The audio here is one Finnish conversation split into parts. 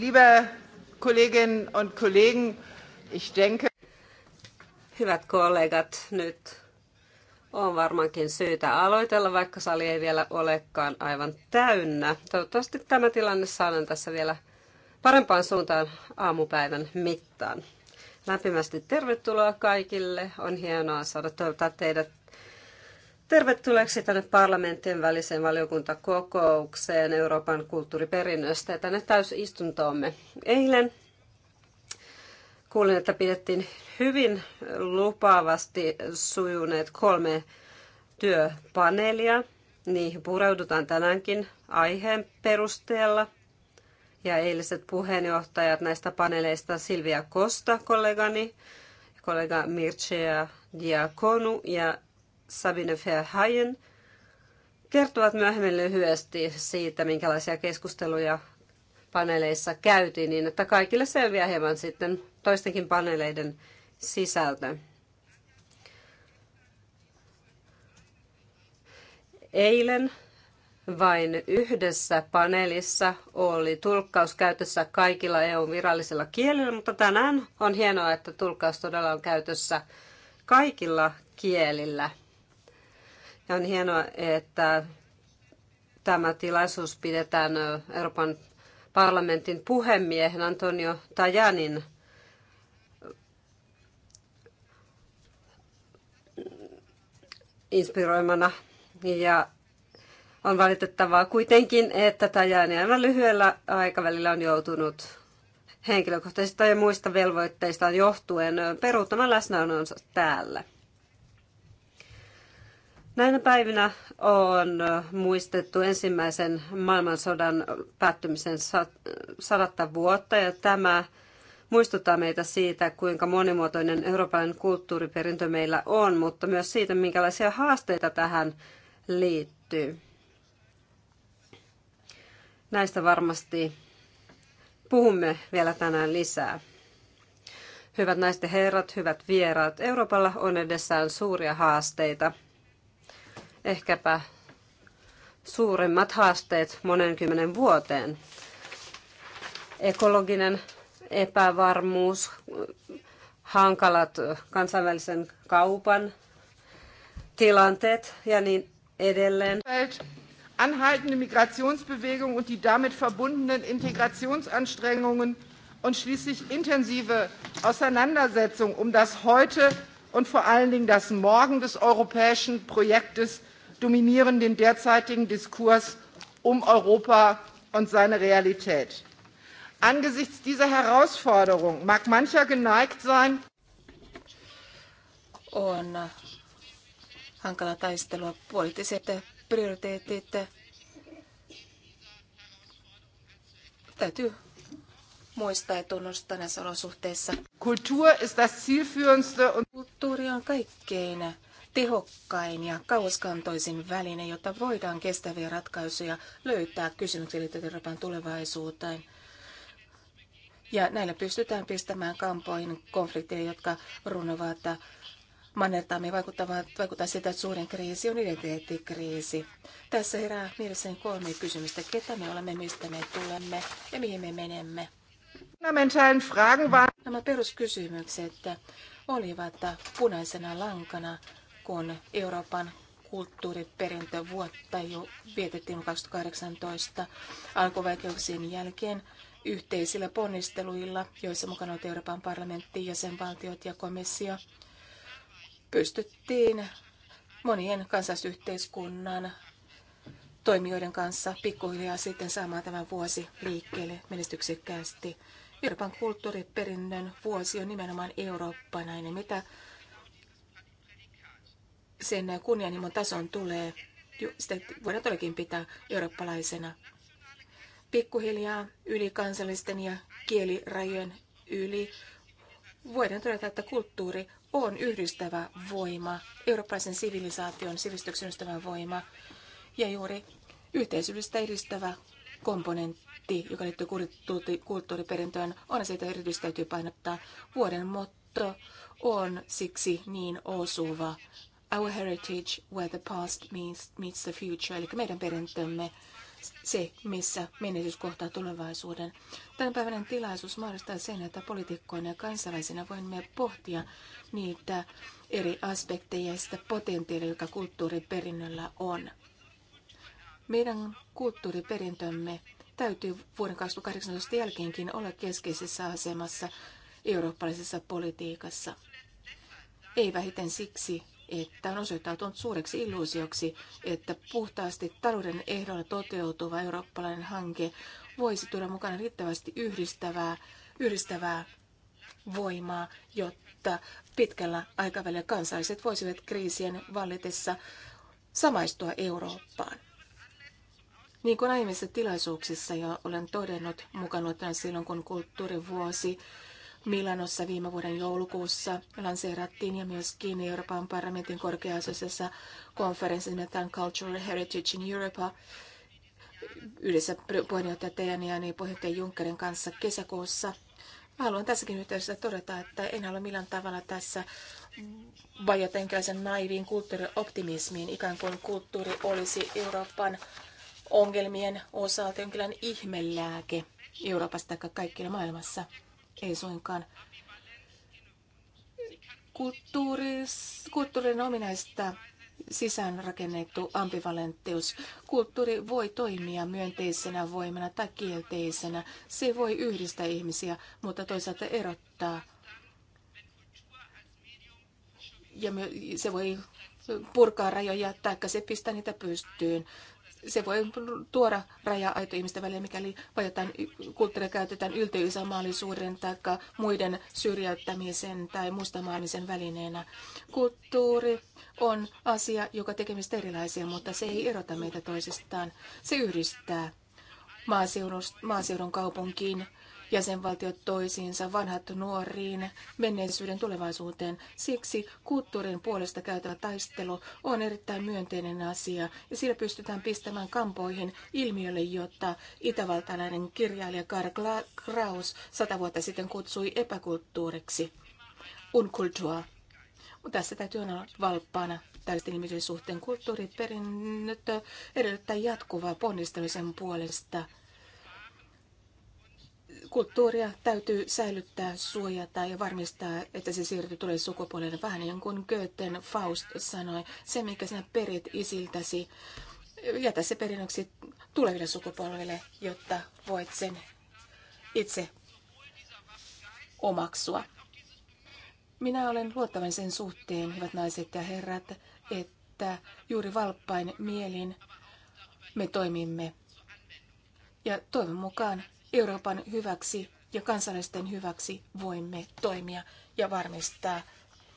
Liebe Kolleginnen und Kollegen, ich denke... Hyvät kollegat, nyt on varmaankin syytä aloitella, vaikka sali ei vielä olekaan aivan täynnä. Toivottavasti tämä tilanne saadaan tässä vielä parempaan suuntaan aamupäivän mittaan. Lämpimästi tervetuloa kaikille. On hienoa saada toivottaa teidät Tervetulleeksi tänne parlamenttien väliseen valiokuntakokoukseen Euroopan kulttuuriperinnöstä ja tänne täysistuntoomme. Eilen kuulin, että pidettiin hyvin lupaavasti sujuneet kolme työpaneelia. Niihin pureudutaan tänäänkin aiheen perusteella. Ja eiliset puheenjohtajat näistä paneeleista Silvia Kosta, kollegani, kollega Mircea Diakonu ja Sabine Verheyen kertovat myöhemmin lyhyesti siitä, minkälaisia keskusteluja paneeleissa käytiin, niin että kaikille selviää hieman sitten toistenkin paneeleiden sisältö. Eilen vain yhdessä paneelissa oli tulkkaus käytössä kaikilla EUn virallisilla kielillä, mutta tänään on hienoa, että tulkkaus todella on käytössä kaikilla kielillä. Ja on hienoa, että tämä tilaisuus pidetään Euroopan parlamentin puhemiehen Antonio Tajanin inspiroimana. Ja on valitettavaa kuitenkin, että Tajani aina lyhyellä aikavälillä on joutunut henkilökohtaisista ja muista velvoitteistaan johtuen peruuttamaan läsnäolonsa täällä. Näinä päivinä on muistettu ensimmäisen maailmansodan päättymisen sadatta vuotta ja tämä muistuttaa meitä siitä, kuinka monimuotoinen Euroopan kulttuuriperintö meillä on, mutta myös siitä, minkälaisia haasteita tähän liittyy. Näistä varmasti puhumme vielä tänään lisää. Hyvät naisten herrat, hyvät vieraat, Euroopalla on edessään suuria haasteita – ehkäpä suurimmat haasteet monen kymmenen vuoteen. Ekologinen epävarmuus, hankalat kansainvälisen kaupan tilanteet ja niin edelleen. Anhaltende Migrationsbewegung und die damit verbundenen Integrationsanstrengungen und schließlich intensive Auseinandersetzung um das Heute und vor allen Dingen das Morgen des europäischen Projektes dominieren den derzeitigen Diskurs um Europa und seine Realität. Angesichts dieser Herausforderung mag mancher geneigt sein, on hankala taistelua poliittiset prioriteetit. Täytyy muistaa ja tunnustaa näissä olosuhteissa. Kulttuuri on kaikkein tehokkain ja kauaskantoisin väline, jotta voidaan kestäviä ratkaisuja löytää kysymyksiä liittyen tulevaisuuteen. Ja näillä pystytään pistämään kampoihin konflikteja, jotka runovat mannertaamme vaikuttavat, vaikuttaa sitä, että suurin kriisi on identiteettikriisi. Tässä herää mielessäni kolme kysymystä. Ketä me olemme, mistä me tulemme ja mihin me menemme? Nämä peruskysymykset olivat punaisena lankana kun Euroopan kulttuuriperintövuotta jo vietettiin 2018 alkuvaikeuksien jälkeen yhteisillä ponnisteluilla, joissa mukana on Euroopan parlamentti, jäsenvaltiot ja komissio, pystyttiin monien kansallisyhteiskunnan toimijoiden kanssa pikkuhiljaa sitten saamaan tämän vuosi liikkeelle menestyksekkäästi. Euroopan kulttuuriperinnön vuosi on nimenomaan eurooppalainen. Mitä sen kunnianhimon tason tulee, sitä voidaan todellakin pitää eurooppalaisena. Pikkuhiljaa yli kansallisten ja kielirajojen yli voidaan todeta, että kulttuuri on yhdistävä voima, eurooppalaisen sivilisaation sivistyksen yhdistävä voima ja juuri yhteisöllistä edistävä komponentti, joka liittyy kulttuuriperintöön, on se, että erityisesti täytyy painottaa. Vuoden motto on siksi niin osuva Our heritage, where the past meets, meets the future, eli meidän perintömme, se, missä menetys kohtaa tulevaisuuden. Tämän päivän tilaisuus mahdollistaa sen, että poliitikkoina ja kansalaisina voimme pohtia niitä eri aspekteja ja sitä potentiaalia, joka kulttuuriperinnöllä on. Meidän kulttuuriperintömme täytyy vuoden 2018 jälkeenkin olla keskeisessä asemassa eurooppalaisessa politiikassa. Ei vähiten siksi, että on osoittautunut suureksi illuusioksi, että puhtaasti talouden ehdolla toteutuva eurooppalainen hanke voisi tuoda mukana riittävästi yhdistävää, yhdistävää voimaa, jotta pitkällä aikavälillä kansalaiset voisivat kriisien vallitessa samaistua Eurooppaan. Niin kuin aiemmissa tilaisuuksissa jo olen todennut, mukana silloin kun kulttuurivuosi Milanossa viime vuoden joulukuussa lanseerattiin ja myöskin Euroopan parlamentin korkeasoisessa konferenssissa nimeltään Cultural Heritage in Europe yhdessä puheenjohtaja Tajanian ja niin puheenjohtaja Junckerin kanssa kesäkuussa. Haluan tässäkin yhteydessä todeta, että en halua millään tavalla tässä vajotenkäisen naiviin kulttuurioptimismiin, ikään kuin kulttuuri olisi Euroopan ongelmien osalta jonkinlainen ihmelääke Euroopassa tai kaikkialla maailmassa. Ei suinkaan. Kulttuuris, kulttuurin ominaista sisäänrakennettu ambivalenttius. Kulttuuri voi toimia myönteisenä voimana tai kielteisenä. Se voi yhdistää ihmisiä, mutta toisaalta erottaa. Ja se voi purkaa rajoja, taikka se pistää niitä pystyyn se voi tuoda raja-aito ihmisten välillä, mikäli vajotaan kulttuuria käytetään yltiöisämaallisuuden tai muiden syrjäyttämisen tai mustamaalisen välineenä. Kulttuuri on asia, joka tekemistä erilaisia, mutta se ei erota meitä toisistaan. Se yhdistää maaseudun, maaseudun kaupunkiin jäsenvaltiot toisiinsa, vanhat nuoriin, menneisyyden tulevaisuuteen. Siksi kulttuurin puolesta käytävä taistelu on erittäin myönteinen asia ja sillä pystytään pistämään kampoihin ilmiölle, jotta itävaltalainen kirjailija Karl Kraus sata vuotta sitten kutsui epäkulttuuriksi. Unkultua. Tässä täytyy olla valppaana tällaisten ihmisen suhteen. Kulttuuriperinnöt edellyttää jatkuvaa ponnistamisen puolesta – kulttuuria täytyy säilyttää, suojata ja varmistaa, että se siirtyy tulee sukupuolelle. Vähän niin kuin Goethen Faust sanoi, se mikä sinä perit isiltäsi, jätä se perinnöksi tuleville sukupolville, jotta voit sen itse omaksua. Minä olen luottavan sen suhteen, hyvät naiset ja herrat, että juuri valppain mielin me toimimme. Ja toivon mukaan Euroopan hyväksi ja kansalaisten hyväksi voimme toimia ja varmistaa,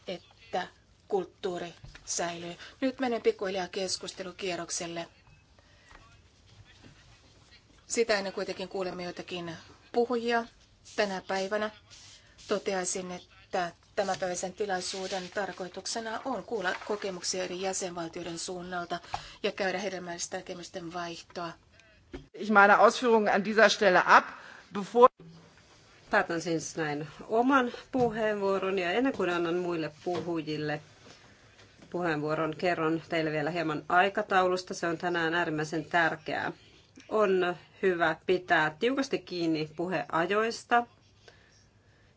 että kulttuuri säilyy. Nyt menen pikkuhiljaa keskustelukierrokselle. Sitä ennen kuitenkin kuulemme joitakin puhujia tänä päivänä. Toteaisin, että tämänpäiväisen tilaisuuden tarkoituksena on kuulla kokemuksia eri jäsenvaltioiden suunnalta ja käydä hedelmällistä näkemysten vaihtoa. Ich meine Ausführungen an dieser Stelle ab, bevor... Päätän siis näin oman puheenvuoron ja ennen kuin annan muille puhujille puheenvuoron, kerron teille vielä hieman aikataulusta. Se on tänään äärimmäisen tärkeää. On hyvä pitää tiukasti kiinni puheajoista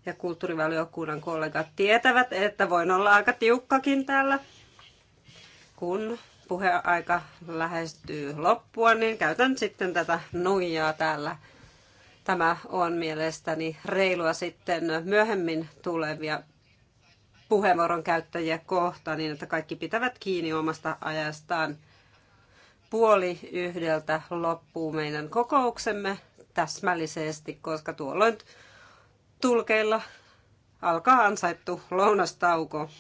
ja kulttuurivaliokunnan kollegat tietävät, että voin olla aika tiukkakin täällä, kun puheaika lähestyy loppua, niin käytän sitten tätä nuijaa täällä. Tämä on mielestäni reilua sitten myöhemmin tulevia puheenvuoron käyttäjiä kohtaan, niin että kaikki pitävät kiinni omasta ajastaan. Puoli yhdeltä loppuu meidän kokouksemme täsmällisesti, koska tuolloin tulkeilla alkaa ansaittu lounastauko.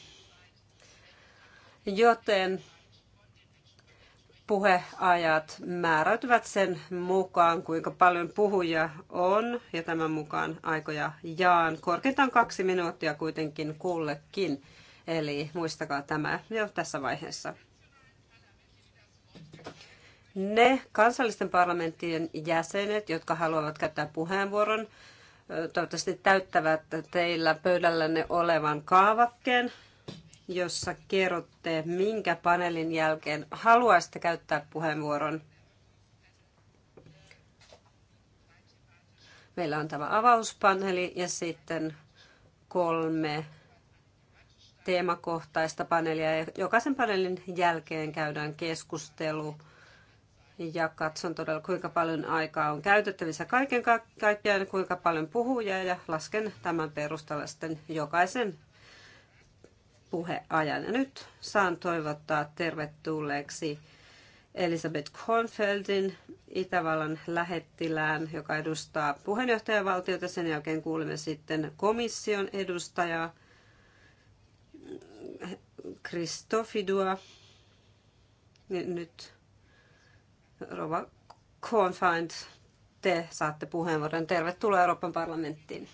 Joten puheajat määräytyvät sen mukaan, kuinka paljon puhuja on, ja tämän mukaan aikoja jaan. Korkeintaan kaksi minuuttia kuitenkin kullekin, eli muistakaa tämä jo tässä vaiheessa. Ne kansallisten parlamenttien jäsenet, jotka haluavat käyttää puheenvuoron, toivottavasti täyttävät teillä pöydällänne olevan kaavakkeen, jossa kerrotte, minkä paneelin jälkeen haluaisitte käyttää puheenvuoron. Meillä on tämä avauspaneeli ja sitten kolme teemakohtaista paneelia. Jokaisen paneelin jälkeen käydään keskustelu ja katson todella kuinka paljon aikaa on käytettävissä kaiken kaikkiaan, kuinka paljon puhuja ja lasken tämän perusteella sitten jokaisen puheajan. Ja nyt saan toivottaa tervetulleeksi Elisabeth Kornfeldin, Itävallan lähettilään, joka edustaa puheenjohtajavaltiota. Sen jälkeen kuulemme sitten komission edustajaa Kristofidua. Nyt Rova Kornfeld, te saatte puheenvuoron. Tervetuloa Euroopan parlamenttiin.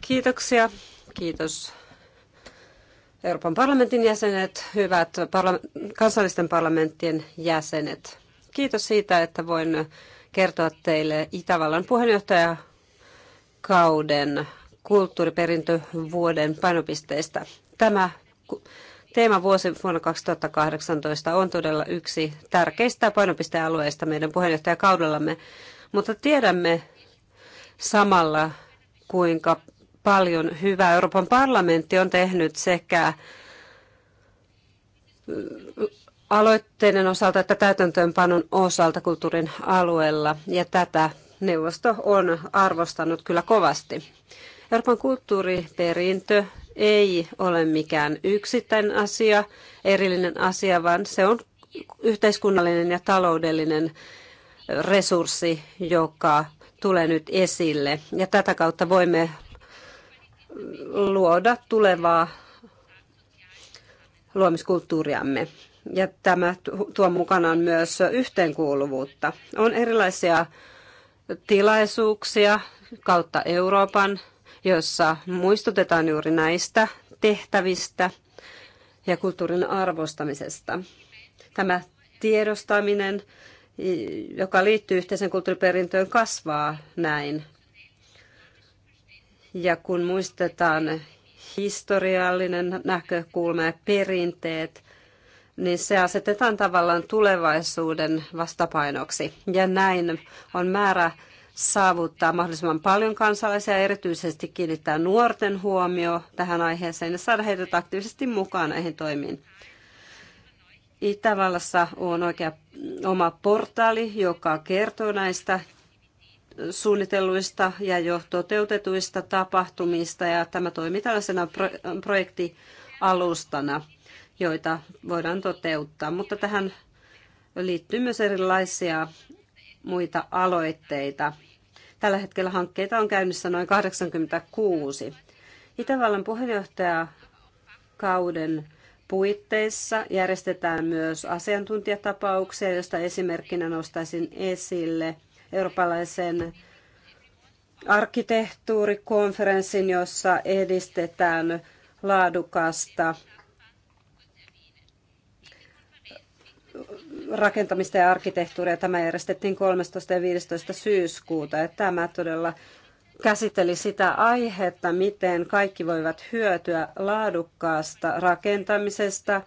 Kiitoksia. Kiitos Euroopan parlamentin jäsenet, hyvät parla- kansallisten parlamenttien jäsenet. Kiitos siitä, että voin kertoa teille Itävallan puheenjohtajakauden kulttuuriperintövuoden painopisteistä. Tämä teema vuosi vuonna 2018 on todella yksi tärkeistä painopistealueista meidän puheenjohtajakaudellamme, mutta tiedämme samalla, kuinka paljon hyvää. Euroopan parlamentti on tehnyt sekä aloitteiden osalta että täytäntöönpanon osalta kulttuurin alueella, ja tätä neuvosto on arvostanut kyllä kovasti. Euroopan kulttuuriperintö ei ole mikään yksittäinen asia, erillinen asia, vaan se on yhteiskunnallinen ja taloudellinen resurssi, joka tulee nyt esille. Ja tätä kautta voimme luoda tulevaa luomiskulttuuriamme. Ja tämä tuo mukanaan myös yhteenkuuluvuutta. On erilaisia tilaisuuksia kautta Euroopan, jossa muistutetaan juuri näistä tehtävistä ja kulttuurin arvostamisesta. Tämä tiedostaminen, joka liittyy yhteisen kulttuuriperintöön, kasvaa näin ja kun muistetaan historiallinen näkökulma ja perinteet, niin se asetetaan tavallaan tulevaisuuden vastapainoksi. Ja näin on määrä saavuttaa mahdollisimman paljon kansalaisia, erityisesti kiinnittää nuorten huomio tähän aiheeseen ja saada heidät aktiivisesti mukaan näihin toimiin. Itävallassa on oikea oma portaali, joka kertoo näistä suunnitelluista ja jo toteutetuista tapahtumista ja tämä toimii tällaisena projektialustana, joita voidaan toteuttaa. Mutta tähän liittyy myös erilaisia muita aloitteita. Tällä hetkellä hankkeita on käynnissä noin 86. Itävallan puheenjohtajakauden puitteissa järjestetään myös asiantuntijatapauksia, joista esimerkkinä nostaisin esille – eurooppalaisen arkkitehtuurikonferenssin, jossa edistetään laadukasta rakentamista ja arkkitehtuuria. Tämä järjestettiin 13. ja 15. syyskuuta. Ja tämä todella käsitteli sitä aihetta, miten kaikki voivat hyötyä laadukkaasta rakentamisesta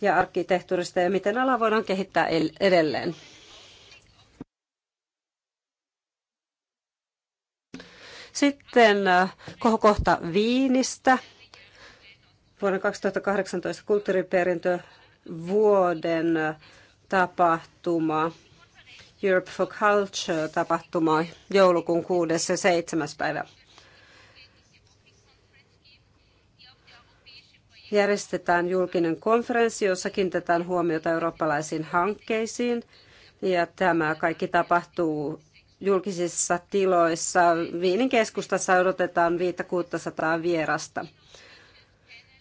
ja arkkitehtuurista ja miten ala voidaan kehittää edelleen. Sitten äh, kohta viinistä. Vuonna 2018 kulttuuriperintö vuoden äh, tapahtuma. Europe for Culture tapahtuma joulukuun 6. ja 7. päivä. Järjestetään julkinen konferenssi, jossa kiinnitetään huomiota eurooppalaisiin hankkeisiin. Ja tämä kaikki tapahtuu julkisissa tiloissa. Viinin keskustassa odotetaan 5600 vierasta.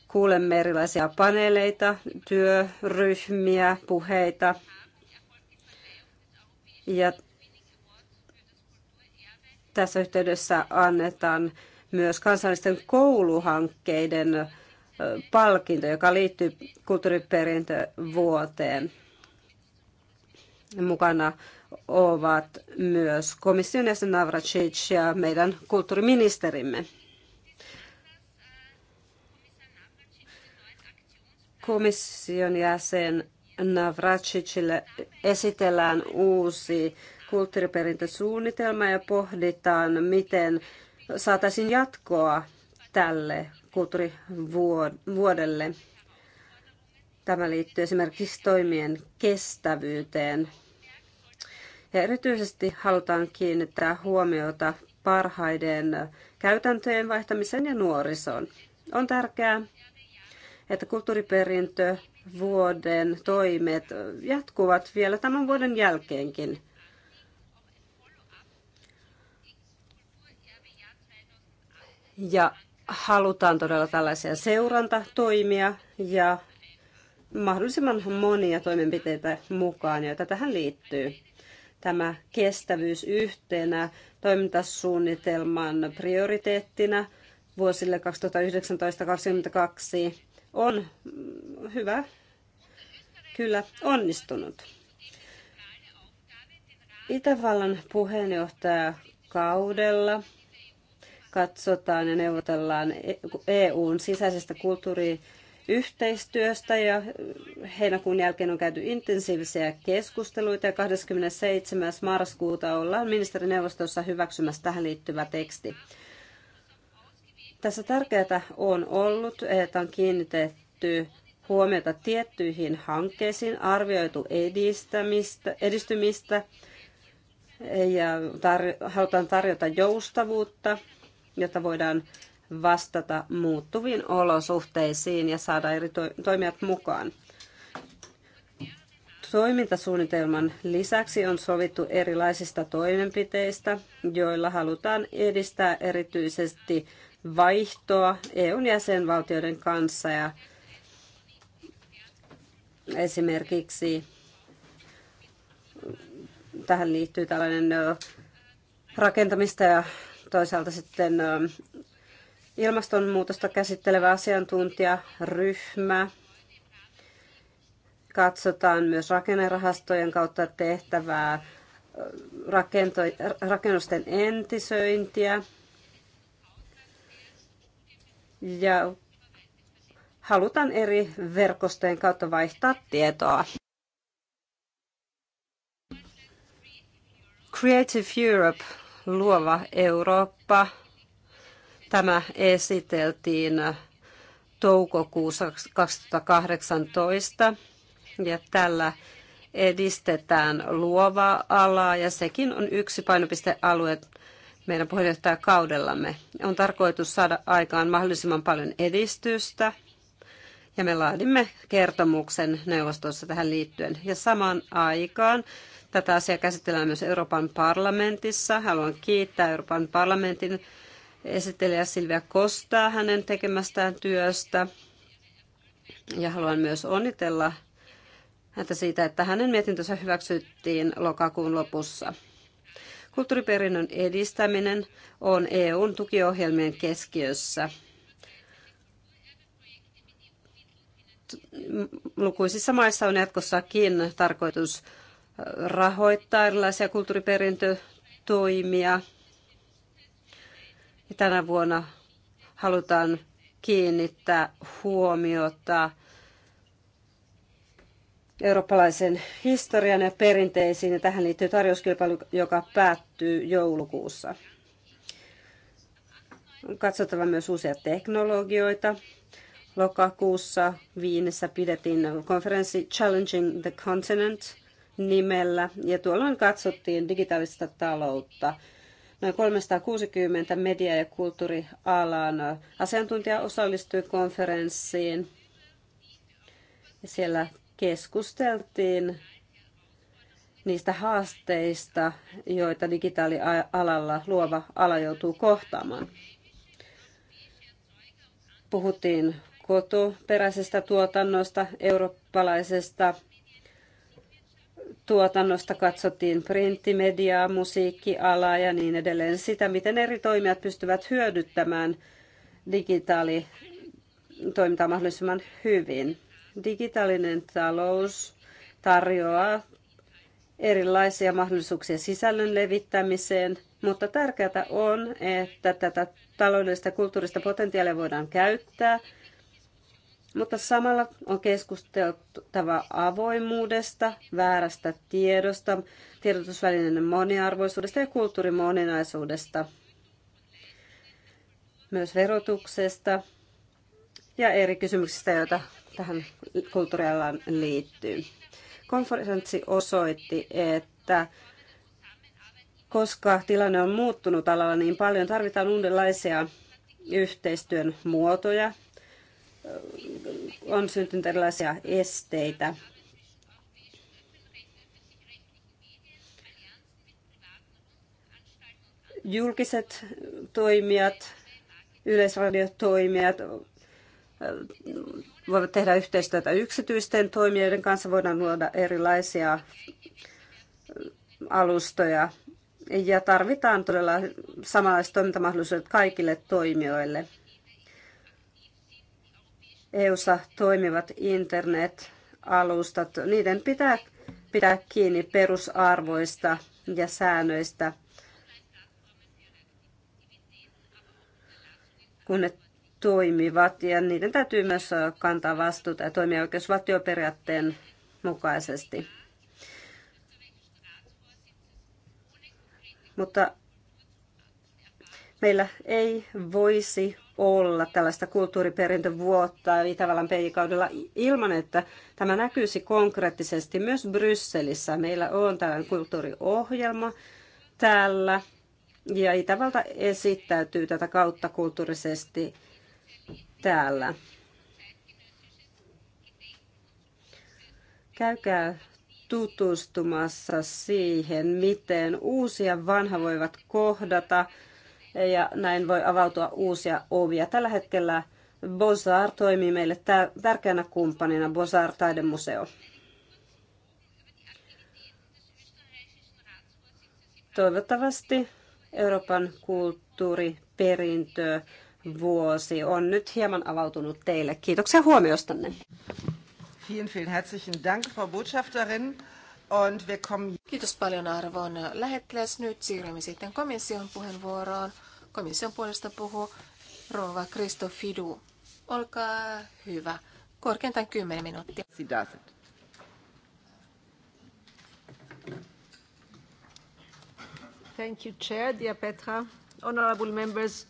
Kuulemme erilaisia paneeleita, työryhmiä, puheita. Ja tässä yhteydessä annetaan myös kansallisten kouluhankkeiden palkinto, joka liittyy kulttuuriperintövuoteen. Mukana ovat myös komission jäsen Navracic ja meidän kulttuuriministerimme. Komission jäsen Navracicille esitellään uusi kulttuuriperintösuunnitelma ja pohditaan, miten saataisiin jatkoa tälle kulttuurivuodelle. Tämä liittyy esimerkiksi toimien kestävyyteen ja erityisesti halutaan kiinnittää huomiota parhaiden käytäntöjen vaihtamiseen ja nuorisoon. On tärkeää, että kulttuuriperintö vuoden toimet jatkuvat vielä tämän vuoden jälkeenkin. Ja halutaan todella tällaisia seurantatoimia ja mahdollisimman monia toimenpiteitä mukaan, joita tähän liittyy tämä kestävyys yhtenä toimintasuunnitelman prioriteettina vuosille 2019-2022 on mm, hyvä, kyllä onnistunut. Itävallan Kaudella katsotaan ja neuvotellaan e-, EUn sisäisestä kulttuuri- yhteistyöstä ja heinäkuun jälkeen on käyty intensiivisiä keskusteluita ja 27. marraskuuta ollaan ministerineuvostossa hyväksymässä tähän liittyvä teksti. Tässä tärkeää on ollut, että on kiinnitetty huomiota tiettyihin hankkeisiin, arvioitu edistämistä, edistymistä ja tar- halutaan tarjota joustavuutta, jotta voidaan vastata muuttuviin olosuhteisiin ja saada eri toimijat mukaan. Toimintasuunnitelman lisäksi on sovittu erilaisista toimenpiteistä, joilla halutaan edistää erityisesti vaihtoa EUn jäsenvaltioiden kanssa ja esimerkiksi tähän liittyy tällainen rakentamista ja toisaalta sitten Ilmastonmuutosta käsittelevä asiantuntijaryhmä. Katsotaan myös rakennerahastojen kautta tehtävää rakennusten entisöintiä. Ja halutaan eri verkostojen kautta vaihtaa tietoa. Creative Europe, luova Eurooppa Tämä esiteltiin toukokuussa 2018 ja tällä edistetään luovaa alaa ja sekin on yksi painopistealue meidän puheenjohtajakaudellamme. On tarkoitus saada aikaan mahdollisimman paljon edistystä ja me laadimme kertomuksen neuvostossa tähän liittyen. Ja samaan aikaan tätä asiaa käsitellään myös Euroopan parlamentissa. Haluan kiittää Euroopan parlamentin esittelijä Silvia Kostaa hänen tekemästään työstä. Ja haluan myös onnitella häntä siitä, että hänen mietintönsä hyväksyttiin lokakuun lopussa. Kulttuuriperinnön edistäminen on EUn tukiohjelmien keskiössä. Lukuisissa maissa on jatkossakin tarkoitus rahoittaa erilaisia kulttuuriperintötoimia ja tänä vuonna halutaan kiinnittää huomiota eurooppalaisen historian ja perinteisiin, ja tähän liittyy tarjouskilpailu, joka päättyy joulukuussa. On katsottava myös uusia teknologioita. Lokakuussa Viinissä pidettiin konferenssi Challenging the Continent nimellä, ja tuolloin katsottiin digitaalista taloutta – Noin 360 media- ja kulttuurialan asiantuntija osallistui konferenssiin. ja Siellä keskusteltiin niistä haasteista, joita digitaalialalla luova ala joutuu kohtaamaan. Puhuttiin kotoperäisestä tuotannosta, eurooppalaisesta tuotannosta katsottiin printtimediaa, musiikkialaa ja niin edelleen. Sitä, miten eri toimijat pystyvät hyödyttämään digitaalitoimintaa mahdollisimman hyvin. Digitaalinen talous tarjoaa erilaisia mahdollisuuksia sisällön levittämiseen, mutta tärkeää on, että tätä taloudellista ja kulttuurista potentiaalia voidaan käyttää – mutta samalla on keskusteltava avoimuudesta, väärästä tiedosta, tiedotusvälineiden moniarvoisuudesta ja kulttuurin moninaisuudesta, myös verotuksesta ja eri kysymyksistä, joita tähän kulttuurialaan liittyy. Konferenssi osoitti, että koska tilanne on muuttunut alalla niin paljon, tarvitaan uudenlaisia yhteistyön muotoja, on syntynyt erilaisia esteitä. Julkiset toimijat, yleisradiotoimijat äh, voivat tehdä yhteistyötä yksityisten toimijoiden kanssa, voidaan luoda erilaisia äh, alustoja ja tarvitaan todella samanlaiset toimintamahdollisuudet kaikille toimijoille – EUssa toimivat internet-alustat, niiden pitää pitää kiinni perusarvoista ja säännöistä, kun ne toimivat. Ja niiden täytyy myös kantaa vastuuta ja toimia oikeusvaltioperiaatteen mukaisesti. Mutta meillä ei voisi olla tällaista kulttuuriperintövuotta Itävallan peikaudella ilman, että tämä näkyisi konkreettisesti myös Brysselissä. Meillä on tällainen kulttuuriohjelma täällä ja Itävalta esittäytyy tätä kautta kulttuurisesti täällä. Käykää tutustumassa siihen, miten uusia vanha voivat kohdata – ja näin voi avautua uusia ovia. Tällä hetkellä Bozar toimii meille tärkeänä kumppanina, Bozar taidemuseo. Toivottavasti Euroopan kulttuuriperintö vuosi on nyt hieman avautunut teille. Kiitoksia huomiostanne. Vielen, vielen herzlichen Dank, Frau Botschafterin. Und wir kommen... Kiitos paljon arvon lähettiläs. Nyt siirrymme sitten komission puheenvuoroon. Komission puolesta puhuu Rova Fidu. Olkaa hyvä. Korkeintaan 10 minuuttia. Thank you, Chair, dear Petra. Honorable members.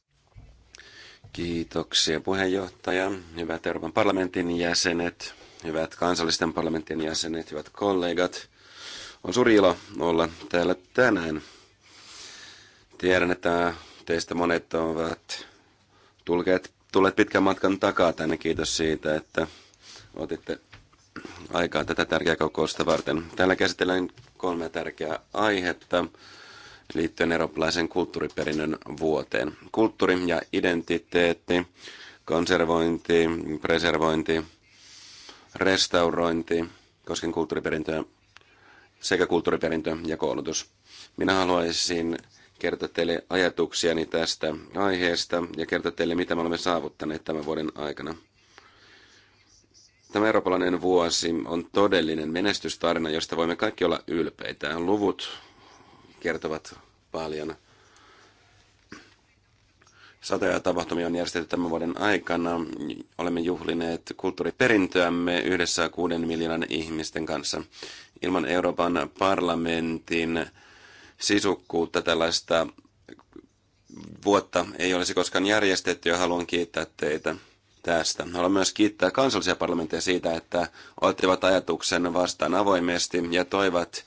Kiitoksia puheenjohtaja, hyvät Euroopan parlamentin jäsenet, hyvät kansallisten parlamentin jäsenet, hyvät kollegat. On suuri ilo olla täällä tänään. Tiedän, että teistä monet ovat tulkeet, tulleet pitkän matkan takaa tänne. Kiitos siitä, että otitte aikaa tätä tärkeää kokousta varten. Täällä käsitellään kolme tärkeää aihetta liittyen eurooppalaisen kulttuuriperinnön vuoteen. Kulttuuri ja identiteetti, konservointi, preservointi, restaurointi, koskien kulttuuriperintöä sekä kulttuuriperintö ja koulutus. Minä haluaisin kertoa teille ajatuksiani tästä aiheesta ja kertoa teille, mitä me olemme saavuttaneet tämän vuoden aikana. Tämä eurooppalainen vuosi on todellinen menestystarina, josta voimme kaikki olla ylpeitä. Luvut kertovat paljon – Satoja tapahtumia on järjestetty tämän vuoden aikana. Olemme juhlineet kulttuuriperintöämme yhdessä kuuden miljoonan ihmisten kanssa. Ilman Euroopan parlamentin sisukkuutta tällaista vuotta ei olisi koskaan järjestetty ja haluan kiittää teitä tästä. Haluan myös kiittää kansallisia parlamentteja siitä, että ottivat ajatuksen vastaan avoimesti ja toivat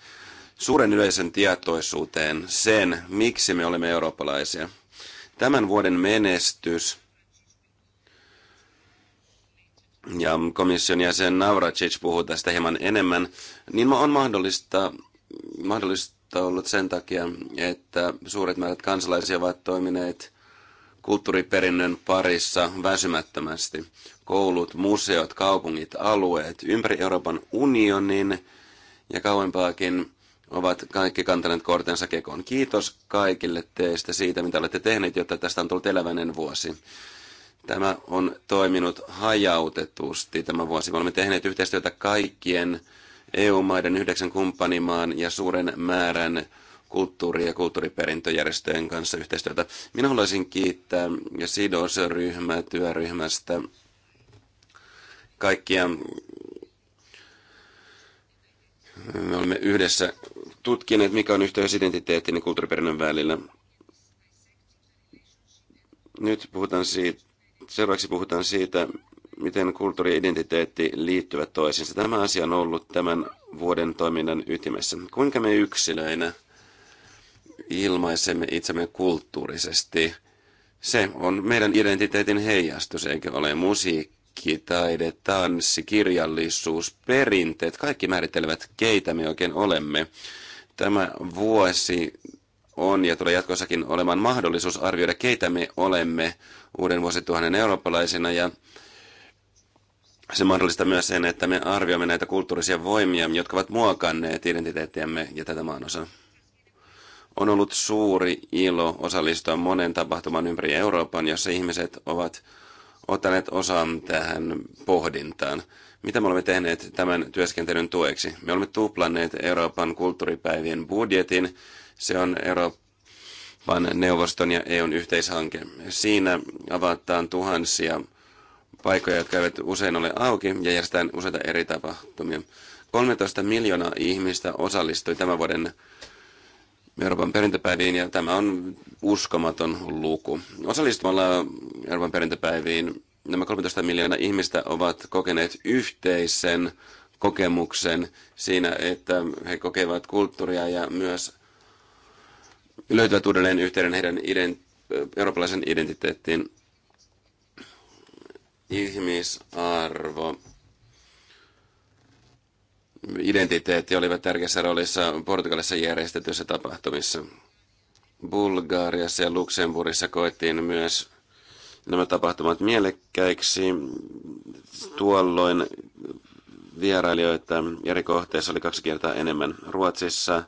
suuren yleisen tietoisuuteen sen, miksi me olemme eurooppalaisia – Tämän vuoden menestys ja komission jäsen Navracic puhuu tästä hieman enemmän, niin on mahdollista, mahdollista ollut sen takia, että suuret määrät kansalaisia ovat toimineet kulttuuriperinnön parissa väsymättömästi. Koulut, museot, kaupungit, alueet ympäri Euroopan unionin ja kauempaakin ovat kaikki kantaneet kortensa kekoon. Kiitos kaikille teistä siitä, mitä olette tehneet, jotta tästä on tullut eläväinen vuosi. Tämä on toiminut hajautetusti tämä vuosi. Me olemme tehneet yhteistyötä kaikkien EU-maiden yhdeksän kumppanimaan ja suuren määrän kulttuuri- ja kulttuuriperintöjärjestöjen kanssa yhteistyötä. Minä haluaisin kiittää sidosryhmää, työryhmästä, kaikkia me olemme yhdessä tutkineet, mikä on yhteys identiteettin ja kulttuuriperinnön välillä. Nyt puhutaan siitä, seuraavaksi puhutaan siitä, miten kulttuuri ja identiteetti liittyvät toisiinsa. Tämä asia on ollut tämän vuoden toiminnan ytimessä. Kuinka me yksilöinä ilmaisemme itsemme kulttuurisesti? Se on meidän identiteetin heijastus, eikä ole musiikki, taide, tanssi, kirjallisuus, perinteet. Kaikki määrittelevät, keitä me oikein olemme. Tämä vuosi on ja tulee jatkossakin olemaan mahdollisuus arvioida, keitä me olemme uuden vuosituhannen eurooppalaisina ja se mahdollistaa myös sen, että me arvioimme näitä kulttuurisia voimia, jotka ovat muokanneet identiteettiämme ja tätä maanosaa. On ollut suuri ilo osallistua monen tapahtuman ympäri Euroopan, jossa ihmiset ovat ottaneet osan tähän pohdintaan. Mitä me olemme tehneet tämän työskentelyn tueksi? Me olemme tuplanneet Euroopan kulttuuripäivien budjetin. Se on Euroopan neuvoston ja EUn yhteishanke. Siinä avataan tuhansia paikkoja, jotka eivät usein ole auki ja järjestetään useita eri tapahtumia. 13 miljoonaa ihmistä osallistui tämän vuoden Euroopan perintöpäiviin ja tämä on uskomaton luku. Osallistumalla Euroopan perintöpäiviin nämä 13 miljoonaa ihmistä ovat kokeneet yhteisen kokemuksen siinä, että he kokevat kulttuuria ja myös löytävät uudelleen yhteyden heidän ident- eurooppalaisen identiteettiin. Ihmisarvo, identiteetti olivat tärkeässä roolissa Portugalissa järjestetyissä tapahtumissa. Bulgariassa ja Luxemburgissa koettiin myös nämä tapahtumat mielekkäiksi. Tuolloin vierailijoita eri kohteissa oli kaksi kertaa enemmän. Ruotsissa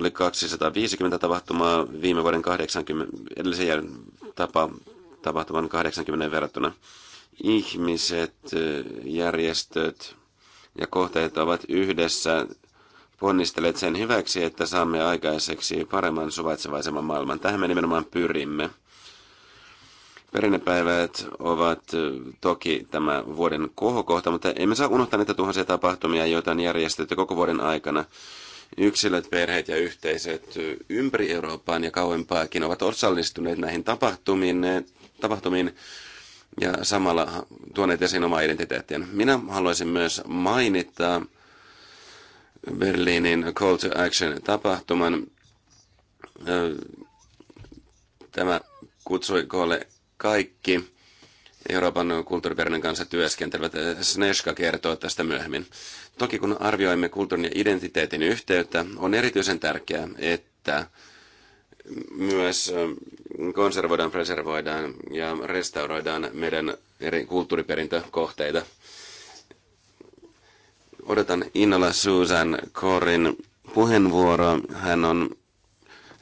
oli 250 tapahtumaa viime vuoden 80, edellisen tapa, tapahtuman 80 verrattuna. Ihmiset, järjestöt ja kohteet ovat yhdessä ponnistelleet sen hyväksi, että saamme aikaiseksi paremman suvaitsevaisemman maailman. Tähän me nimenomaan pyrimme. Perinnepäivät ovat toki tämä vuoden kohokohta, mutta emme saa unohtaa niitä tuhansia tapahtumia, joita on järjestetty koko vuoden aikana. Yksilöt, perheet ja yhteisöt ympäri Eurooppaan ja kauempaakin ovat osallistuneet näihin tapahtumiin, tapahtumiin ja samalla tuoneet esiin omaa identiteettiään. Minä haluaisin myös mainita Berliinin Call to Action-tapahtuman. Tämä kutsui koolle kaikki Euroopan kulttuuriperinnön kanssa työskentelevät. Sneska kertoo tästä myöhemmin. Toki kun arvioimme kulttuurin ja identiteetin yhteyttä, on erityisen tärkeää, että myös konservoidaan, preservoidaan ja restauroidaan meidän eri kulttuuriperintökohteita. Odotan innolla Susan Korin puheenvuoroa. Hän on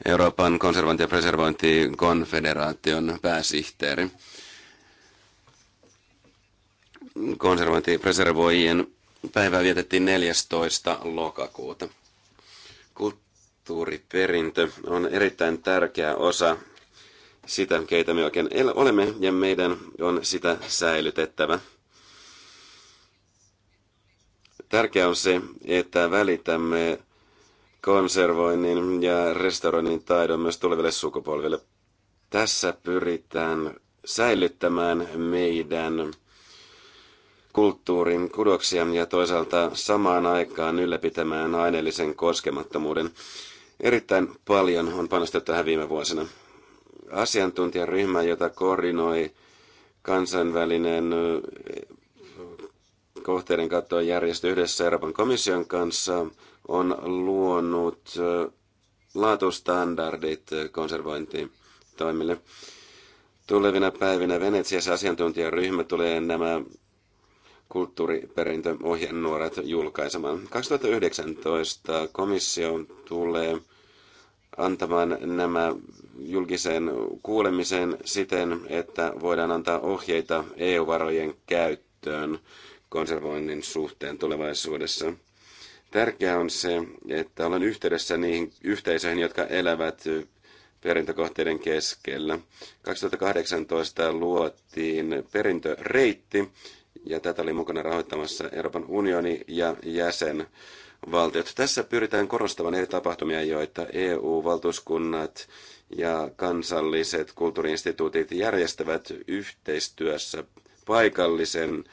Euroopan konservointi- ja preservointikonfederaation pääsihteeri. preservoijien päivää vietettiin 14. lokakuuta. Kulttuuriperintö on erittäin tärkeä osa sitä, keitä me oikein olemme, ja meidän on sitä säilytettävä. Tärkeää on se, että välitämme konservoinnin ja restauroinnin taidon myös tuleville sukupolville. Tässä pyritään säilyttämään meidän kulttuurin kudoksia ja toisaalta samaan aikaan ylläpitämään aineellisen koskemattomuuden. Erittäin paljon on panostettu tähän viime vuosina. Asiantuntijaryhmä, jota koordinoi kansainvälinen eh, kohteiden kattoa järjestö yhdessä Euroopan komission kanssa, on luonut äh, laatustandardit konservointitoimille. Tulevina päivinä Venetsiassa asiantuntijaryhmä tulee nämä kulttuuriperintöohjenuoret julkaisemaan. 2019 komissio tulee antamaan nämä julkiseen kuulemiseen siten, että voidaan antaa ohjeita EU-varojen käyttöön konservoinnin suhteen tulevaisuudessa. Tärkeää on se, että olen yhteydessä niihin yhteisöihin, jotka elävät perintökohteiden keskellä. 2018 luotiin perintöreitti, ja tätä oli mukana rahoittamassa Euroopan unioni ja jäsenvaltiot. Tässä pyritään korostamaan eri tapahtumia, joita EU-valtuuskunnat ja kansalliset kulttuuriinstituutit järjestävät yhteistyössä paikallisen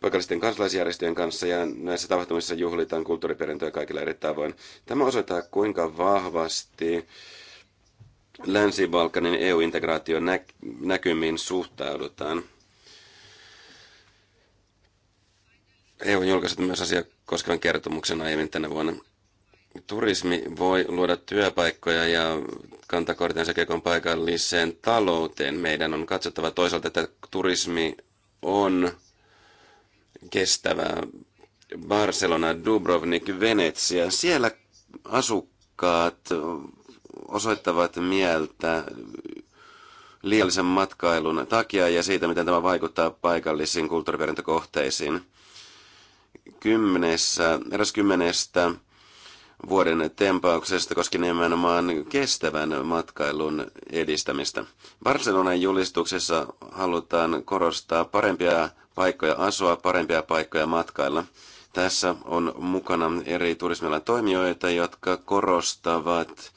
paikallisten kansalaisjärjestöjen kanssa ja näissä tapahtumissa juhlitaan kulttuuriperintöä kaikilla eri tavoin. Tämä osoittaa, kuinka vahvasti Länsi-Balkanin EU-integraation näkymiin suhtaudutaan. EU on julkaissut myös asia koskevan kertomuksen aiemmin tänä vuonna. Turismi voi luoda työpaikkoja ja kantaa sekä kekon paikalliseen talouteen. Meidän on katsottava toisaalta, että turismi on kestävää. Barcelona, Dubrovnik, Venetsia, siellä asukkaat osoittavat mieltä liiallisen matkailun takia ja siitä, miten tämä vaikuttaa paikallisiin kulttuuriperintökohteisiin. Kymmenessä, eräs kymmenestä vuoden tempauksesta koski nimenomaan kestävän matkailun edistämistä. Barcelonan julistuksessa halutaan korostaa parempia paikkoja asua, parempia paikkoja matkailla. Tässä on mukana eri turismialan toimijoita, jotka korostavat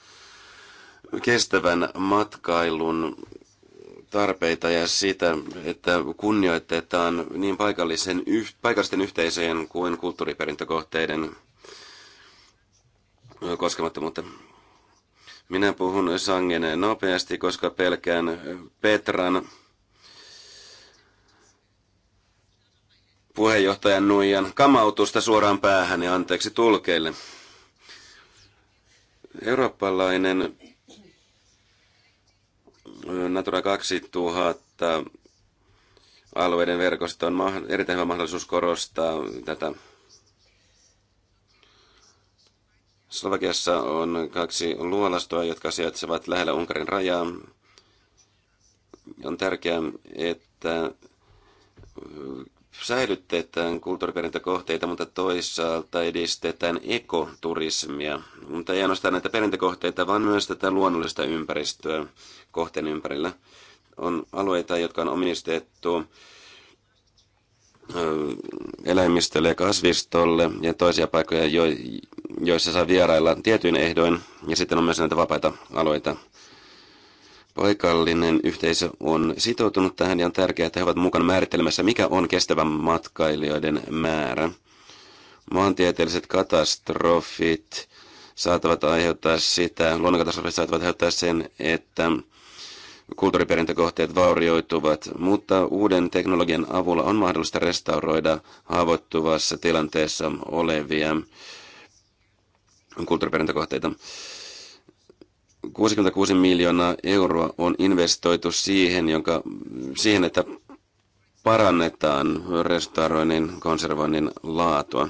kestävän matkailun tarpeita ja sitä, että kunnioitetaan niin paikallisen, paikallisten yhteisöjen kuin kulttuuriperintökohteiden koskemattomuutta. Minä puhun sangen nopeasti, koska pelkään Petran puheenjohtajan nuijan kamautusta suoraan päähän ja anteeksi tulkeille. Eurooppalainen Natura 2000 alueiden verkosto on erittäin hyvä mahdollisuus korostaa tätä. Slovakiassa on kaksi luolastoa, jotka sijaitsevat lähellä Unkarin rajaa. On tärkeää, että säilytetään kulttuuriperintökohteita, mutta toisaalta edistetään ekoturismia. Mutta ei ainoastaan näitä perintökohteita, vaan myös tätä luonnollista ympäristöä kohteen ympärillä. On alueita, jotka on omistettu eläimistölle ja kasvistolle ja toisia paikkoja, joissa saa vierailla tietyin ehdoin. Ja sitten on myös näitä vapaita alueita. Paikallinen yhteisö on sitoutunut tähän ja on tärkeää, että he ovat mukana määrittelemässä, mikä on kestävän matkailijoiden määrä. Maantieteelliset katastrofit saattavat aiheuttaa sitä, luonnonkatastrofit saattavat aiheuttaa sen, että kulttuuriperintökohteet vaurioituvat, mutta uuden teknologian avulla on mahdollista restauroida haavoittuvassa tilanteessa olevia kulttuuriperintökohteita. 66 miljoonaa euroa on investoitu siihen, jonka, siihen että parannetaan restauroinnin konservoinnin laatua.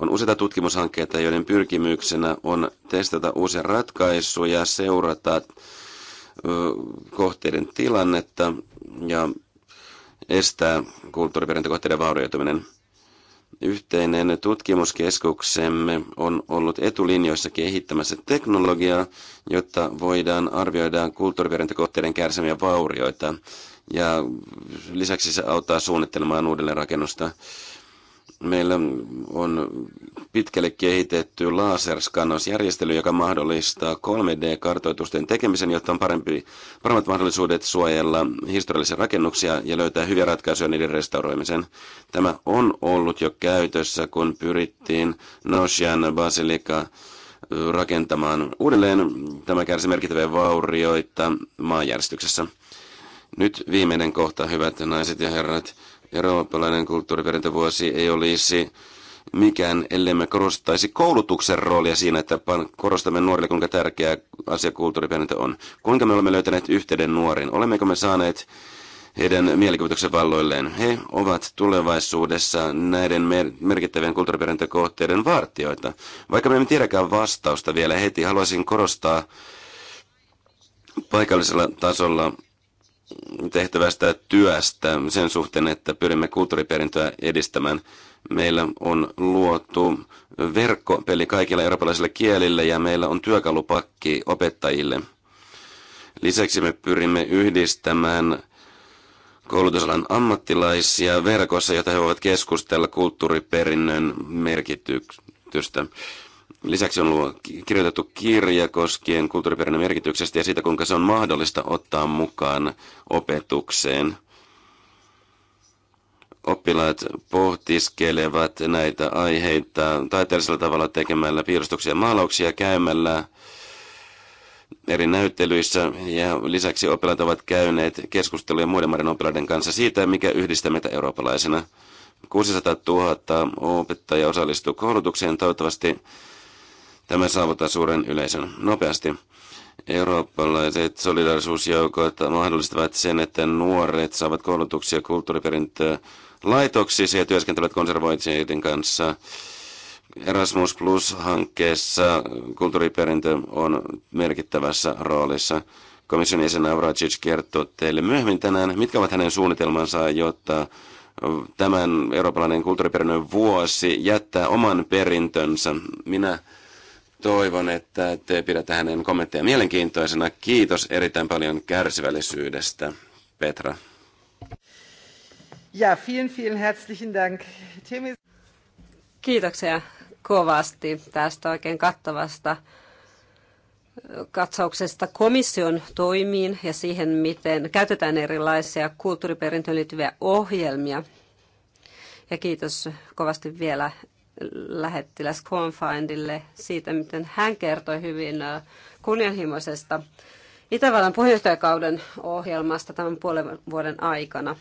On useita tutkimushankkeita, joiden pyrkimyksenä on testata uusia ratkaisuja, seurata kohteiden tilannetta ja estää kulttuuriperintökohteiden vaurioituminen. Yhteinen tutkimuskeskuksemme on ollut etulinjoissa kehittämässä teknologiaa, jotta voidaan arvioida kulttuuriperintökohteiden kärsimiä vaurioita. Ja lisäksi se auttaa suunnittelemaan uudelleenrakennusta. rakennusta Meillä on pitkälle kehitetty laserskannausjärjestely, joka mahdollistaa 3D-kartoitusten tekemisen, jotta on parempi, paremmat mahdollisuudet suojella historiallisia rakennuksia ja löytää hyviä ratkaisuja niiden restauroimiseen. Tämä on ollut jo käytössä, kun pyrittiin Nosian basilika rakentamaan uudelleen. Tämä kärsi merkittäviä vaurioita maanjärjestyksessä. Nyt viimeinen kohta, hyvät naiset ja herrat eurooppalainen kulttuuriperintövuosi ei olisi mikään, ellei me korostaisi koulutuksen roolia siinä, että korostamme nuorille, kuinka tärkeä asia kulttuuriperintö on. Kuinka me olemme löytäneet yhteyden nuoriin? Olemmeko me saaneet heidän mielikuvituksen valloilleen? He ovat tulevaisuudessa näiden mer- merkittävien kulttuuriperintökohteiden vartioita. Vaikka me emme tiedäkään vastausta vielä heti, haluaisin korostaa paikallisella tasolla tehtävästä työstä sen suhteen, että pyrimme kulttuuriperintöä edistämään. Meillä on luotu verkkopeli kaikilla eurooppalaisille kielillä ja meillä on työkalupakki opettajille. Lisäksi me pyrimme yhdistämään koulutusalan ammattilaisia verkossa, jota he voivat keskustella kulttuuriperinnön merkitystä. Lisäksi on luo kirjoitettu kirja koskien kulttuuriperinnön merkityksestä ja siitä, kuinka se on mahdollista ottaa mukaan opetukseen. Oppilaat pohtiskelevat näitä aiheita taiteellisella tavalla tekemällä piirustuksia ja maalauksia käymällä eri näyttelyissä ja lisäksi oppilaat ovat käyneet keskusteluja muiden maiden oppilaiden kanssa siitä, mikä yhdistää meitä eurooppalaisena. 600 000 opettaja osallistuu koulutukseen. Toivottavasti Tämä saavuttaa suuren yleisön nopeasti. Eurooppalaiset solidarisuusjoukot mahdollistavat sen, että nuoret saavat koulutuksia kulttuuriperintöä laitoksissa ja työskentelevät konservoitsijoiden kanssa. Erasmus Plus-hankkeessa kulttuuriperintö on merkittävässä roolissa. Komission jäsen Avracic kertoo teille myöhemmin tänään, mitkä ovat hänen suunnitelmansa, jotta tämän eurooppalainen kulttuuriperinnön vuosi jättää oman perintönsä. Minä Toivon, että te pidätte hänen kommentteja mielenkiintoisena. Kiitos erittäin paljon kärsivällisyydestä, Petra. Ja, vielen, vielen herzlichen Dank. Timi. Kiitoksia kovasti tästä oikein kattavasta katsauksesta komission toimiin ja siihen, miten käytetään erilaisia kulttuuriperintöön liittyviä ohjelmia. Ja kiitos kovasti vielä lähettiläs Confindille siitä, miten hän kertoi hyvin kunnianhimoisesta Itävallan puheenjohtajakauden ohjelmasta tämän puolen vuoden aikana.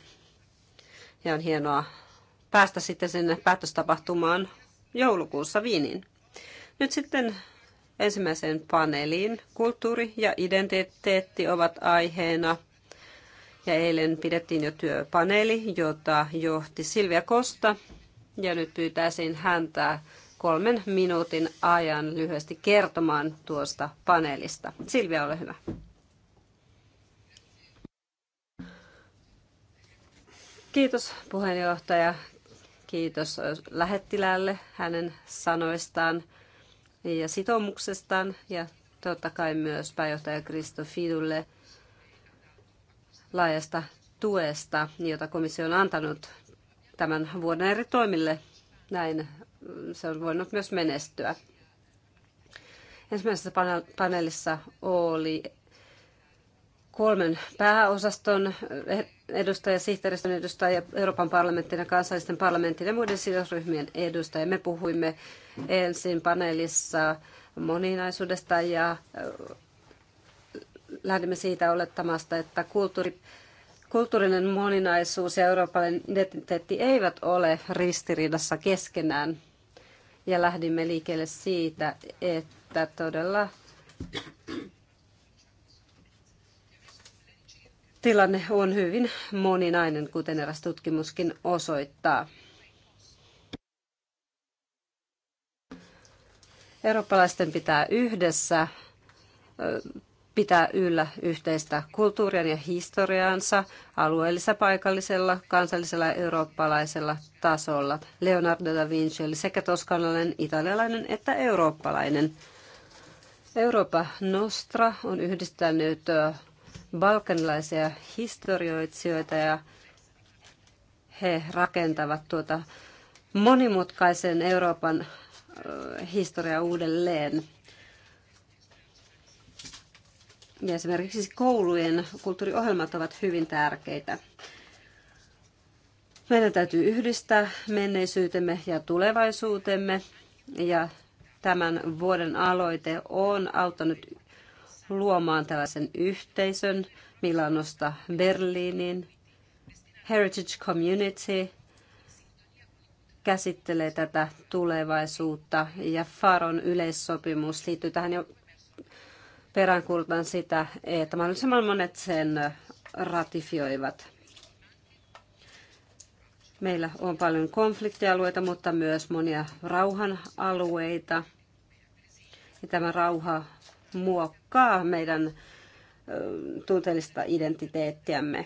Ja on hienoa päästä sitten sinne päätöstapahtumaan joulukuussa Viiniin. Nyt sitten ensimmäiseen paneeliin. Kulttuuri ja identiteetti ovat aiheena. Ja eilen pidettiin jo työpaneeli, jota johti Silvia Kosta, ja nyt pyytäisin häntä kolmen minuutin ajan lyhyesti kertomaan tuosta paneelista. Silvia, ole hyvä. Kiitos puheenjohtaja. Kiitos lähettilälle hänen sanoistaan ja sitoumuksestaan ja totta kai myös pääjohtaja Kristo Fidulle laajasta tuesta, jota komissio on antanut tämän vuoden eri toimille. Näin mm, se on voinut myös menestyä. Ensimmäisessä paneelissa oli kolmen pääosaston edustaja, sihteeristön edustaja, Euroopan parlamentin ja kansallisten parlamentin ja muiden sidosryhmien edustaja. Me puhuimme ensin paneelissa moninaisuudesta ja lähdimme siitä olettamasta, että kulttuuri Kulttuurinen moninaisuus ja eurooppalainen identiteetti eivät ole ristiriidassa keskenään. Ja lähdimme liikkeelle siitä, että todella tilanne on hyvin moninainen, kuten eräs tutkimuskin osoittaa. Eurooppalaisten pitää yhdessä pitää yllä yhteistä kulttuuriaan ja historiaansa alueellisella, paikallisella, kansallisella ja eurooppalaisella tasolla. Leonardo da Vinci oli sekä toskanalainen, italialainen että eurooppalainen. Europa Nostra on yhdistänyt balkanilaisia historioitsijoita ja he rakentavat tuota monimutkaisen Euroopan historiaa uudelleen. Esimerkiksi koulujen kulttuuriohjelmat ovat hyvin tärkeitä. Meidän täytyy yhdistää menneisyytemme ja tulevaisuutemme ja tämän vuoden aloite on auttanut luomaan tällaisen yhteisön Milanosta Berliinin. Heritage Community käsittelee tätä tulevaisuutta ja Faron yleissopimus liittyy tähän jo peräänkuulutan sitä, että mahdollisimman monet sen ratifioivat. Meillä on paljon konfliktialueita, mutta myös monia rauhan alueita. Ja tämä rauha muokkaa meidän tunteellista identiteettiämme.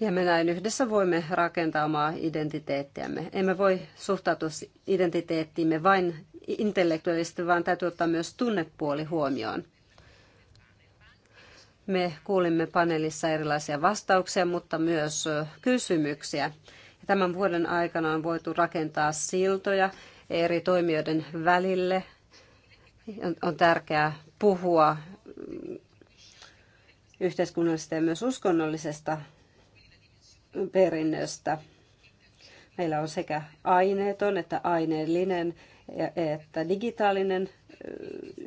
Ja me näin yhdessä voimme rakentaa omaa identiteettiämme. Emme voi suhtautua identiteettiimme vain intellektuaalisesti, vaan täytyy ottaa myös tunnepuoli huomioon. Me kuulimme paneelissa erilaisia vastauksia, mutta myös kysymyksiä. Tämän vuoden aikana on voitu rakentaa siltoja eri toimijoiden välille. On tärkeää puhua mm, yhteiskunnallisesta ja myös uskonnollisesta perinnöstä. Meillä on sekä aineeton että aineellinen että digitaalinen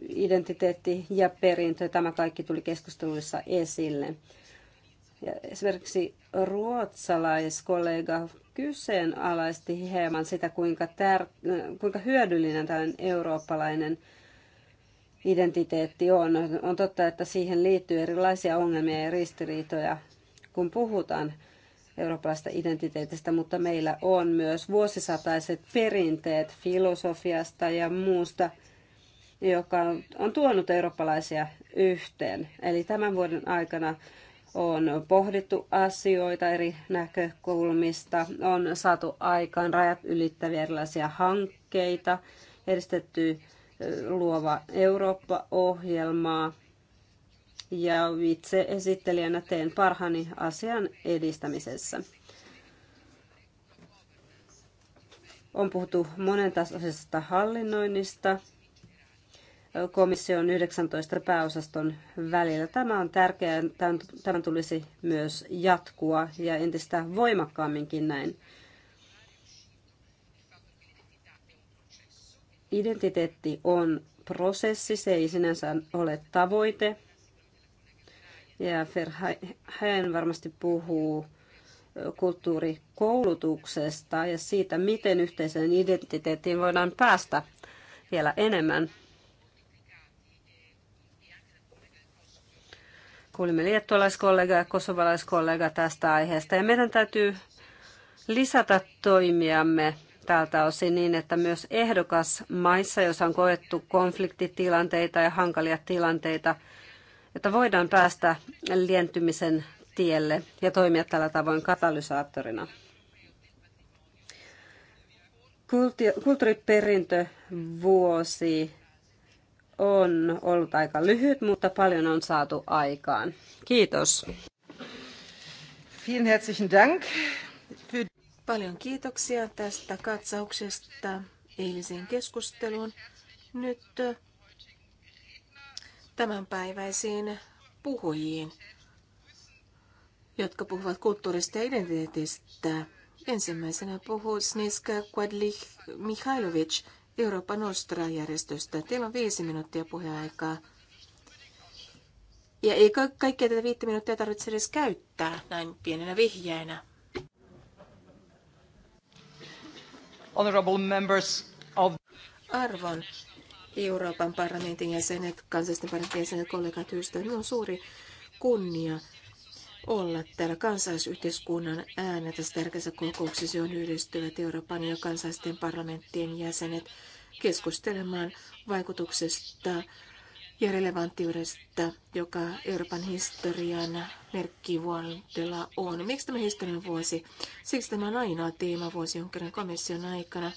identiteetti ja perintö. Tämä kaikki tuli keskusteluissa esille. Ja esimerkiksi ruotsalaiskollega kyseenalaisti hieman sitä, kuinka, tär- kuinka hyödyllinen tällainen eurooppalainen identiteetti on. On totta, että siihen liittyy erilaisia ongelmia ja ristiriitoja, kun puhutaan eurooppalaista identiteetistä, mutta meillä on myös vuosisataiset perinteet filosofiasta ja muusta, joka on tuonut eurooppalaisia yhteen. Eli tämän vuoden aikana on pohdittu asioita eri näkökulmista, on saatu aikaan rajat ylittäviä erilaisia hankkeita, edistetty luova Eurooppa-ohjelmaa ja itse esittelijänä teen parhaani asian edistämisessä. On puhuttu monentasoisesta hallinnoinnista komission 19 pääosaston välillä. Tämä on tärkeää, tämän tulisi myös jatkua ja entistä voimakkaamminkin näin. Identiteetti on prosessi, se ei sinänsä ole tavoite, ja Verheyen varmasti puhuu kulttuurikoulutuksesta ja siitä, miten yhteiseen identiteettiin voidaan päästä vielä enemmän. Kuulimme liettualaiskollega ja kosovalaiskollega tästä aiheesta ja meidän täytyy lisätä toimiamme tältä osin niin, että myös ehdokas maissa, joissa on koettu konfliktitilanteita ja hankalia tilanteita, että voidaan päästä lientymisen tielle ja toimia tällä tavoin katalysaattorina. Kulttuuriperintövuosi on ollut aika lyhyt, mutta paljon on saatu aikaan. Kiitos. Vielen herzlichen Dank. Paljon kiitoksia tästä katsauksesta eiliseen keskusteluun. Nyt tämänpäiväisiin puhujiin, jotka puhuvat kulttuurista ja identiteetistä. Ensimmäisenä puhuu Sniska Kvadlich Mihailovic Euroopan Nostra-järjestöstä. Teillä on viisi minuuttia puheaikaa. Ja ei kaikkea tätä viittä minuuttia tarvitse edes käyttää näin pienenä vihjeenä. Honorable members of... Arvon Euroopan parlamentin jäsenet, kansallisten parlamentin jäsenet, kollegat, ystävät. Minulla on suuri kunnia olla täällä kansalaisyhteiskunnan äänä tässä tärkeässä kokouksessa, johon yhdistyvät Euroopan ja kansallisten parlamenttien jäsenet keskustelemaan vaikutuksesta ja relevanttiudesta, joka Euroopan historian merkkivuodella on. Miksi tämä historian vuosi? Siksi tämä on ainoa teemavuosi Unkarin komission aikana,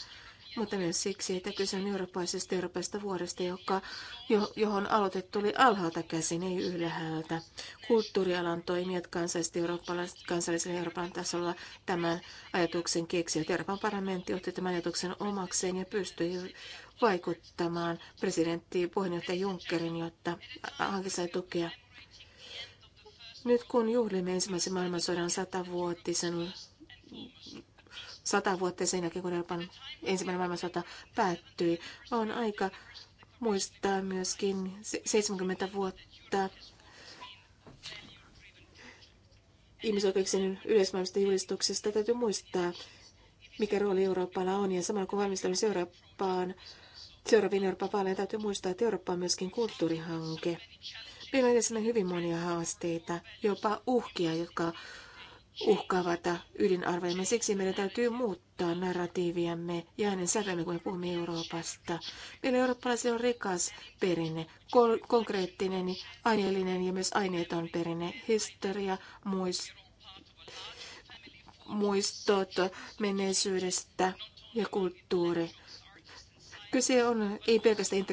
mutta myös siksi, että kyse on eurooppalaisesta Euroopasta vuodesta, joka, johon aloitettu tuli alhaalta käsin, ei ylhäältä. Kulttuurialan toimijat kansallisella Euroopan tasolla tämän ajatuksen keksivät. Euroopan parlamentti otti tämän ajatuksen omakseen ja pystyi vaikuttamaan presidentti puheenjohtaja Junckerin, jotta hanke sai tukea. Nyt kun juhlimme ensimmäisen maailmansodan satavuotisen sata vuotta sen jälkeen, kun Euroopan ensimmäinen maailmansota päättyi, on aika muistaa myöskin 70 vuotta ihmisoikeuksien yleismaailmasta julistuksesta. Täytyy muistaa, mikä rooli Euroopalla on. Ja samalla kun valmistelun Eurooppaan, seuraaviin Euroopan vaaleihin täytyy muistaa, että Eurooppa on myöskin kulttuurihanke. Meillä on hyvin monia haasteita, jopa uhkia, jotka uhkaavat ydinarvojamme. Siksi meidän täytyy muuttaa narratiiviamme ja äänen sävemme, kun me puhumme Euroopasta. Meillä eurooppalaisilla on rikas perinne, kol- konkreettinen, aineellinen ja myös aineeton perinne, historia, muist- muistot menneisyydestä ja kulttuuri. Kyse on ei pelkästään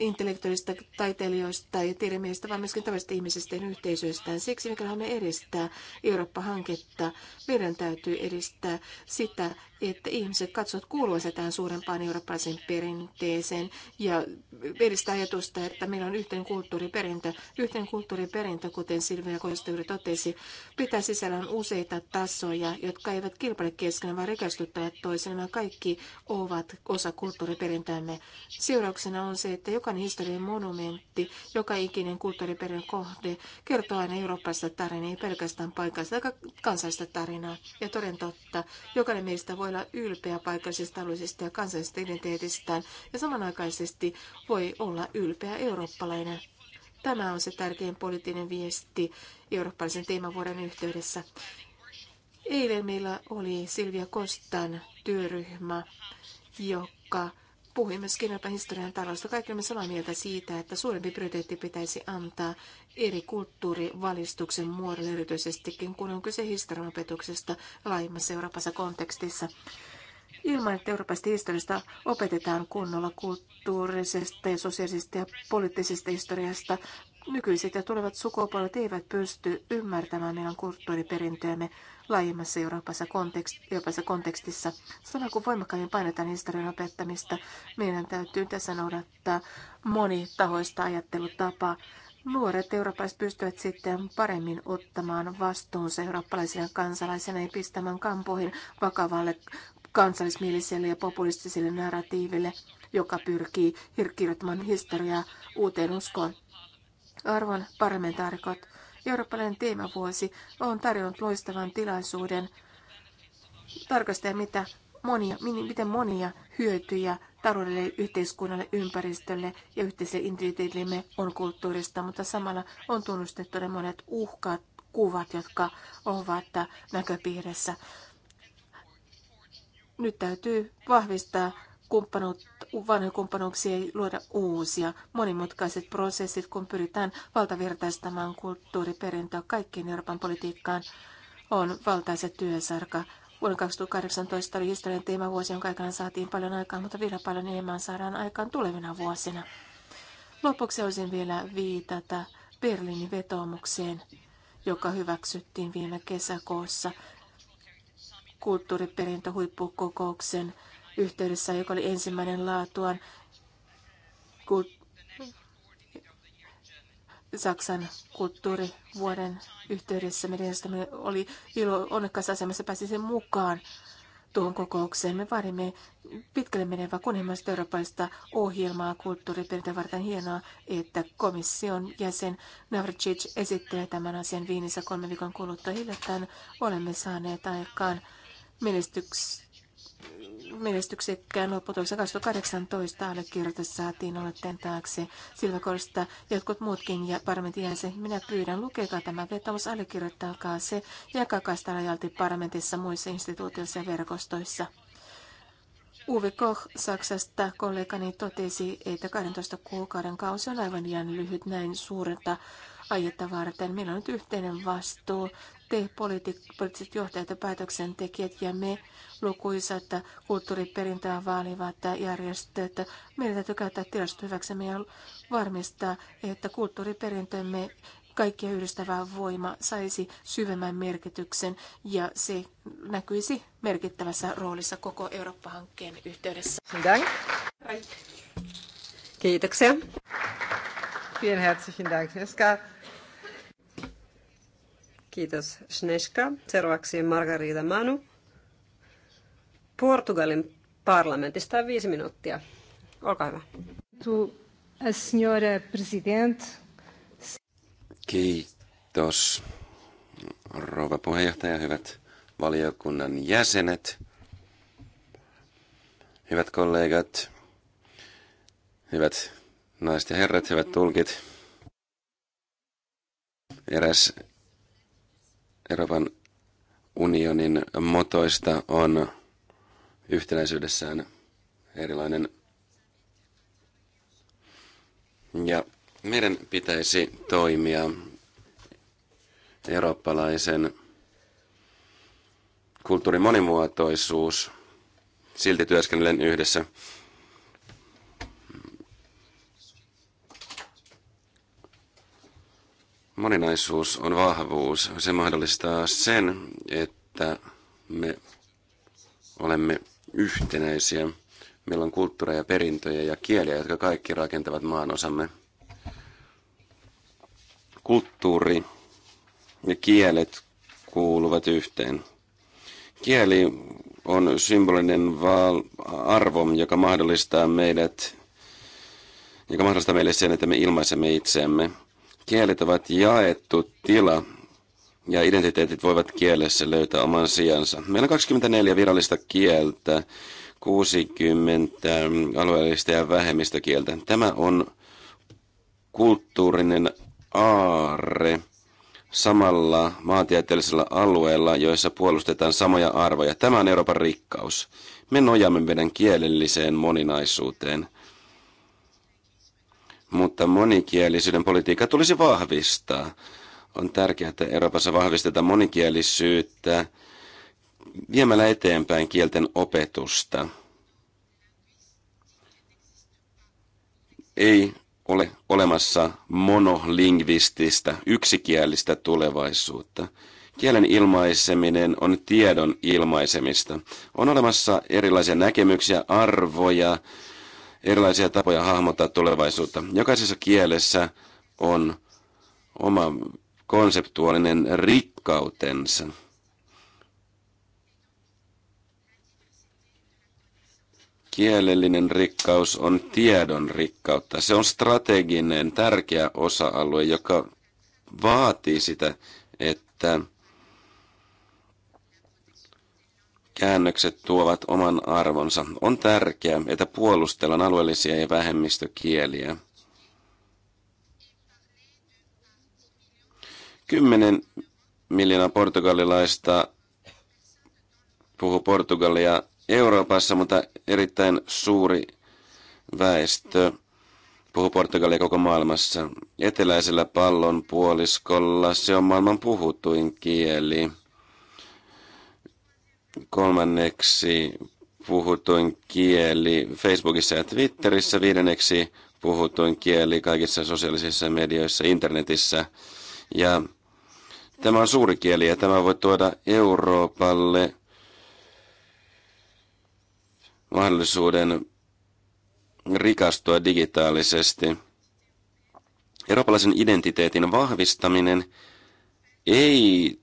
intellektuaalista taiteilijoista tai tiedemiehistä, vaan myöskin tavallisista ihmisistä yhteisöistä. Siksi, mikä haluamme edistää Eurooppa-hanketta, meidän täytyy edistää sitä, että ihmiset katsovat kuuluvansa tähän suurempaan eurooppalaisen perinteeseen ja edistää ajatusta, että meillä on yhteen kulttuuriperintö. Yhteen kulttuuriperintö, kuten Silvia Koistöyri totesi, pitää sisällään useita tasoja, jotka eivät kilpaile keskenään, vaan rikastuttavat toisen. Nämä kaikki ovat osa kulttuuriperintöämme. Seurauksena on se, että jokainen historian monumentti, joka ikinen kulttuuriperinnön kohde kertoo aina eurooppalaista tarinaa, ei pelkästään paikallista vaan kansallista tarinaa. Ja toden totta, jokainen meistä voi voi olla ylpeä paikallisesta, alueellisesta ja kansallisesta identiteetistään ja samanaikaisesti voi olla ylpeä eurooppalainen. Tämä on se tärkein poliittinen viesti eurooppalaisen teemavuoden yhteydessä. Eilen meillä oli Silvia Kostan työryhmä, joka puhuin myös Euroopan historian talosta. Kaikki olemme samaa mieltä siitä, että suurempi prioriteetti pitäisi antaa eri kulttuurivalistuksen muodolle erityisestikin, kun on kyse historian opetuksesta laajemmassa Euroopassa kontekstissa. Ilman, että Euroopasta historiasta opetetaan kunnolla kulttuurisesta ja sosiaalisesta ja poliittisesta historiasta, Nykyiset ja tulevat sukupolvet eivät pysty ymmärtämään meidän kulttuuriperintöämme laajemmassa Euroopassa, kontekst, Euroopassa kontekstissa. Samalla kun voimakkaammin painetaan historian opettamista, meidän täytyy tässä noudattaa monitahoista ajattelutapaa. Nuoret eurooppalaiset pystyvät sitten paremmin ottamaan vastuunsa eurooppalaisina kansalaisena ja pistämään kampoihin vakavalle kansallismieliselle ja populistiselle narratiiville, joka pyrkii kirjoittamaan historiaa uuteen uskoon. Arvon parlamentaarikot, eurooppalainen teemavuosi on tarjonnut loistavan tilaisuuden tarkastaa, mitä monia, miten monia hyötyjä taloudelle, yhteiskunnalle, ympäristölle ja yhteiselle identiteetillemme on kulttuurista, mutta samalla on tunnustettu ne monet uhkat, kuvat, jotka ovat näköpiirissä. Nyt täytyy vahvistaa kumppanuutta vanhoja kumppanuuksia ei luoda uusia. Monimutkaiset prosessit, kun pyritään valtavirtaistamaan kulttuuriperintöä kaikkiin Euroopan politiikkaan, on valtaisa työsarka. Vuonna 2018 oli historian teemavuosi, jonka aikana saatiin paljon aikaa, mutta vielä paljon enemmän saadaan aikaan tulevina vuosina. Lopuksi olisin vielä viitata Berliinin vetoomukseen, joka hyväksyttiin viime kesäkuussa kulttuuriperintöhuippukokouksen huippukokouksen yhteydessä, joka oli ensimmäinen laatuaan Saksan kulttuurivuoden yhteydessä. Meidän oli ilo onnekkaassa asemassa pääsi sen mukaan tuohon kokoukseen. Me vaadimme pitkälle menevää kunnianhimoista eurooppalaista ohjelmaa kulttuuriperintöä varten hienoa, että komission jäsen Navracic esittelee tämän asian Viinissä kolmen viikon kuluttua. Hiljattain olemme saaneet aikaan menestyks menestyksekkään lopputuloksen 2018 allekirjoitus saatiin aloitteen taakse Silvakorista jotkut muutkin ja parlamentin jäsen. Minä pyydän, lukekaa tämä vetomus, allekirjoittakaa se ja jakakaa sitä rajalti parlamentissa muissa instituutioissa ja verkostoissa. Uwe Koch Saksasta kollegani totesi, että 12 kuukauden kausi on aivan liian lyhyt näin suurelta aietta varten. Meillä on nyt yhteinen vastuu te poliitik- poliittiset johtajat ja päätöksentekijät ja me lukuisat kulttuuriperintöä vaalivat järjestöt. Meidän täytyy käyttää tilaisuutta hyväksemme ja varmistaa, että kulttuuriperintömme kaikkia yhdistävä voima saisi syvemmän merkityksen ja se näkyisi merkittävässä roolissa koko Eurooppa-hankkeen yhteydessä. Kiitoksia. Vielen herzlichen Dank, Kiitos Sneska. Seuraavaksi Margarita Manu. Portugalin parlamentista viisi minuuttia. Olkaa hyvä. Kiitos, rouva puheenjohtaja, hyvät valiokunnan jäsenet, hyvät kollegat, hyvät naiset ja herrat, hyvät tulkit. Eräs Euroopan unionin motoista on yhtenäisyydessään erilainen. Ja meidän pitäisi toimia eurooppalaisen kulttuurin monimuotoisuus silti työskennellen yhdessä. Moninaisuus on vahvuus. Se mahdollistaa sen, että me olemme yhtenäisiä. Meillä on kulttuureja, perintöjä ja kieliä, jotka kaikki rakentavat maanosamme. Kulttuuri ja kielet kuuluvat yhteen. Kieli on symbolinen val- arvo, joka mahdollistaa meidät joka mahdollistaa meille sen, että me ilmaisemme itseämme. Kielet ovat jaettu tila, ja identiteetit voivat kielessä löytää oman sijansa. Meillä on 24 virallista kieltä, 60 alueellista ja vähemmistökieltä. Tämä on kulttuurinen aarre samalla maantieteellisellä alueella, joissa puolustetaan samoja arvoja. Tämä on Euroopan rikkaus. Me nojaamme meidän kielelliseen moninaisuuteen mutta monikielisyyden politiikka tulisi vahvistaa. On tärkeää, että Euroopassa vahvistetaan monikielisyyttä viemällä eteenpäin kielten opetusta. Ei ole olemassa monolingvististä, yksikielistä tulevaisuutta. Kielen ilmaiseminen on tiedon ilmaisemista. On olemassa erilaisia näkemyksiä, arvoja, erilaisia tapoja hahmottaa tulevaisuutta. Jokaisessa kielessä on oma konseptuaalinen rikkautensa. Kielellinen rikkaus on tiedon rikkautta. Se on strateginen, tärkeä osa-alue, joka vaatii sitä, että käännökset tuovat oman arvonsa. On tärkeää, että puolustellaan alueellisia ja vähemmistökieliä. Kymmenen miljoonaa portugalilaista puhuu portugalia Euroopassa, mutta erittäin suuri väestö puhuu portugalia koko maailmassa. Eteläisellä pallon puoliskolla se on maailman puhutuin kieli kolmanneksi puhutuin kieli Facebookissa ja Twitterissä, viidenneksi puhutuin kieli kaikissa sosiaalisissa medioissa, internetissä. Ja tämä on suuri kieli ja tämä voi tuoda Euroopalle mahdollisuuden rikastua digitaalisesti. Eurooppalaisen identiteetin vahvistaminen ei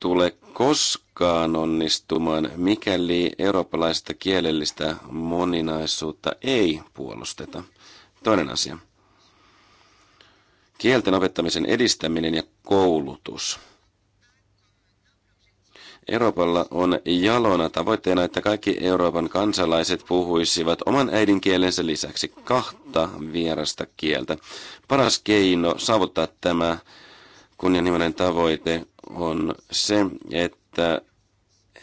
tule koskaan onnistumaan, mikäli eurooppalaista kielellistä moninaisuutta ei puolusteta. Toinen asia. Kielten opettamisen edistäminen ja koulutus. Euroopalla on jalona tavoitteena, että kaikki Euroopan kansalaiset puhuisivat oman äidinkielensä lisäksi kahta vierasta kieltä. Paras keino saavuttaa tämä kunnianhimoinen tavoite on se, että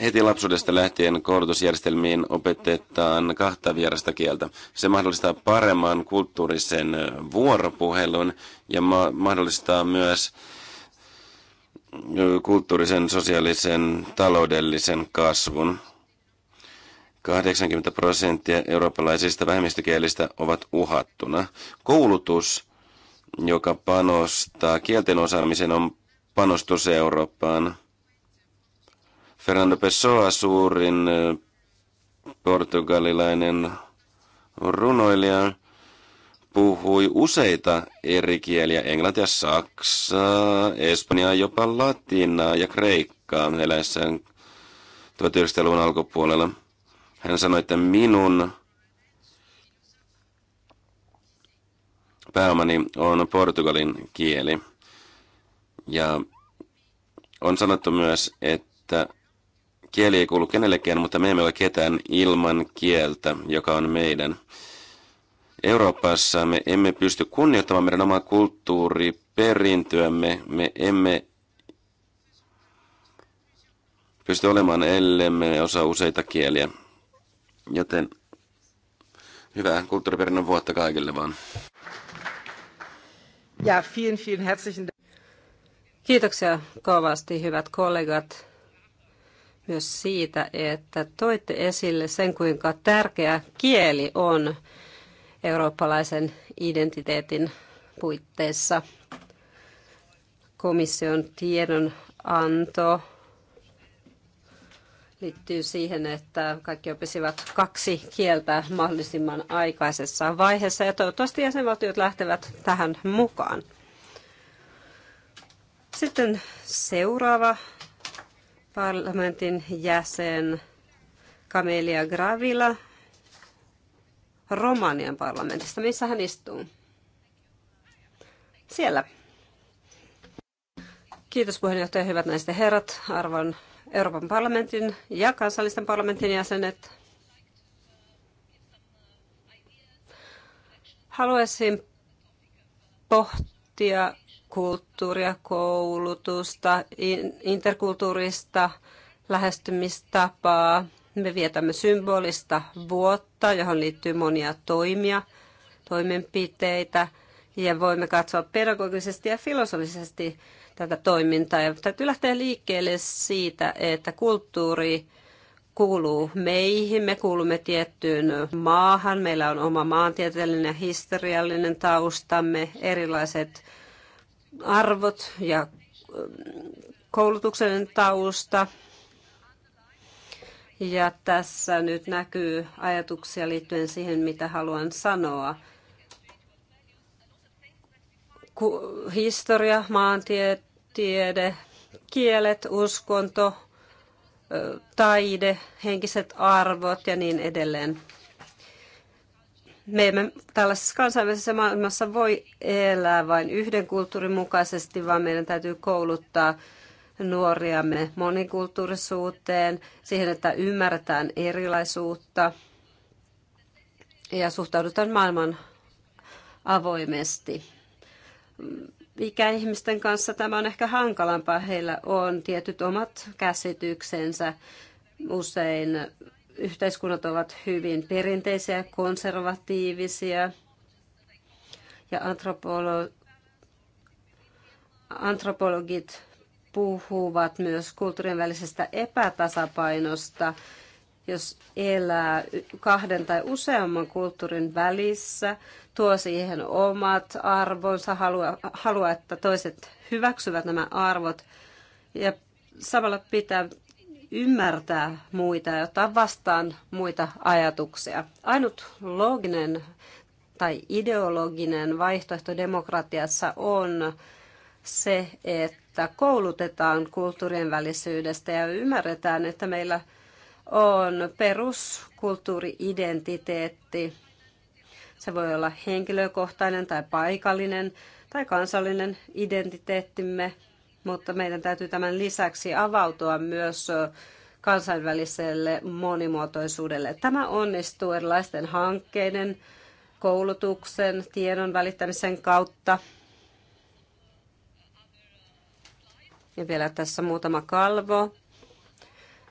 heti lapsuudesta lähtien koulutusjärjestelmiin opetetaan kahta vierasta kieltä. Se mahdollistaa paremman kulttuurisen vuoropuhelun ja ma- mahdollistaa myös kulttuurisen, sosiaalisen, taloudellisen kasvun. 80 prosenttia eurooppalaisista vähemmistökielistä ovat uhattuna. Koulutus joka panostaa kielten osaamisen, on panostus Eurooppaan. Fernando Pessoa, suurin portugalilainen runoilija, puhui useita eri kieliä, englantia, saksaa, espanjaa, jopa latinaa ja kreikkaa eläessään 1900-luvun alkupuolella. Hän sanoi, että minun pääomani on portugalin kieli. Ja on sanottu myös, että kieli ei kuulu kenellekään, mutta me emme ole ketään ilman kieltä, joka on meidän. Euroopassa me emme pysty kunnioittamaan meidän omaa kulttuuriperintöämme, me emme pysty olemaan, ellemme osaa useita kieliä. Joten hyvää kulttuuriperinnön vuotta kaikille vaan. Ja, vielen, vielen herzlichen Kiitoksia kovasti, hyvät kollegat, myös siitä, että toitte esille sen, kuinka tärkeä kieli on eurooppalaisen identiteetin puitteissa. Komission tiedonanto liittyy siihen, että kaikki opisivat kaksi kieltä mahdollisimman aikaisessa vaiheessa ja toivottavasti jäsenvaltiot lähtevät tähän mukaan. Sitten seuraava parlamentin jäsen Camelia Gravila Romanian parlamentista. Missä hän istuu? Siellä. Kiitos puheenjohtaja, hyvät naiset ja herrat, arvon Euroopan parlamentin ja kansallisten parlamentin jäsenet. Haluaisin pohtia kulttuuria, koulutusta, interkulttuurista lähestymistapaa. Me vietämme symbolista vuotta, johon liittyy monia toimia, toimenpiteitä ja voimme katsoa pedagogisesti ja filosofisesti tätä toimintaa. Ja täytyy lähteä liikkeelle siitä, että kulttuuri kuuluu meihin, me kuulumme tiettyyn maahan, meillä on oma maantieteellinen ja historiallinen taustamme, erilaiset arvot ja mm, koulutuksen tausta. Ja tässä nyt näkyy ajatuksia liittyen siihen, mitä haluan sanoa. Historia, maantiet, tiede, kielet, uskonto, taide, henkiset arvot ja niin edelleen. Me emme tällaisessa kansainvälisessä maailmassa voi elää vain yhden kulttuurin mukaisesti, vaan meidän täytyy kouluttaa nuoriamme monikulttuurisuuteen, siihen, että ymmärretään erilaisuutta ja suhtaudutaan maailman avoimesti ikäihmisten kanssa tämä on ehkä hankalampaa. Heillä on tietyt omat käsityksensä. Usein yhteiskunnat ovat hyvin perinteisiä, konservatiivisia. Ja antropolo- antropologit puhuvat myös kulttuurien välisestä epätasapainosta jos elää kahden tai useamman kulttuurin välissä, tuo siihen omat arvonsa, haluaa, haluaa että toiset hyväksyvät nämä arvot ja samalla pitää ymmärtää muita ja ottaa vastaan muita ajatuksia. Ainut looginen tai ideologinen vaihtoehto demokratiassa on se, että koulutetaan kulttuurien välisyydestä ja ymmärretään, että meillä – on peruskulttuuriidentiteetti. Se voi olla henkilökohtainen tai paikallinen tai kansallinen identiteettimme, mutta meidän täytyy tämän lisäksi avautua myös kansainväliselle monimuotoisuudelle. Tämä onnistuu erilaisten hankkeiden, koulutuksen, tiedon välittämisen kautta. Ja vielä tässä muutama kalvo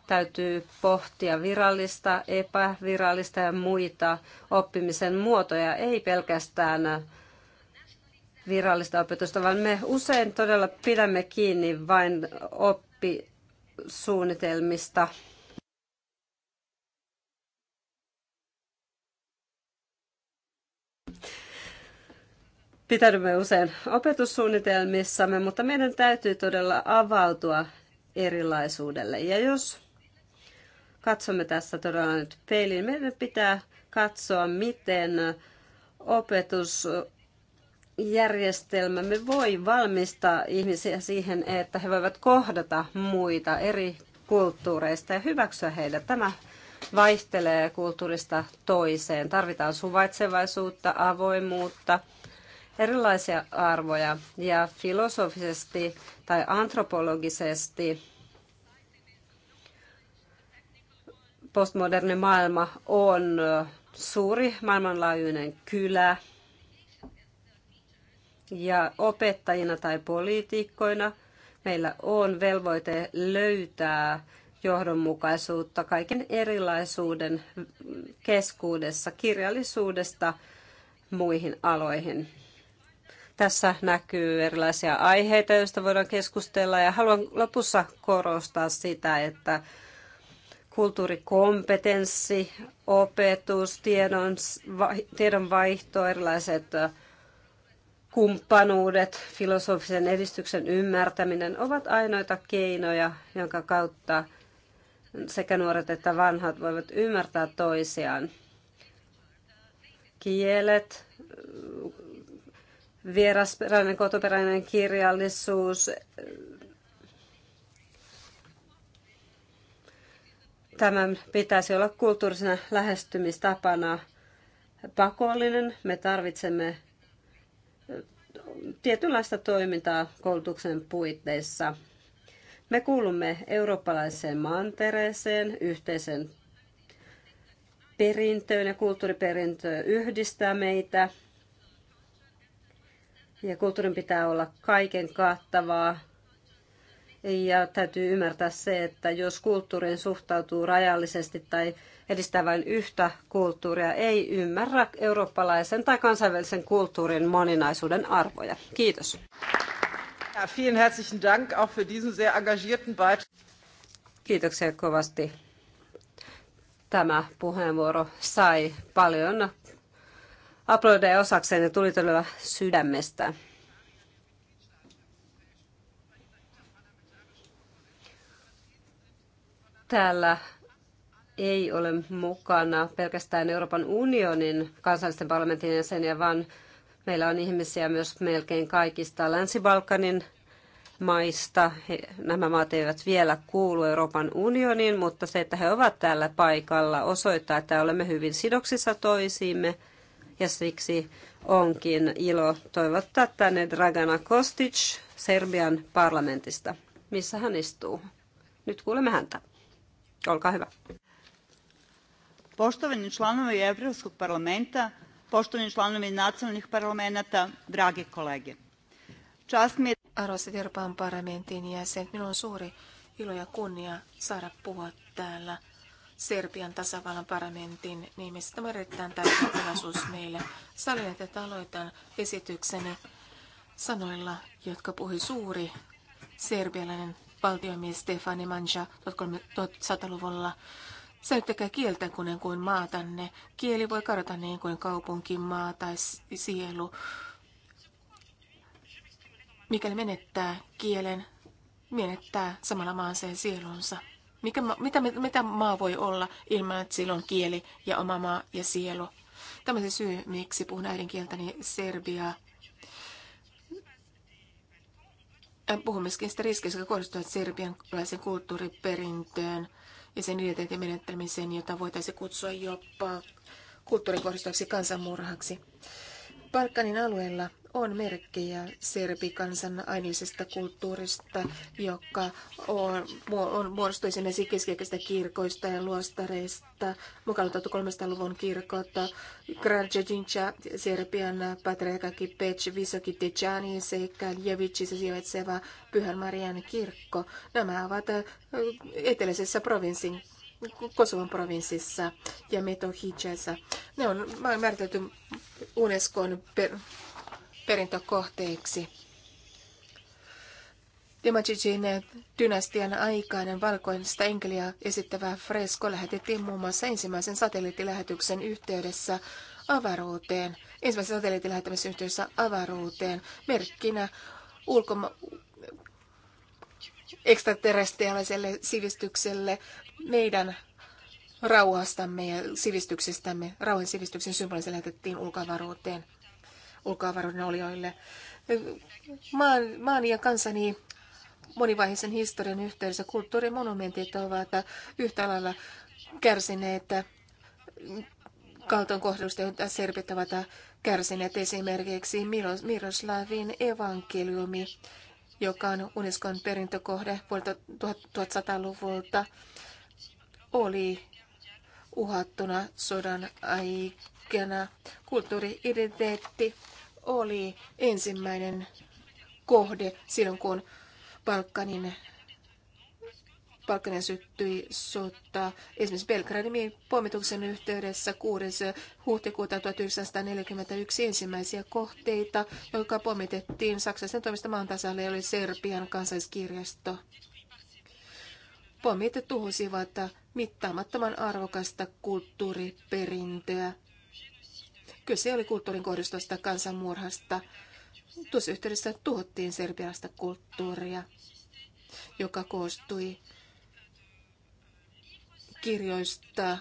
täytyy pohtia virallista, epävirallista ja muita oppimisen muotoja, ei pelkästään virallista opetusta, vaan me usein todella pidämme kiinni vain oppisuunnitelmista. Pitäydymme usein opetussuunnitelmissamme, mutta meidän täytyy todella avautua erilaisuudelle. Ja jos katsomme tässä todella nyt peilin. Meidän pitää katsoa, miten opetusjärjestelmämme voi valmistaa ihmisiä siihen, että he voivat kohdata muita eri kulttuureista ja hyväksyä heidät. Tämä vaihtelee kulttuurista toiseen. Tarvitaan suvaitsevaisuutta, avoimuutta, erilaisia arvoja ja filosofisesti tai antropologisesti postmoderni maailma on suuri maailmanlaajuinen kylä. Ja opettajina tai poliitikkoina meillä on velvoite löytää johdonmukaisuutta kaiken erilaisuuden keskuudessa, kirjallisuudesta muihin aloihin. Tässä näkyy erilaisia aiheita, joista voidaan keskustella ja haluan lopussa korostaa sitä, että kulttuurikompetenssi, opetus, tiedon, tiedonvaihto, erilaiset kumppanuudet, filosofisen edistyksen ymmärtäminen ovat ainoita keinoja, jonka kautta sekä nuoret että vanhat voivat ymmärtää toisiaan. Kielet, vierasperäinen, kotoperäinen kirjallisuus, Tämän pitäisi olla kulttuurisena lähestymistapana pakollinen. Me tarvitsemme eh, tietynlaista toimintaa koulutuksen puitteissa. Me kuulumme eurooppalaiseen maantereeseen, yhteisen perintöön ja kulttuuriperintö yhdistää meitä. Ja kulttuurin pitää olla kaiken kattavaa, ja täytyy ymmärtää se, että jos kulttuuriin suhtautuu rajallisesti tai edistää vain yhtä kulttuuria, ei ymmärrä eurooppalaisen tai kansainvälisen kulttuurin moninaisuuden arvoja. Kiitos. Ja, vielen herzlichen Dank auch für diesen sehr engagierten Beitrag. Kiitoksia kovasti. Tämä puheenvuoro sai paljon aplodeja osakseen ja tuli todella sydämestä. täällä ei ole mukana pelkästään Euroopan unionin kansallisten parlamentin jäseniä, vaan meillä on ihmisiä myös melkein kaikista Länsi-Balkanin maista. He, nämä maat eivät vielä kuulu Euroopan unioniin, mutta se, että he ovat täällä paikalla, osoittaa, että olemme hyvin sidoksissa toisiimme. Ja siksi onkin ilo toivottaa tänne Dragana Kostic Serbian parlamentista, missä hän istuu. Nyt kuulemme häntä. Olkaa hyvä. Poštovani članovi Evropskog parlamenta, poštovani članovi nacionalnih parlamenta, dragi kolege. Čast mi je... Arvoisat Euroopan parlamentin jäsenet, minulla on suuri ilo ja kunnia saada puhua täällä Serbian tasavallan parlamentin nimessä. Tämä on erittäin tärkeä tilaisuus meille. Sallin, että aloitan esitykseni sanoilla, jotka puhui suuri serbialainen valtiomies Stefani Manja 1100-luvulla. Säyttäkää kieltä kunen kuin maatanne. Kieli voi karata niin kuin kaupunki, maa tai sielu. Mikäli menettää kielen, menettää samalla maansa ja sielunsa. Mikä, mitä, mitä maa voi olla ilman, että sillä on kieli ja oma maa ja sielu? Tämä on se syy, miksi puhun äidinkieltäni Serbiaa. Äh, puhumme myöskin sitä siis riskiä, joka kohdistuu serbianlaisen kulttuuriperintöön ja sen identiteettimenettämiseen, jota voitaisiin kutsua jopa kulttuuriin kansanmurhaksi. Balkanin alueella on merkkejä serbikansan aineisesta kulttuurista, joka on, on muodostui esimerkiksi keskiaikaisista kirkoista ja luostareista, mukaan 1300-luvun kirkot, Gradjadinca, Serbian Patriarkaki Pec, Visoki Tejani sekä Ljevicissä sijaitseva Pyhän Marian kirkko. Nämä ovat eteläisessä provinssin Kosovan provinssissa ja Metohidjassa. Ne on määritelty Unescon per- perintökohteiksi. Timocicin dynastian aikainen valkoista enkeliä esittävä fresko lähetettiin muun muassa ensimmäisen satelliittilähetyksen yhteydessä avaruuteen, ensimmäisen satelliittilähettämisen yhteydessä avaruuteen merkkinä ulkoma- ekstraterrestriaaliselle sivistykselle meidän rauhastamme ja sivistyksestämme, rauhan sivistyksen symboli lähetettiin ulkoavaruuteen ulkoavaruuden olioille. Maan, maan ja kansani monivaiheisen historian yhteydessä kulttuurimonumentit ovat yhtä lailla kärsineet kaltoinkohdelusta, joita serbit ovat kärsineet esimerkiksi Miroslavin evankeliumi, joka on Unescon perintökohde vuodelta 1100-luvulta, oli uhattuna sodan aikana. Kulttuuriidentiteetti oli ensimmäinen kohde silloin, kun Balkanin, Balkanin syttyi sota. Esimerkiksi Belgradin pommituksen yhteydessä 6. huhtikuuta 1941 ensimmäisiä kohteita, joka pommitettiin Saksan toimesta maan tasalle, oli Serbian kansalliskirjasto. Pommit tuhosivat mittaamattoman arvokasta kulttuuriperintöä Kyse oli kulttuurin kohdistusta kansanmurhasta. Tuossa yhteydessä tuhottiin serbialaista kulttuuria, joka koostui kirjoista,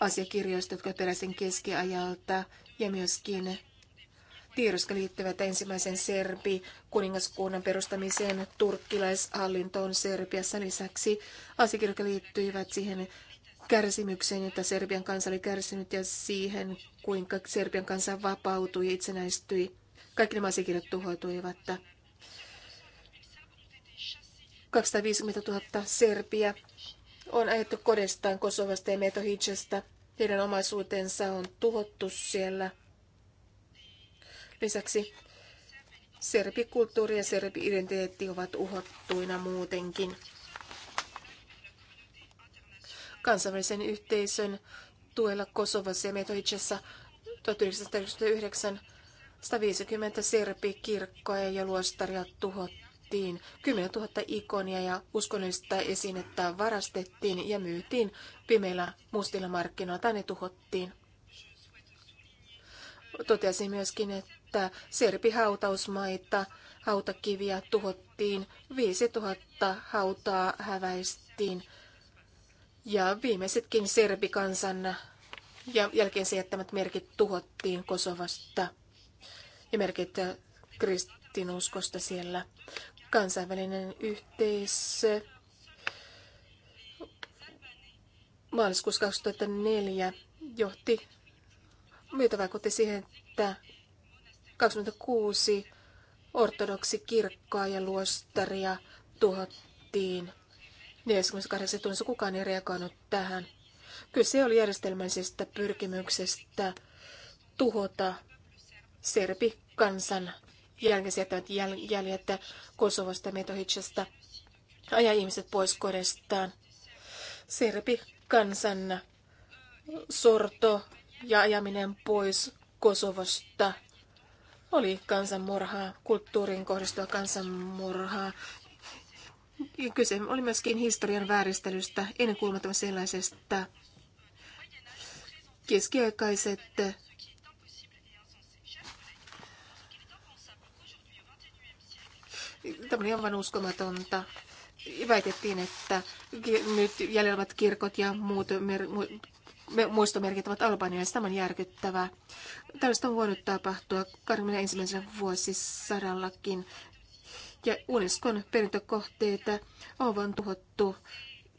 asiakirjoista, jotka peräisin keskiajalta ja myöskin tiedoska liittyvät ensimmäisen serbi kuningaskunnan perustamiseen turkkilaishallintoon Serbiassa. Lisäksi asiakirjat liittyivät siihen, kärsimykseen, jota Serbian kansa oli kärsinyt ja siihen, kuinka Serbian kansa vapautui ja itsenäistyi. Kaikki nämä asiakirjat tuhoutuivat. 250 000 Serbia on ajettu kodestaan Kosovasta ja Metohidsestä. Heidän omaisuutensa on tuhottu siellä. Lisäksi serbikulttuuri ja serbi-identiteetti ovat uhottuina muutenkin kansainvälisen yhteisön tuella Kosovassa ja meitä itse asiassa 150 serpikirkkoa ja luostaria tuhottiin. 10 000 ikonia ja uskonnollista esinettä varastettiin ja myytiin pimeillä mustilla markkinoilla tai ne tuhottiin. Totesin myöskin, että serpihautausmaita, hautakiviä tuhottiin, 5000 hautaa häväistiin ja viimeisetkin serbikansan ja jälkeen se jättämät merkit tuhottiin Kosovasta ja merkit kristinuskosta siellä. Kansainvälinen yhteisö maaliskuussa 2004 johti myötävaikutti siihen, että 26 ortodoksi kirkkoa ja luostaria tuhottiin 48 tunnissa kukaan ei reagoinut tähän. Kyse oli järjestelmällisestä pyrkimyksestä tuhota serbi kansan jälkisietävät jäljettä jäljet Kosovosta ja Metohitsasta, ajaa ihmiset pois kodestaan. Serbi kansan sorto ja ajaminen pois Kosovosta oli kansanmurhaa, kulttuuriin kohdistua kansanmurhaa, Kyse oli myöskin historian vääristelystä, ennenkuulmaton sellaisesta. Keskiaikaiset Tämä oli aivan uskomatonta. Väitettiin, että nyt jäljellä olevat kirkot ja muut mer- mu- muistomerkit ovat Albaniassa. Tämä on järkyttävää. Tällaista on voinut tapahtua 21. vuosisadallakin ja Unescon perintökohteita on vain tuhottu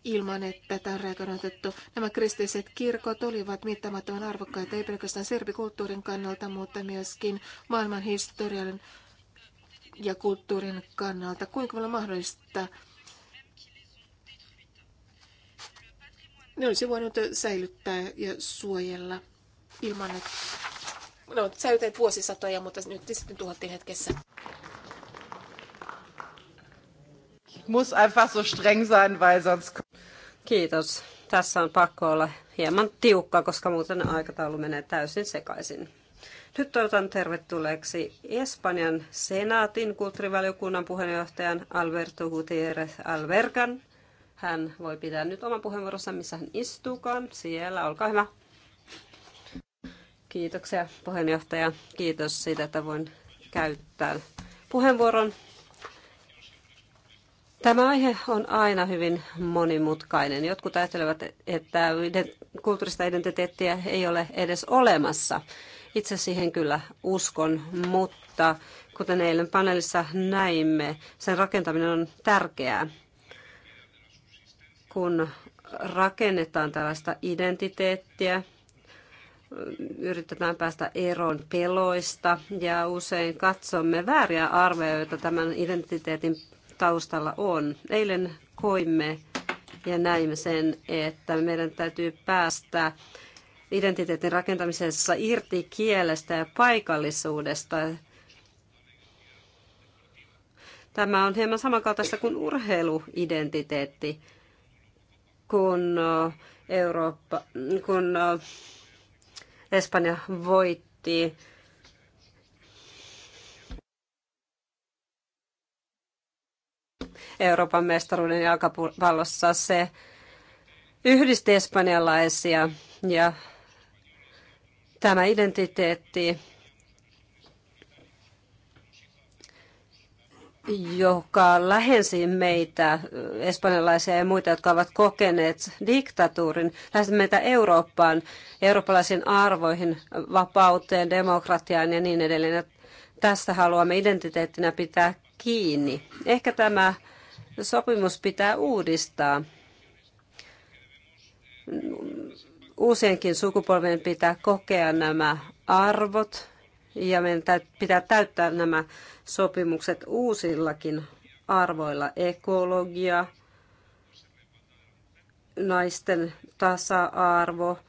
ilman, että tätä on reagoitettu. Nämä kristilliset kirkot olivat mittamattoman arvokkaita, ei pelkästään serbikulttuurin kannalta, mutta myöskin maailman historian ja kulttuurin kannalta. Kuinka paljon mahdollista ne olisi voinut säilyttää ja suojella ilman, että ne no, ovat säilyttäneet vuosisatoja, mutta nyt sitten tuhottiin hetkessä muss einfach so streng sein, weil sonst... Kiitos. Tässä on pakko olla hieman tiukka, koska muuten aikataulu menee täysin sekaisin. Nyt toivotan tervetulleeksi Espanjan senaatin kulttuurivaliokunnan puheenjohtajan Alberto Gutierrez Albergan. Hän voi pitää nyt oman puheenvuoronsa, missä hän istuukaan. Siellä, olkaa hyvä. Kiitoksia puheenjohtaja. Kiitos siitä, että voin käyttää puheenvuoron Tämä aihe on aina hyvin monimutkainen. Jotkut ajattelevat, että kulttuurista identiteettiä ei ole edes olemassa. Itse siihen kyllä uskon, mutta kuten eilen paneelissa näimme, sen rakentaminen on tärkeää. Kun rakennetaan tällaista identiteettiä, yritetään päästä eroon peloista ja usein katsomme vääriä arvioita tämän identiteetin taustalla on. Eilen koimme ja näimme sen, että meidän täytyy päästä identiteetin rakentamisessa irti kielestä ja paikallisuudesta. Tämä on hieman samankaltaista kuin urheiluidentiteetti, kun, Eurooppa, kun äh, Espanja voitti Euroopan mestaruuden jalkapallossa. Se yhdisti espanjalaisia ja tämä identiteetti, joka lähensi meitä, espanjalaisia ja muita, jotka ovat kokeneet diktatuurin, lähensi meitä Eurooppaan, eurooppalaisiin arvoihin, vapauteen, demokratiaan ja niin edelleen. Tästä haluamme identiteettinä pitää kiinni. Ehkä tämä sopimus pitää uudistaa. Uusienkin sukupolven pitää kokea nämä arvot ja meidän pitää täyttää nämä sopimukset uusillakin arvoilla. Ekologia, naisten tasa-arvo,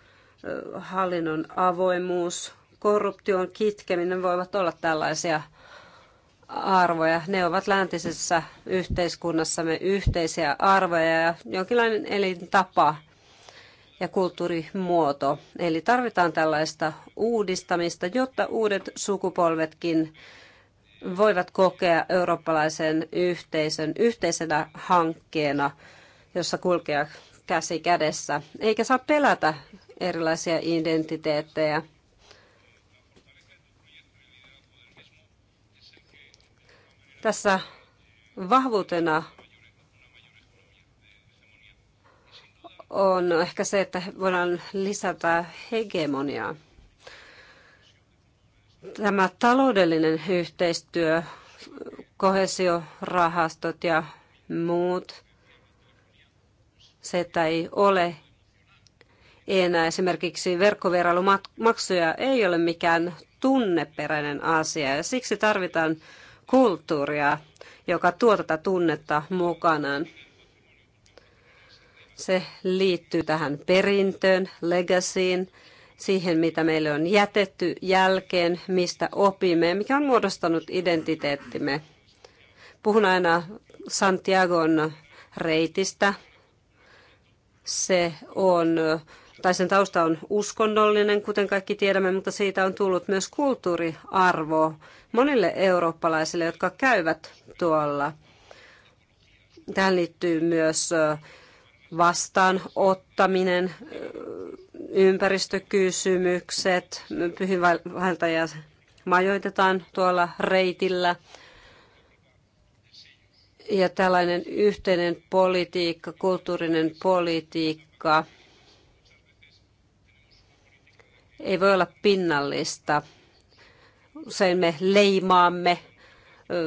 hallinnon avoimuus, korruption kitkeminen voivat olla tällaisia arvoja. Ne ovat läntisessä yhteiskunnassamme yhteisiä arvoja ja jonkinlainen elintapa ja kulttuurimuoto. Eli tarvitaan tällaista uudistamista, jotta uudet sukupolvetkin voivat kokea eurooppalaisen yhteisön yhteisenä hankkeena, jossa kulkea käsi kädessä, eikä saa pelätä erilaisia identiteettejä – Tässä vahvuutena on ehkä se, että voidaan lisätä hegemoniaa. Tämä taloudellinen yhteistyö, kohesiorahastot ja muut, se, että ei ole enää esimerkiksi verkkovierailumaksuja ei ole mikään tunneperäinen asia ja siksi tarvitaan kulttuuria, joka tuo tätä tunnetta mukanaan. Se liittyy tähän perintöön, legacyin, siihen mitä meille on jätetty jälkeen, mistä opimme, mikä on muodostanut identiteettimme. Puhun aina Santiagon reitistä. Se on tai sen tausta on uskonnollinen, kuten kaikki tiedämme, mutta siitä on tullut myös kulttuuriarvo monille eurooppalaisille, jotka käyvät tuolla. Tähän liittyy myös vastaanottaminen, ympäristökysymykset, pyhinvaeltajia majoitetaan tuolla reitillä. Ja tällainen yhteinen politiikka, kulttuurinen politiikka – ei voi olla pinnallista. Usein me leimaamme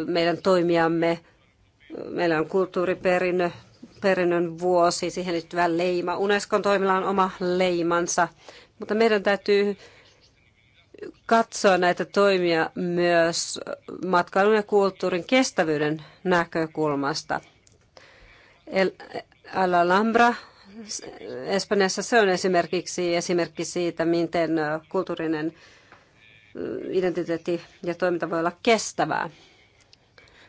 meidän toimijamme. Meillä on kulttuuriperinnö, perinnön vuosi, siihen liittyvä leima. Unescon toimilla on oma leimansa, mutta meidän täytyy katsoa näitä toimia myös matkailun ja kulttuurin kestävyyden näkökulmasta. El Alhambra Espanjassa se on esimerkiksi esimerkki siitä, miten kulttuurinen mm, identiteetti ja toiminta voi olla kestävää.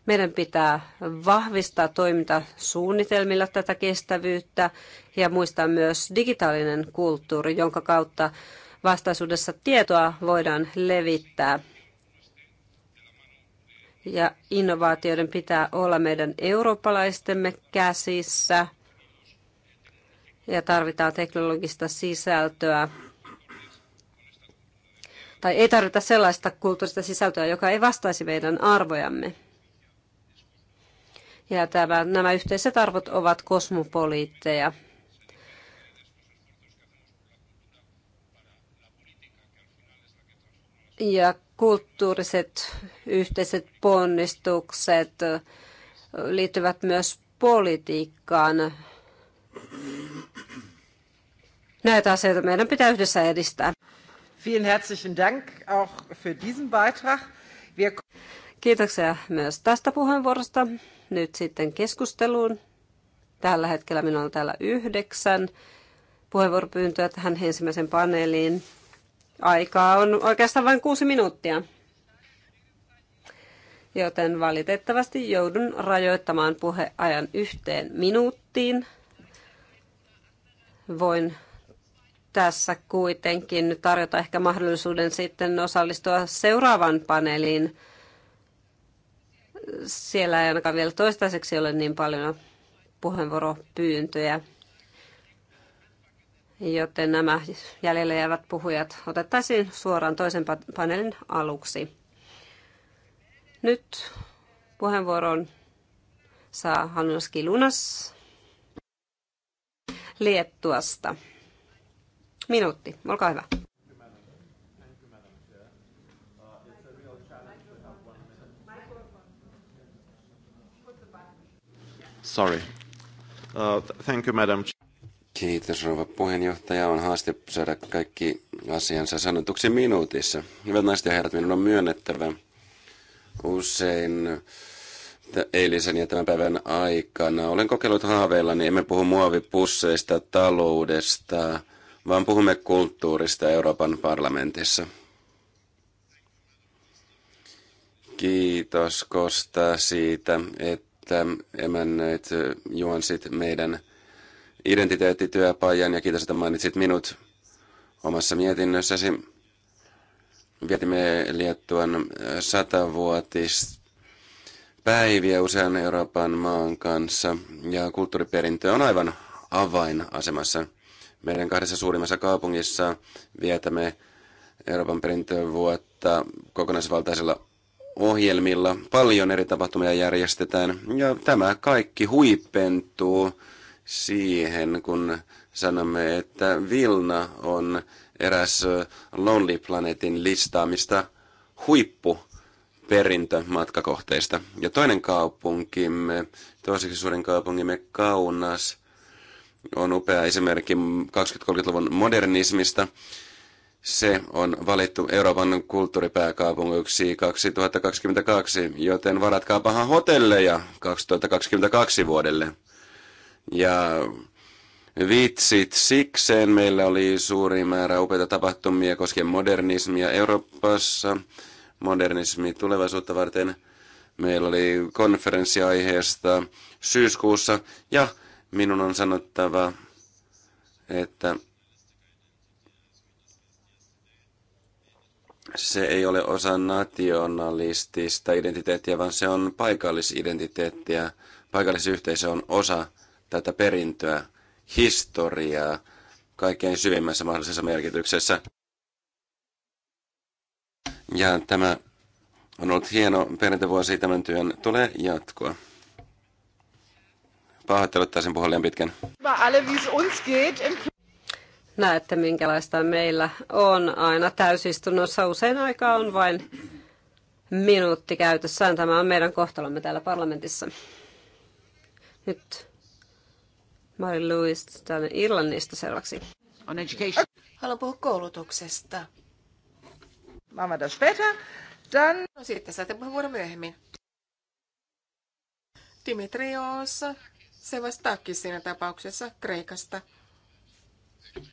Meidän pitää vahvistaa toimintasuunnitelmilla tätä kestävyyttä ja muistaa myös digitaalinen kulttuuri, jonka kautta vastaisuudessa tietoa voidaan levittää. Ja innovaatioiden pitää olla meidän eurooppalaistemme käsissä – ja tarvitaan teknologista sisältöä. Tai ei tarvita sellaista kulttuurista sisältöä, joka ei vastaisi meidän arvojamme. Ja tämä, nämä yhteiset arvot ovat kosmopoliitteja. Ja kulttuuriset yhteiset ponnistukset liittyvät myös politiikkaan. Näitä asioita meidän pitää yhdessä edistää. Vielen herzlichen Dank auch für diesen Beitrag. Wir... Kiitoksia myös tästä puheenvuorosta. Nyt sitten keskusteluun. Tällä hetkellä minulla on täällä yhdeksän puheenvuoropyyntöä tähän ensimmäisen paneeliin. Aikaa on oikeastaan vain kuusi minuuttia. Joten valitettavasti joudun rajoittamaan puheajan yhteen minuuttiin voin tässä kuitenkin nyt tarjota ehkä mahdollisuuden sitten osallistua seuraavan paneeliin. Siellä ei ainakaan vielä toistaiseksi ole niin paljon puheenvuoropyyntöjä, joten nämä jäljelle jäävät puhujat otettaisiin suoraan toisen paneelin aluksi. Nyt puheenvuoron saa Hannes Kilunas Liettuasta. Minuutti, olkaa hyvä. Sorry. Uh, thank you, madam. Kiitos, rouva puheenjohtaja. On haaste saada kaikki asiansa sanotuksi minuutissa. Hyvät naiset ja herrat, minun on myönnettävä usein eilisen ja tämän päivän aikana. Olen kokeillut haaveilla, niin emme puhu muovipusseista, taloudesta, vaan puhumme kulttuurista Euroopan parlamentissa. Kiitos Kosta siitä, että emännöit juonsit meidän identiteettityöpajan ja kiitos, että mainitsit minut omassa mietinnössäsi. Vietimme Liettuan satavuotista päiviä usean Euroopan maan kanssa ja kulttuuriperintö on aivan avainasemassa. Meidän kahdessa suurimmassa kaupungissa vietämme Euroopan perintövuotta kokonaisvaltaisella ohjelmilla. Paljon eri tapahtumia järjestetään ja tämä kaikki huipentuu siihen, kun sanomme, että Vilna on eräs Lonely Planetin listaamista huippu perintömatkakohteista. Ja toinen kaupunkimme, toiseksi suurin kaupunkimme Kaunas, on upea esimerkki 20-30-luvun modernismista. Se on valittu Euroopan kulttuuripääkaupungiksi 2022, joten varatkaapahan hotelleja 2022 vuodelle. Ja vitsit sikseen meillä oli suuri määrä upeita tapahtumia koskien modernismia Euroopassa – modernismi tulevaisuutta varten. Meillä oli konferenssi aiheesta syyskuussa ja minun on sanottava, että se ei ole osa nationalistista identiteettiä, vaan se on paikallisidentiteettiä. Paikallisyhteisö on osa tätä perintöä, historiaa, kaikkein syvimmässä mahdollisessa merkityksessä. Ja tämä on ollut hieno perintövuosi, tämän työn tulee jatkoa. Pahoittelut taisin puhua liian pitkän. Näette, minkälaista meillä on aina täysistunnossa. Usein aika on vain minuutti käytössään. Tämä on meidän kohtalomme täällä parlamentissa. Nyt Mari Lewis täällä Irlannista seuraavaksi. On education. Haluan puhua koulutuksesta machen wir das später. Dann... No, sitten saatte puheenvuoron myöhemmin. Dimitrios Sevastakis siinä tapauksessa Kreikasta.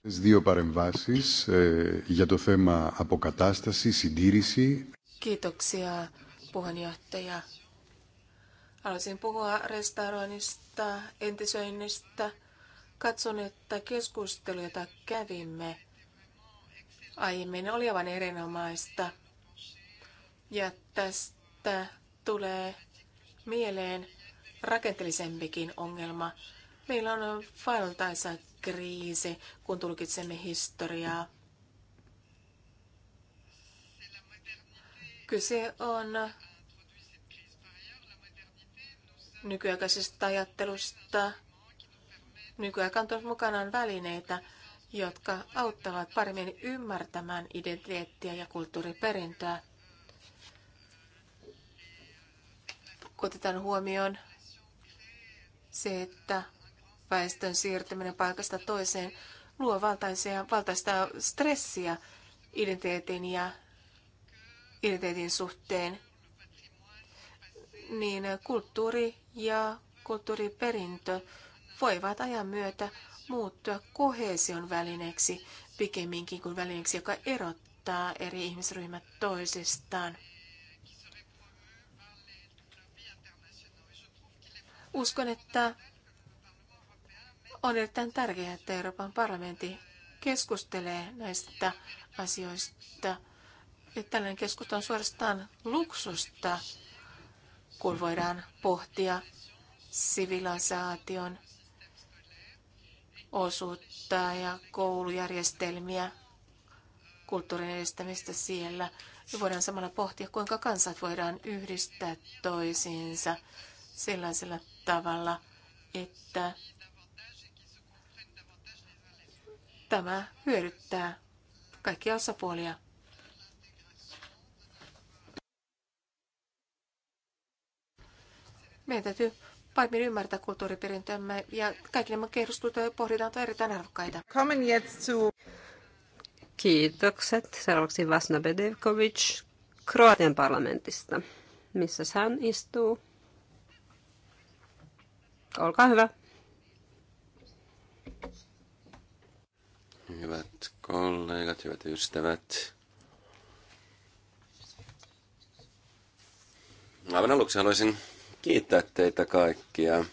Δύο παρεμβάσεις ε, για το θέμα αποκατάσταση, συντήρηση. Kiitoksia, puheenjohtaja. Haluaisin puhua restauroinnista, entisöinnistä. Katson, että keskustelu, jota kävimme, aiemmin oli aivan erinomaista. Ja tästä tulee mieleen rakenteellisempikin ongelma. Meillä on valtaisa kriisi, kun tulkitsemme historiaa. Kyse on nykyaikaisesta ajattelusta. Nykyaikaan tuossa mukanaan välineitä, jotka auttavat paremmin ymmärtämään identiteettiä ja kulttuuriperintöä. Otetaan huomioon se, että väestön siirtyminen paikasta toiseen luo valtaisia, valtaista stressiä identiteetin ja identiteetin suhteen, niin kulttuuri ja kulttuuriperintö voivat ajan myötä muuttua kohesion välineeksi pikemminkin kuin välineeksi, joka erottaa eri ihmisryhmät toisistaan. Uskon, että on erittäin tärkeää, että Euroopan parlamentti keskustelee näistä asioista. Ja tällainen keskustelu on suorastaan luksusta, kun voidaan pohtia sivilisaation osuutta ja koulujärjestelmiä, kulttuurin edistämistä siellä. Me voidaan samalla pohtia, kuinka kansat voidaan yhdistää toisiinsa sellaisella tavalla, että tämä hyödyttää kaikkia osapuolia. Meidän täytyy paremmin ymmärtää kulttuuriperintömme ja kaikki nämä keskustelut ja pohdinnat ovat erittäin arvokkaita. Kiitokset. Seuraavaksi Vasna Bedevkovic Kroatian parlamentista. Missä hän istuu? Olkaa hyvä. Hyvät kollegat, hyvät ystävät. Aivan aluksi haluaisin kiittää teitä kaikkia.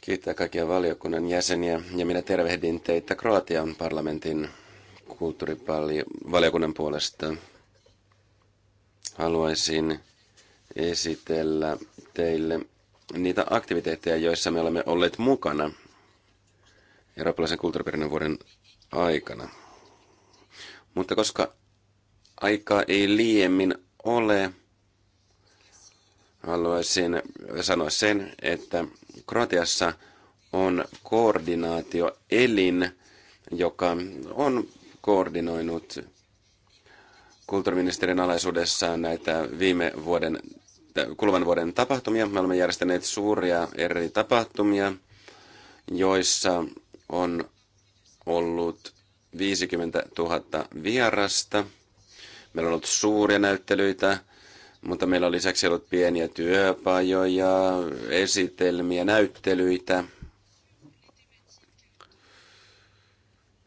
Kiittää kaikkia valiokunnan jäseniä ja minä tervehdin teitä Kroatian parlamentin kulttuurivaliokunnan puolesta. Haluaisin esitellä teille niitä aktiviteetteja, joissa me olemme olleet mukana eurooppalaisen kulttuuriperinnön vuoden aikana. Mutta koska aikaa ei liiemmin ole, haluaisin sanoa sen, että Kroatiassa on koordinaatioelin, joka on koordinoinut kulttuuriministerin alaisuudessa näitä viime vuoden, kuluvan vuoden tapahtumia. Me olemme järjestäneet suuria eri tapahtumia, joissa on ollut 50 000 vierasta. Meillä on ollut suuria näyttelyitä, mutta meillä on lisäksi ollut pieniä työpajoja, esitelmiä, näyttelyitä,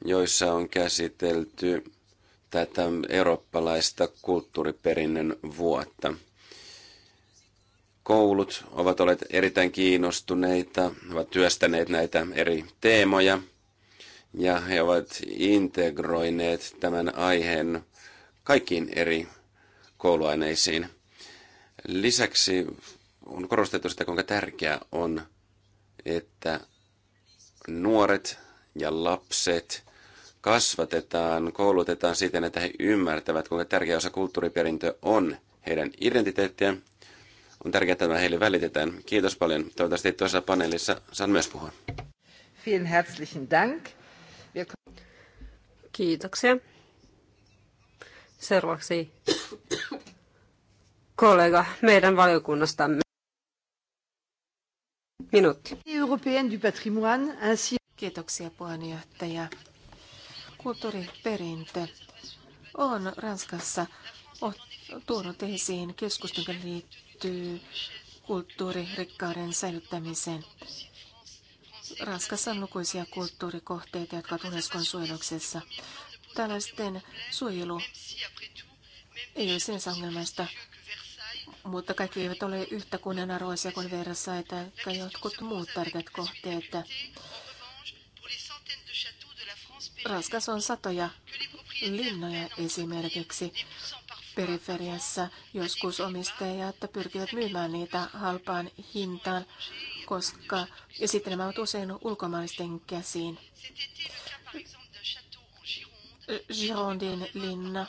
joissa on käsitelty tätä eurooppalaista kulttuuriperinnön vuotta. Koulut ovat olleet erittäin kiinnostuneita, ovat työstäneet näitä eri teemoja ja he ovat integroineet tämän aiheen kaikkiin eri kouluaineisiin – Lisäksi on korostettu sitä, kuinka tärkeää on, että nuoret ja lapset kasvatetaan, koulutetaan siten, että he ymmärtävät, kuinka tärkeä osa kulttuuriperintö on heidän identiteettiä. On tärkeää, että tämä heille välitetään. Kiitos paljon. Toivottavasti tuossa paneelissa saan myös puhua. Vielen herzlichen Dank. Kiitoksia. Seuraavaksi kollega meidän valiokunnastamme. Minuutti. Kiitoksia puheenjohtaja. Kulttuuriperintö on Ranskassa tuonut esiin keskustelun, joka liittyy kulttuuririkkauden säilyttämiseen. Ranskassa on lukuisia kulttuurikohteita, jotka ovat Unescon suojeluksessa. Tällaisten suojelu ei ole sinänsä ongelmaista mutta kaikki eivät ole yhtä kunnianarvoisia kuin Versailles tai jotkut muut tärkeät kohteet. Ranskassa on satoja linnoja esimerkiksi periferiassa. Joskus omistajat pyrkivät myymään niitä halpaan hintaan, koska ja sitten nämä ovat usein ulkomaalisten käsiin. Girondin linna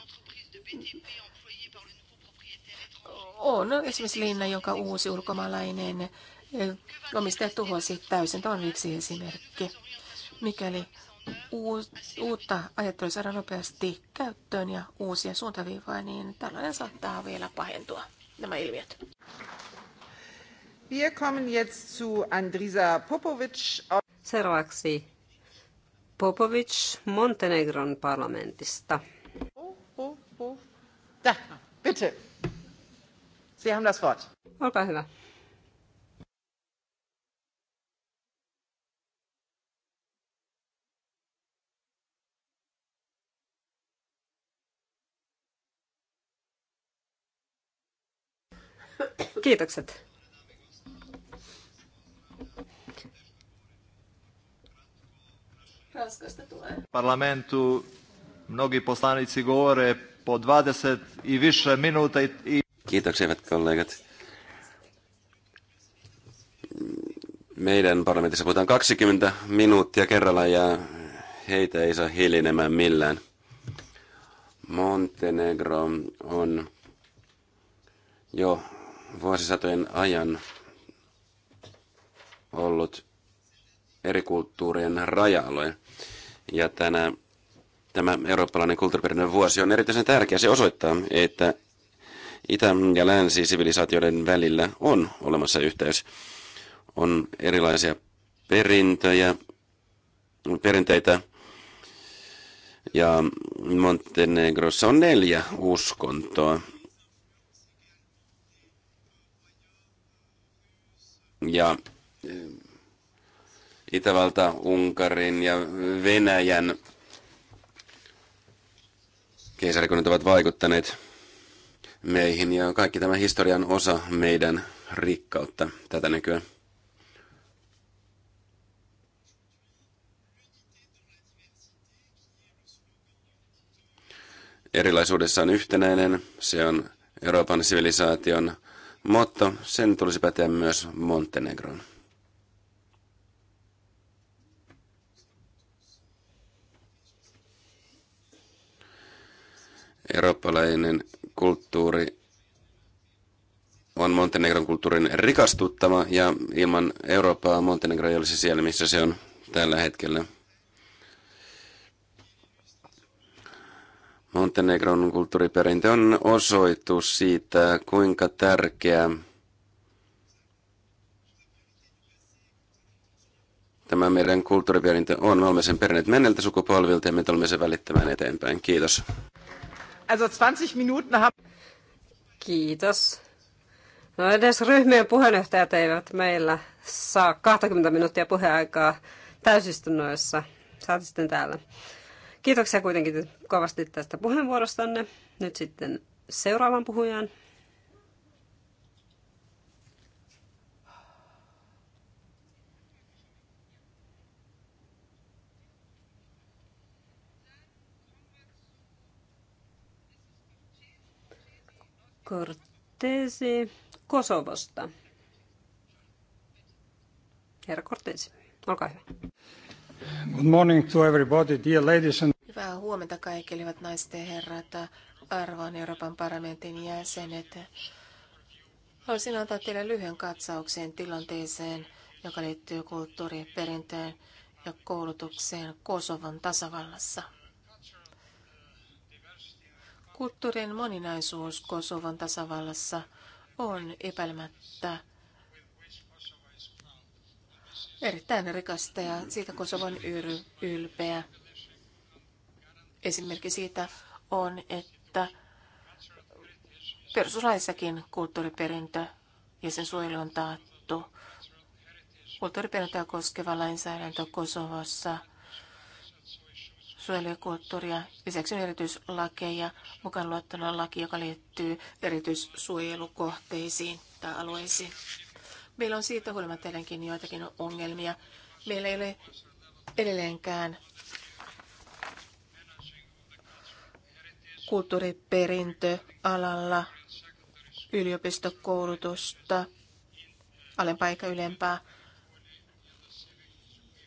on esimerkiksi linna, jonka uusi ulkomaalainen eh, omistaja tuhosi täysin. Tämä on yksi esimerkki. Mikäli uutta ajattelua saadaan nopeasti käyttöön ja uusia suuntaviivoja, niin tällainen saattaa vielä pahentua, nämä ilmiöt. Wir kommen jetzt zu Andrisa Popovic. Seuraavaksi Popovic Montenegron parlamentista. Oh, oh, oh. Da, bitte. Sie haben das Wort. Olkaa hyvä. Kiitokset. Parlamentu mnogi poslanici govore po 20 i više minuta i Kiitoksia, hyvät kollegat. Meidän parlamentissa puhutaan 20 minuuttia kerralla ja heitä ei saa hiljenemään millään. Montenegro on jo vuosisatojen ajan ollut eri kulttuurien raja-alue. Ja tänä, tämä eurooppalainen kulttuuriperinnön vuosi on erityisen tärkeä. Se osoittaa, että Itä- ja länsi-sivilisaatioiden välillä on olemassa yhteys. On erilaisia perintöjä, perinteitä, ja Montenegrossa on neljä uskontoa. Ja eh, Itävalta, Unkarin ja Venäjän keisarikunnat ovat vaikuttaneet meihin ja kaikki tämä historian osa meidän rikkautta tätä nykyään. Erilaisuudessa on yhtenäinen, se on Euroopan sivilisaation motto, sen tulisi päteä myös Montenegron. Eurooppalainen kulttuuri on Montenegron kulttuurin rikastuttama ja ilman Eurooppaa Montenegro ei olisi siellä, missä se on tällä hetkellä. Montenegron kulttuuriperintö on osoitus siitä, kuinka tärkeä tämä meidän kulttuuriperintö on. Me olemme sen perineet menneiltä sukupolvilta ja me tulemme sen välittämään eteenpäin. Kiitos. Also 20 Minuten haben... Kiitos. No edes ryhmien puheenjohtajat eivät meillä saa 20 minuuttia puheaikaa täysistunnoissa. Saat sitten täällä. Kiitoksia kuitenkin kovasti tästä puheenvuorostanne. Nyt sitten seuraavan puhujan. Cortesi Kosovosta. Herra Cortesi, olkaa hyvä. Good morning to everybody, dear ladies and... Hyvää huomenta kaikille, hyvät naiset ja herrat, arvon Euroopan parlamentin jäsenet. Haluaisin antaa teille lyhyen katsauksen tilanteeseen, joka liittyy kulttuuriperintöön ja koulutukseen Kosovan tasavallassa. Kulttuurin moninaisuus Kosovon tasavallassa on epäilemättä erittäin rikasta ja siitä Kosovo on ylpeä. Esimerkki siitä on, että perustuslaissakin kulttuuriperintö ja sen suojelu on taattu. Kulttuuriperintöä koskeva lainsäädäntö Kosovossa – suojelukulttuuria. Lisäksi on erityislakeja, mukaan luettuna laki, joka liittyy erityissuojelukohteisiin tai alueisiin. Meillä on siitä huolimatta edelleenkin joitakin ongelmia. Meillä ei ole edelleenkään kulttuuriperintöalalla yliopistokoulutusta, alempaa eikä ylempää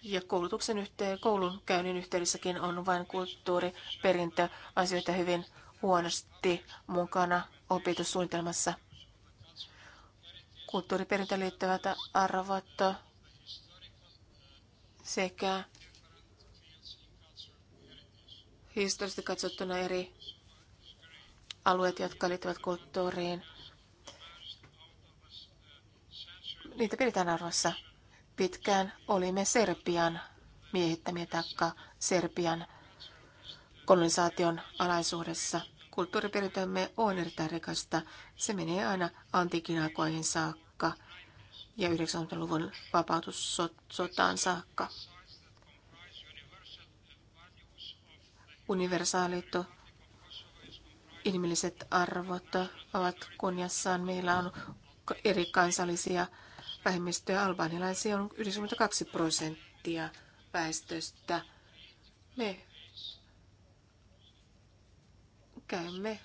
ja koulutuksen yhteen, koulun käynnin yhteydessäkin on vain kulttuuriperintöasioita hyvin huonosti mukana opetussuunnitelmassa. Kulttuuriperintöön liittyvät arvot sekä historiallisesti katsottuna eri alueet, jotka liittyvät kulttuuriin. Niitä pidetään arvossa pitkään olimme Serbian miehittämiä taikka Serbian kolonisaation alaisuudessa. Kulttuuriperintömme on erittäin rikasta. Se menee aina antiikin aikoihin saakka ja 90-luvun vapautussotaan saakka. Universaalit inhimilliset arvot ovat kunniassaan. Meillä on eri kansallisia Vähemmistöä albanilaisia on 92 prosenttia väestöstä. Me käymme,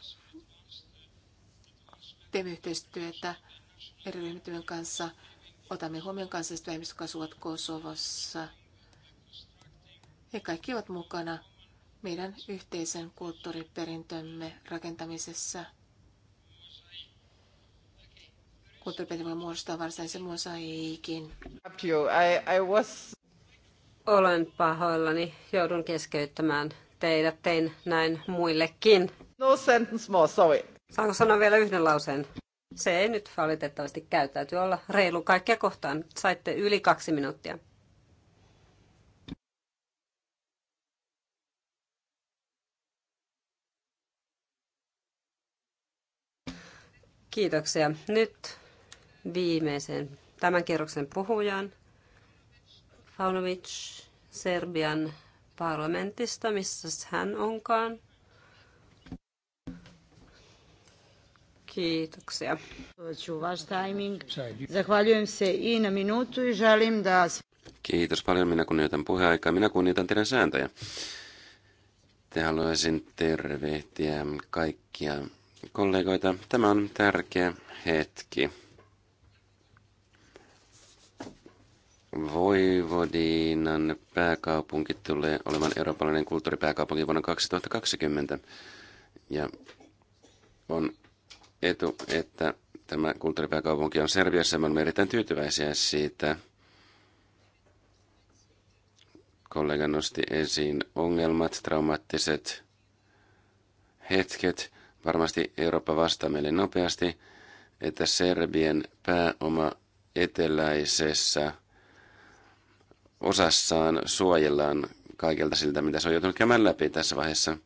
teemme yhteistyötä eri ryhmittymien kanssa. Otamme huomioon kansalliset vähemmistöt, jotka asuvat Kosovossa. He kaikki ovat mukana meidän yhteisen kulttuuriperintömme rakentamisessa – kulttuuriperinnön muodostaa varsinaisen was Olen pahoillani, joudun keskeyttämään teidät, tein näin muillekin. No sentence more, sorry. Saanko sanoa vielä yhden lauseen? Se ei nyt valitettavasti käy, täytyy olla reilu kaikkia kohtaan. Saitte yli kaksi minuuttia. Kiitoksia. Nyt viimeisen tämän kierroksen puhujan, Faunovic Serbian parlamentista, missä hän onkaan. Kiitoksia. Kiitos paljon. Minä kunnioitan puheaikaa. Minä kunnioitan teidän sääntöjä. Te haluaisin tervehtiä kaikkia kollegoita. Tämä on tärkeä hetki. Voivodinan pääkaupunki tulee olemaan eurooppalainen kulttuuripääkaupunki vuonna 2020. Ja on etu, että tämä kulttuuripääkaupunki on Serbiassa. Me olemme erittäin tyytyväisiä siitä. Kollega nosti esiin ongelmat, traumaattiset hetket. Varmasti Eurooppa vastaa meille nopeasti, että Serbien pääoma eteläisessä – osassaan suojellaan kaikelta siltä, mitä se on joutunut käymään läpi tässä vaiheessa.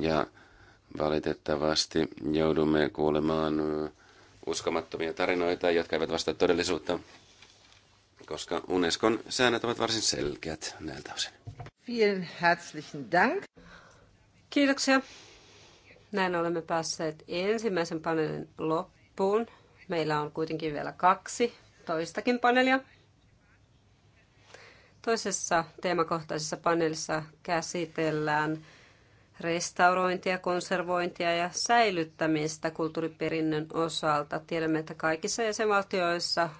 Ja valitettavasti joudumme kuulemaan äh, uskomattomia tarinoita, jotka eivät vastaa todellisuutta, koska Unescon säännöt ovat varsin selkeät näiltä osin. Vielen herzlichen Dank. Kiitoksia. Näin olemme päässeet ensimmäisen paneelin loppuun. Meillä on kuitenkin vielä kaksi toistakin panelia. Toisessa teemakohtaisessa paneelissa käsitellään restaurointia, konservointia ja säilyttämistä kulttuuriperinnön osalta. Tiedämme, että kaikissa jäsenvaltioissa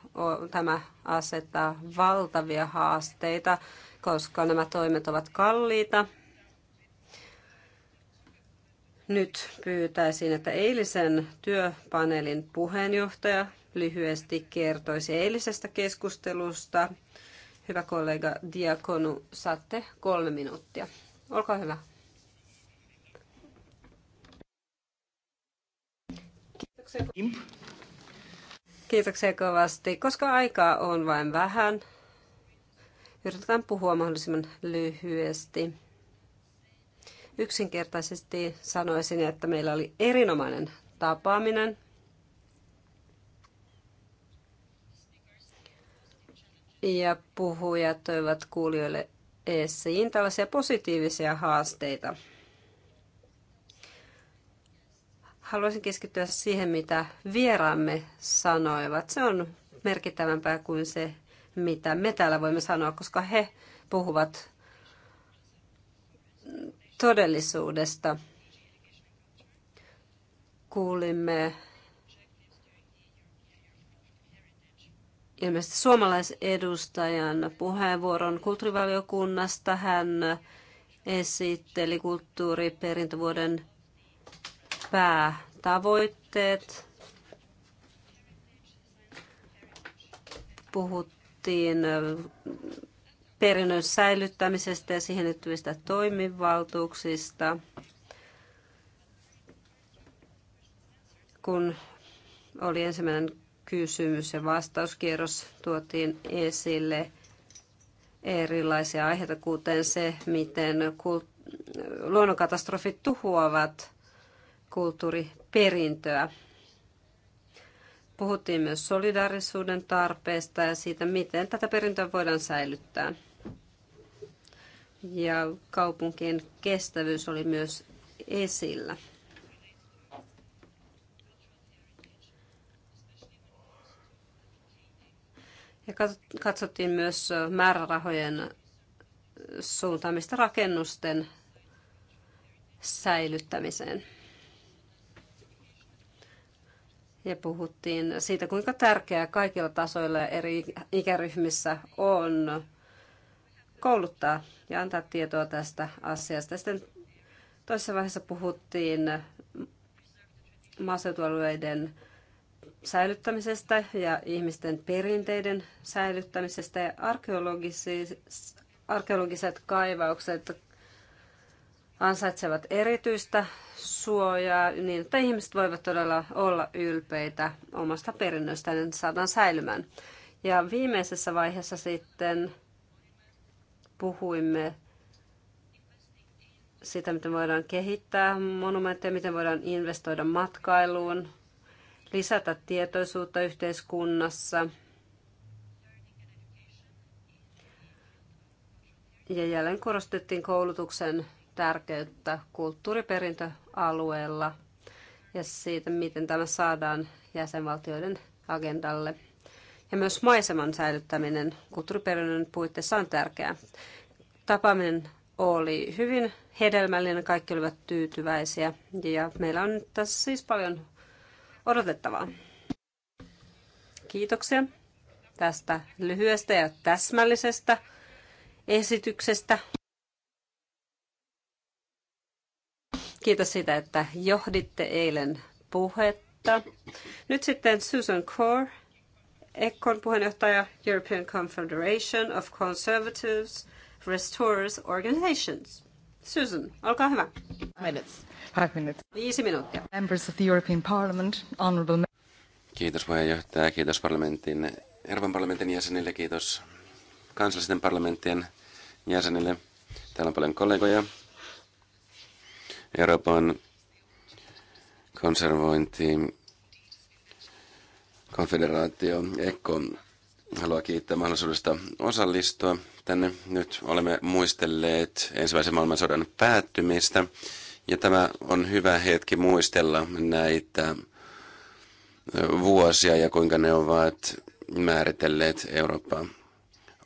tämä asettaa valtavia haasteita, koska nämä toimet ovat kalliita. Nyt pyytäisin, että eilisen työpaneelin puheenjohtaja lyhyesti kertoisi eilisestä keskustelusta – Hyvä kollega Diakonu, saatte kolme minuuttia. Olkaa hyvä. Kiitoksia. Kiitoksia kovasti. Koska aikaa on vain vähän, yritetään puhua mahdollisimman lyhyesti. Yksinkertaisesti sanoisin, että meillä oli erinomainen tapaaminen. ja puhujat toivat kuulijoille esiin tällaisia positiivisia haasteita. Haluaisin keskittyä siihen, mitä vieraamme sanoivat. Se on merkittävämpää kuin se, mitä me täällä voimme sanoa, koska he puhuvat todellisuudesta. Kuulimme ilmeisesti suomalaisedustajan puheenvuoron kulttuurivaliokunnasta. Hän esitteli kulttuuriperintövuoden päätavoitteet. Puhuttiin perinnön säilyttämisestä ja siihen liittyvistä toimivaltuuksista. Kun oli ensimmäinen kysymys ja vastauskierros tuotiin esille erilaisia aiheita, kuten se, miten kult- luonnonkatastrofit tuhoavat kulttuuriperintöä. Puhuttiin myös solidaarisuuden tarpeesta ja siitä, miten tätä perintöä voidaan säilyttää. Ja kaupunkien kestävyys oli myös esillä. Ja katsottiin myös määrärahojen suuntaamista rakennusten säilyttämiseen. Ja puhuttiin siitä, kuinka tärkeää kaikilla tasoilla ja eri ikäryhmissä on kouluttaa ja antaa tietoa tästä asiasta. Sitten toisessa vaiheessa puhuttiin maaseutualueiden säilyttämisestä ja ihmisten perinteiden säilyttämisestä ja arkeologiset kaivaukset ansaitsevat erityistä suojaa niin, että ihmiset voivat todella olla ylpeitä omasta perinnöstä, niin saadaan säilymään. Ja viimeisessä vaiheessa sitten puhuimme sitä, miten voidaan kehittää monumentteja, miten voidaan investoida matkailuun, lisätä tietoisuutta yhteiskunnassa. Ja jälleen korostettiin koulutuksen tärkeyttä kulttuuriperintöalueella ja siitä, miten tämä saadaan jäsenvaltioiden agendalle. Ja myös maiseman säilyttäminen kulttuuriperinnön puitteissa on tärkeää. Tapaaminen oli hyvin hedelmällinen, kaikki olivat tyytyväisiä ja meillä on tässä siis paljon odotettavaa. Kiitoksia tästä lyhyestä ja täsmällisestä esityksestä. Kiitos siitä, että johditte eilen puhetta. Nyt sitten Susan Kaur, ECON puheenjohtaja European Confederation of Conservatives Restorers Organizations. Susan, olkaa hyvä. Minutes. Five minutes. Viisi minuuttia. Members of the European Parliament, honorable... Kiitos puheenjohtaja, kiitos parlamentin, Euroopan parlamentin jäsenille, kiitos kansallisten parlamenttien jäsenille. Täällä on paljon kollegoja. Euroopan konservointi, konfederaatio, ECO haluan kiittää mahdollisuudesta osallistua tänne. Nyt olemme muistelleet ensimmäisen maailmansodan päättymistä. Ja tämä on hyvä hetki muistella näitä vuosia ja kuinka ne ovat määritelleet Eurooppaa.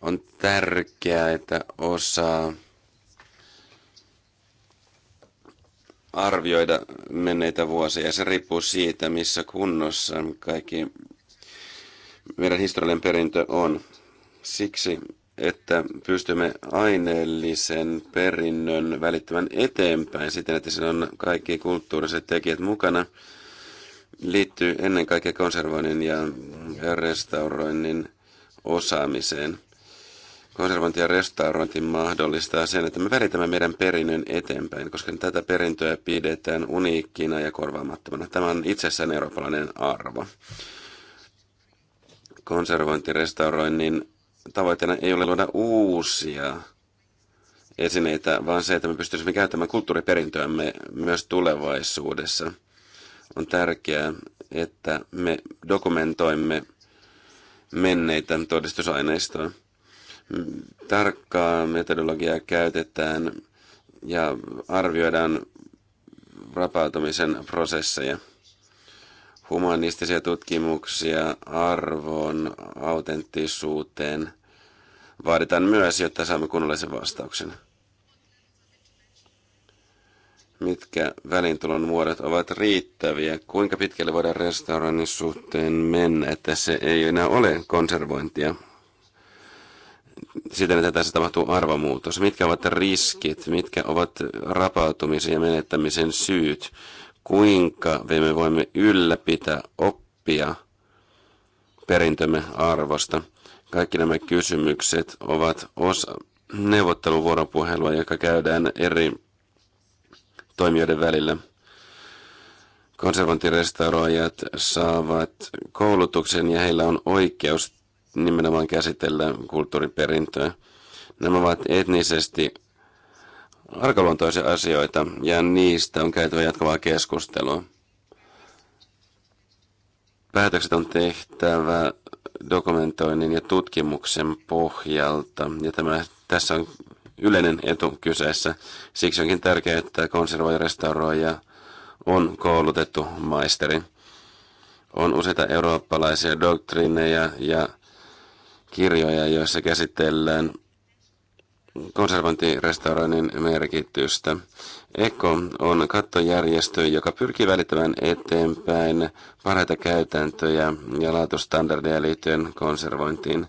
On tärkeää, että osaa arvioida menneitä vuosia. Se riippuu siitä, missä kunnossa kaikki meidän historiallinen perintö on. Siksi, että pystymme aineellisen perinnön välittämään eteenpäin siten, että siinä on kaikki kulttuuriset tekijät mukana, liittyy ennen kaikkea konservoinnin ja restauroinnin osaamiseen. Konservointi ja restaurointi mahdollistaa sen, että me välitämme meidän perinnön eteenpäin, koska tätä perintöä pidetään uniikkina ja korvaamattomana. Tämä on itsessään eurooppalainen arvo konservointirestauroinnin tavoitteena ei ole luoda uusia esineitä, vaan se, että me pystyisimme käyttämään kulttuuriperintöämme myös tulevaisuudessa. On tärkeää, että me dokumentoimme menneitä todistusaineistoa. Tarkkaa metodologiaa käytetään ja arvioidaan rapautumisen prosesseja humanistisia tutkimuksia arvoon, autenttisuuteen vaaditaan myös, jotta saamme kunnollisen vastauksen. Mitkä välintulon muodot ovat riittäviä? Kuinka pitkälle voidaan restauroinnin suhteen mennä, että se ei enää ole konservointia? siten, että tässä tapahtuu arvomuutos. Mitkä ovat riskit, mitkä ovat rapautumisen ja menettämisen syyt? kuinka me voimme ylläpitää oppia perintömme arvosta. Kaikki nämä kysymykset ovat osa neuvotteluvuoropuhelua, joka käydään eri toimijoiden välillä. Konservantirestauroijat saavat koulutuksen ja heillä on oikeus nimenomaan käsitellä kulttuuriperintöä. Nämä ovat etnisesti arkaluontoisia asioita ja niistä on käytävä jatkavaa keskustelua. Päätökset on tehtävä dokumentoinnin ja tutkimuksen pohjalta ja tämä, tässä on yleinen etu kyseessä. Siksi onkin tärkeää, että konservoi ja restauroija on koulutettu maisteri. On useita eurooppalaisia doktriineja ja kirjoja, joissa käsitellään konservantirestauroinnin merkitystä. ECO on kattojärjestö, joka pyrkii välittämään eteenpäin parhaita käytäntöjä ja laatustandardeja liittyen konservointiin.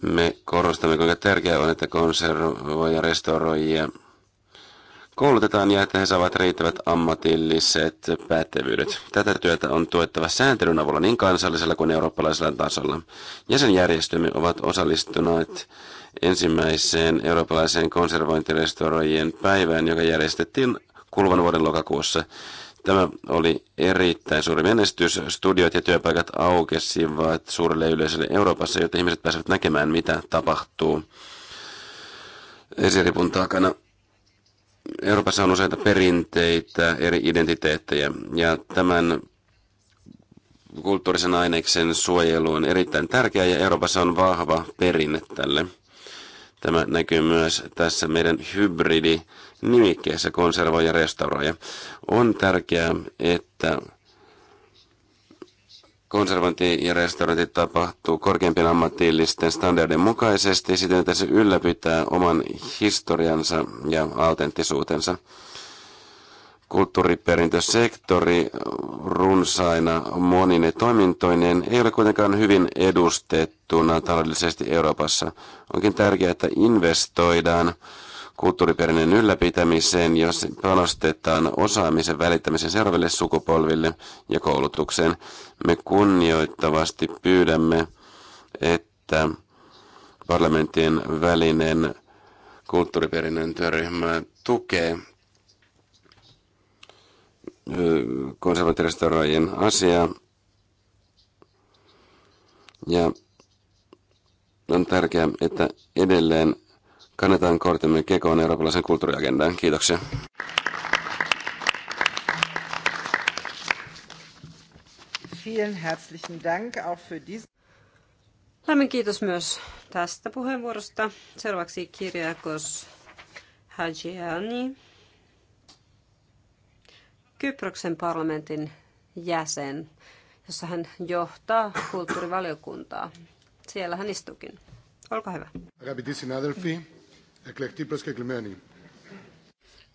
Me korostamme, kuinka tärkeää on, että konservoja restauroijia koulutetaan ja että he saavat riittävät ammatilliset pätevyydet. Tätä työtä on tuettava sääntelyn avulla niin kansallisella kuin eurooppalaisella tasolla. Jäsenjärjestömme ovat osallistuneet ensimmäiseen eurooppalaiseen konservointirestauroijien päivään, joka järjestettiin kuluvan vuoden lokakuussa. Tämä oli erittäin suuri menestys. Studiot ja työpaikat aukesivat suurelle yleisölle Euroopassa, jotta ihmiset pääsevät näkemään, mitä tapahtuu esiripun takana. Euroopassa on useita perinteitä, eri identiteettejä, ja tämän kulttuurisen aineksen suojelu on erittäin tärkeää, ja Euroopassa on vahva perinne tälle. Tämä näkyy myös tässä meidän hybridi nimikkeessä konservoi ja restauroija. On tärkeää, että konservointi ja restaurointi tapahtuu korkeimpien ammatillisten standardien mukaisesti siten, että se ylläpitää oman historiansa ja autenttisuutensa. Kulttuuriperintösektori runsaina monine toimintoineen ei ole kuitenkaan hyvin edustettuna taloudellisesti Euroopassa. Onkin tärkeää, että investoidaan kulttuuriperinnön ylläpitämiseen, jos panostetaan osaamisen välittämisen seuraaville sukupolville ja koulutukseen. Me kunnioittavasti pyydämme, että parlamenttien välinen kulttuuriperinnön työryhmä tukee konservatiivistorojen asiaa. Ja on tärkeää, että edelleen kannetaan kortemme kekoon eurooppalaisen kulttuuriagendaan. Kiitoksia. Vielen herzlichen Dank auch für Lämmin kiitos myös tästä puheenvuorosta. Seuraavaksi kirjakos Hajiani. Kyproksen parlamentin jäsen, jossa hän johtaa kulttuurivaliokuntaa. Siellä hän istuukin. Olkaa hyvä.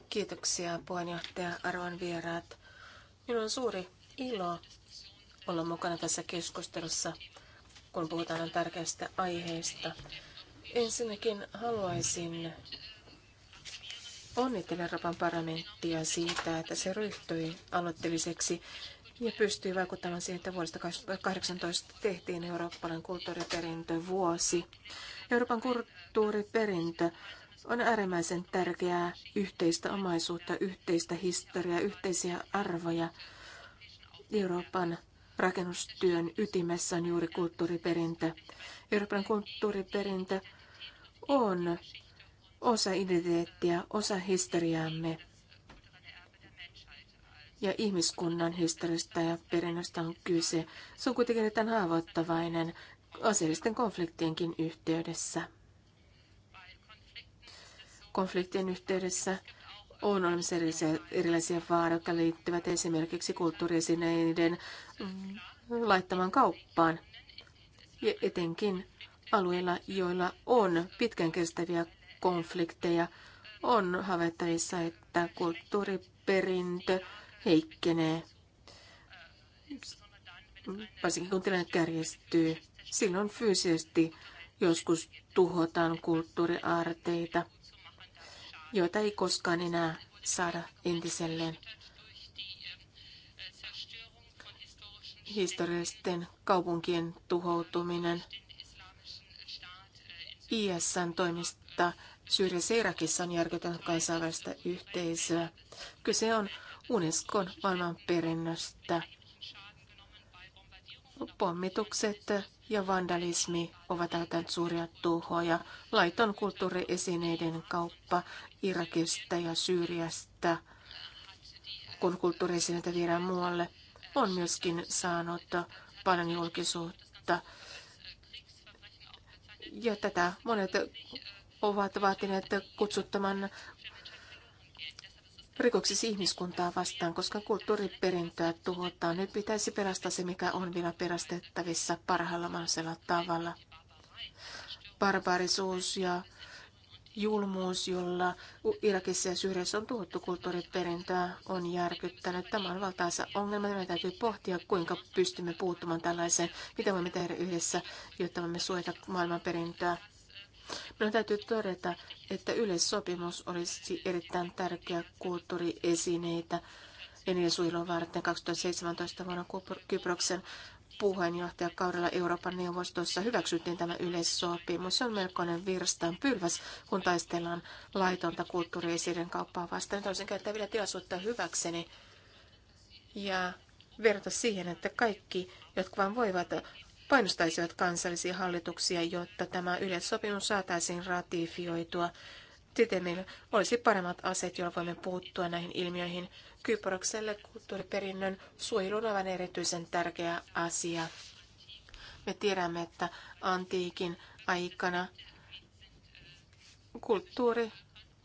Kiitoksia puheenjohtaja Arvon vieraat. Minulla on suuri ilo olla mukana tässä keskustelussa, kun puhutaan tärkeästä aiheesta. Ensinnäkin haluaisin Onnittelen Euroopan parlamenttia siitä, että se ryhtyi aloitteelliseksi ja pystyi vaikuttamaan siihen, että vuodesta 2018 tehtiin Eurooppalainen kulttuuriperintövuosi. Euroopan kulttuuriperintö on äärimmäisen tärkeää yhteistä omaisuutta, yhteistä historiaa, yhteisiä arvoja. Euroopan rakennustyön ytimessä on juuri kulttuuriperintö. Euroopan kulttuuriperintö on osa identiteettiä, osa historiaamme ja ihmiskunnan historiasta ja perinnöstä on kyse. Se on kuitenkin erittäin haavoittavainen aseellisten konfliktienkin yhteydessä. Konfliktien yhteydessä on olemassa erilaisia, erilaisia vaaroja, jotka liittyvät esimerkiksi kulttuuriesineiden laittamaan kauppaan. Ja etenkin alueilla, joilla on pitkän kestäviä konflikteja, on havaittavissa, että kulttuuriperintö heikkenee, varsinkin kun tilanne kärjestyy. Silloin fyysisesti joskus tuhotaan kulttuuriaarteita, joita ei koskaan enää saada entiselleen. Historiallisten kaupunkien tuhoutuminen ISN toimista Syyriassa ja Irakissa on järkytänyt kansainvälistä yhteisöä. Kyse on Unescon maailmanperinnöstä. Pommitukset ja vandalismi ovat täytäneet suuria tuhoja. Laiton kulttuuriesineiden kauppa Irakista ja Syyriasta, kun kulttuuriesineitä viedään muualle, on myöskin saanut paljon julkisuutta. Ja tätä monet ovat vaatineet kutsuttaman rikoksissa ihmiskuntaa vastaan, koska kulttuuriperintöä tuhotaan. Nyt pitäisi pelastaa se, mikä on vielä perastettavissa parhaalla mahdollisella tavalla. Barbaarisuus ja julmuus, jolla Irakissa ja Syyriassa on tuhottu kulttuuriperintöä, on järkyttänyt. Tämä on valtaansa ongelma. Meidän täytyy pohtia, kuinka pystymme puuttumaan tällaiseen, mitä voimme tehdä yhdessä, jotta voimme suojata maailmanperintöä. Minun täytyy todeta, että yleissopimus olisi erittäin tärkeä kulttuuriesineitä elinsuojelun varten 2017 vuonna Kyproksen puheenjohtajakaudella Euroopan neuvostossa hyväksyttiin tämä yleissopimus. Se on melkoinen virstan pylväs, kun taistellaan laitonta kulttuuriesiden kauppaa vastaan. Toisin käyttää vielä tilaisuutta hyväkseni ja verta siihen, että kaikki, jotka vain voivat, painostaisivat kansallisia hallituksia, jotta tämä yleissopimus saataisiin ratifioitua. Siten meillä olisi paremmat aset, joilla voimme puuttua näihin ilmiöihin. Kyprokselle kulttuuriperinnön suojelu on aivan erityisen tärkeä asia. Me tiedämme, että antiikin aikana kulttuuri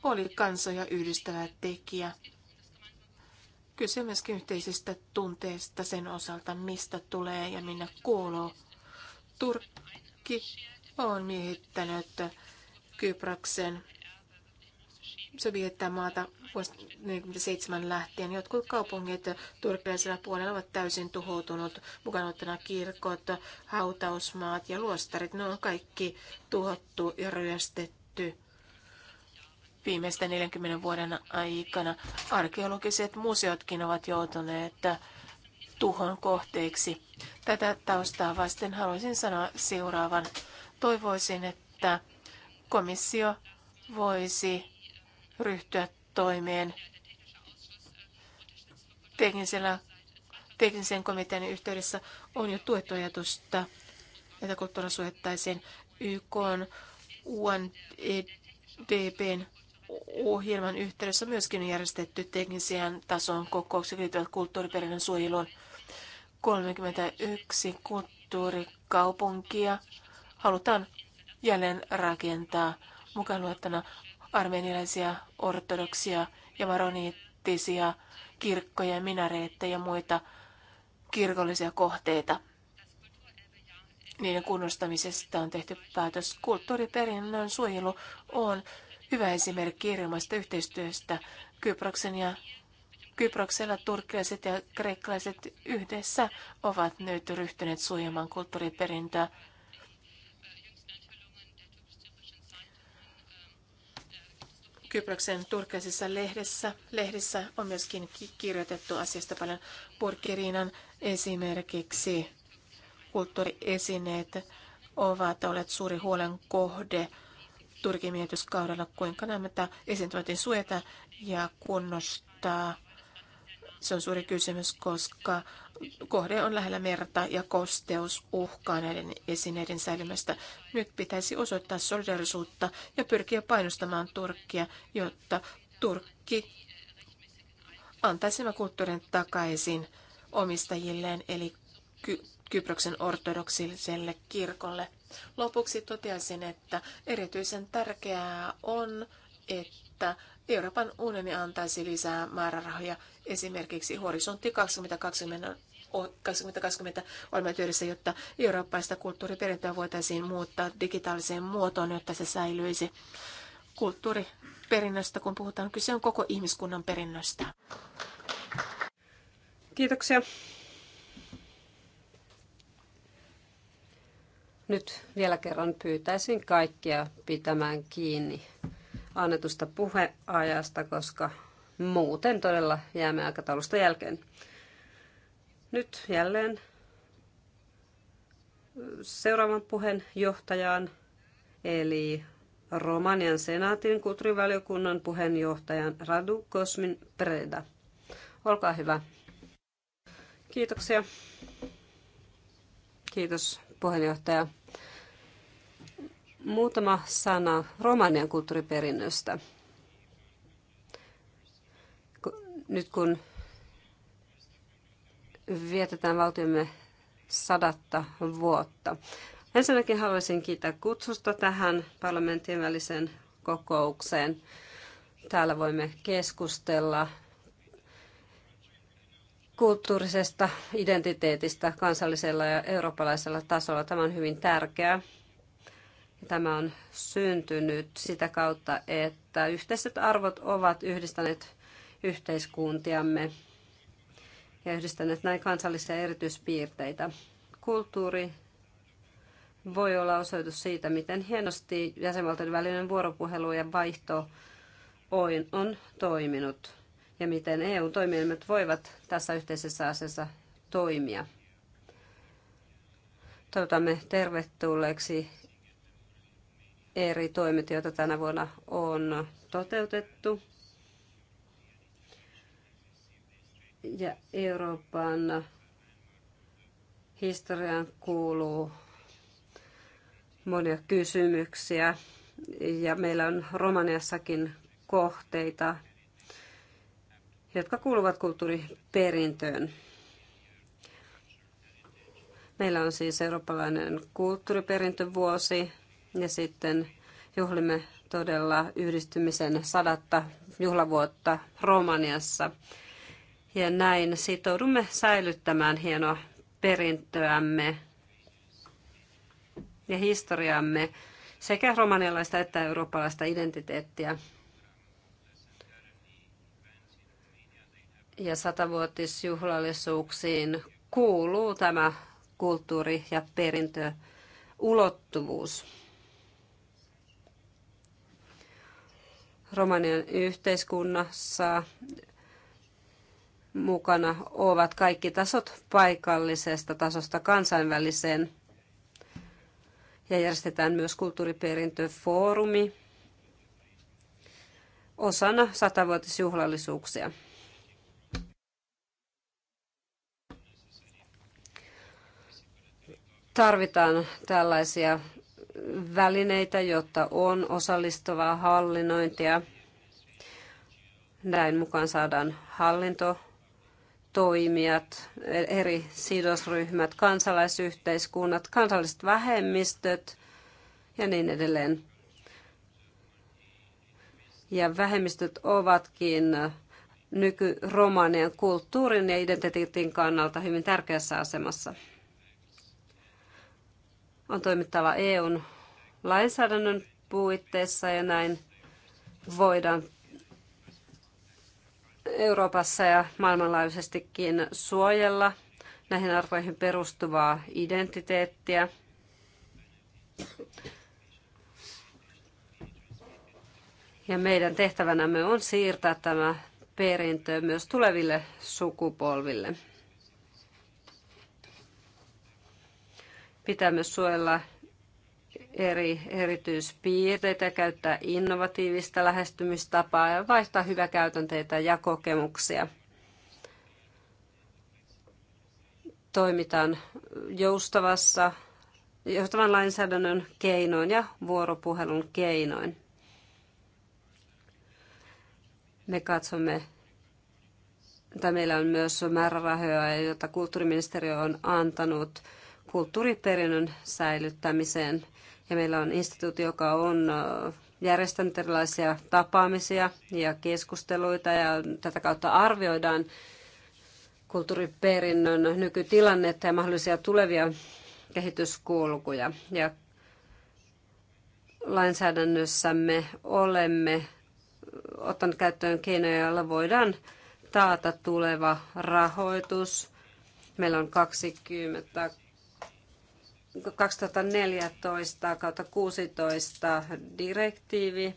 oli kansoja yhdistävä tekijä. Kyse myöskin yhteisestä tunteesta sen osalta, mistä tulee ja minne kuuluu. Turkki on miehittänyt Kyproksen. Se viettää maata vuodesta 1947 lähtien. Jotkut kaupungit turkilaisella puolella ovat täysin tuhoutunut, mukaan ottana kirkot, hautausmaat ja luostarit. Ne on kaikki tuhottu ja ryöstetty viimeisten 40 vuoden aikana. Arkeologiset museotkin ovat joutuneet tuhon kohteeksi. Tätä taustaa vasten haluaisin sanoa seuraavan. Toivoisin, että komissio voisi ryhtyä toimeen teknisellä, teknisen komitean yhteydessä on jo tuettu ajatusta, että kulttuuri suojattaisiin YK UNDPn e ohjelman yhteydessä myöskin on järjestetty teknisen tason kokouksia liittyvät kulttuuriperinnön suojeluun. 31 kulttuurikaupunkia halutaan jälleen rakentaa mukaan luettuna armenialaisia, ortodoksia ja maroniittisia kirkkoja, minareetteja ja muita kirkollisia kohteita. Niiden kunnostamisesta on tehty päätös. Kulttuuriperinnön suojelu on hyvä esimerkki erilaisesta yhteistyöstä Kyproksen ja Kyproksella turkkilaiset ja kreikkalaiset yhdessä ovat nyt ryhtyneet suojamaan kulttuuriperintöä. Kyproksen turkkilaisessa lehdessä, lehdessä on myöskin kirjoitettu asiasta paljon Burkirinan esimerkiksi kulttuuriesineet ovat olleet suuri huolen kohde Turkin miehityskaudella, kuinka nämä esiintyvät suojata ja kunnostaa. Se on suuri kysymys, koska kohde on lähellä merta ja kosteus uhkaa näiden esineiden säilymästä. Nyt pitäisi osoittaa solidarisuutta ja pyrkiä painostamaan Turkkia, jotta Turkki antaisi kulttuurin takaisin omistajilleen, eli Ky- Kyproksen ortodoksiselle kirkolle. Lopuksi toteaisin, että erityisen tärkeää on, että Euroopan unioni antaisi lisää määrärahoja esimerkiksi Horisontti 2020 2020 olemme työssä, jotta eurooppaista kulttuuriperintöä voitaisiin muuttaa digitaaliseen muotoon, jotta se säilyisi. Kulttuuriperinnöstä, kun puhutaan, kyse on koko ihmiskunnan perinnöstä. Kiitoksia. Nyt vielä kerran pyytäisin kaikkia pitämään kiinni annetusta puheajasta, koska muuten todella jäämme aikataulusta jälkeen. Nyt jälleen seuraavan puheenjohtajaan, eli Romanian senaatin kulttuurivaliokunnan puheenjohtajan Radu Kosmin Preda. Olkaa hyvä. Kiitoksia. Kiitos puheenjohtaja. Muutama sana Romanian kulttuuriperinnöstä. Nyt kun vietetään valtiomme sadatta vuotta. Ensinnäkin haluaisin kiittää kutsusta tähän parlamentin väliseen kokoukseen. Täällä voimme keskustella kulttuurisesta identiteetistä kansallisella ja eurooppalaisella tasolla. Tämä on hyvin tärkeää. Tämä on syntynyt sitä kautta, että yhteiset arvot ovat yhdistäneet yhteiskuntiamme ja yhdistäneet näin kansallisia erityispiirteitä. Kulttuuri voi olla osoitus siitä, miten hienosti jäsenvaltojen välinen vuoropuhelu ja vaihto on toiminut ja miten EU-toimielimet voivat tässä yhteisessä asiassa toimia. Toivotamme tervetulleeksi eri toimet, joita tänä vuonna on toteutettu. Ja Euroopan historiaan kuuluu monia kysymyksiä ja meillä on Romaniassakin kohteita, jotka kuuluvat kulttuuriperintöön. Meillä on siis eurooppalainen kulttuuriperintövuosi ja sitten juhlimme todella yhdistymisen sadatta juhlavuotta Romaniassa. Ja näin sitoudumme säilyttämään hienoa perintöämme ja historiamme sekä romanialaista että eurooppalaista identiteettiä. Ja satavuotisjuhlallisuuksiin kuuluu tämä kulttuuri- ja perintöulottuvuus. Romanian yhteiskunnassa mukana ovat kaikki tasot paikallisesta tasosta kansainväliseen. Ja järjestetään myös kulttuuriperintöfoorumi osana satavuotisjuhlallisuuksia. Tarvitaan tällaisia välineitä, jotta on osallistuvaa hallinnointia. Näin mukaan saadaan hallintotoimijat, eri sidosryhmät, kansalaisyhteiskunnat, kansalliset vähemmistöt ja niin edelleen. Ja vähemmistöt ovatkin nykyromanian kulttuurin ja identiteetin kannalta hyvin tärkeässä asemassa on toimittava EUn lainsäädännön puitteissa ja näin voidaan Euroopassa ja maailmanlaajuisestikin suojella näihin arvoihin perustuvaa identiteettiä. Ja meidän tehtävänämme on siirtää tämä perintö myös tuleville sukupolville. Pitää myös suojella eri erityispiirteitä, käyttää innovatiivista lähestymistapaa ja vaihtaa hyviä käytänteitä ja kokemuksia. Toimitaan joustavassa, joustavan lainsäädännön keinoin ja vuoropuhelun keinoin. Me katsomme, että meillä on myös määrärahoja, joita kulttuuriministeriö on antanut – kulttuuriperinnön säilyttämiseen. Ja meillä on instituutio, joka on järjestänyt erilaisia tapaamisia ja keskusteluita ja tätä kautta arvioidaan kulttuuriperinnön nykytilannetta ja mahdollisia tulevia kehityskulkuja. Ja lainsäädännössämme olemme ottaneet käyttöön keinoja, joilla voidaan taata tuleva rahoitus. Meillä on 20 2014 kautta 16 direktiivi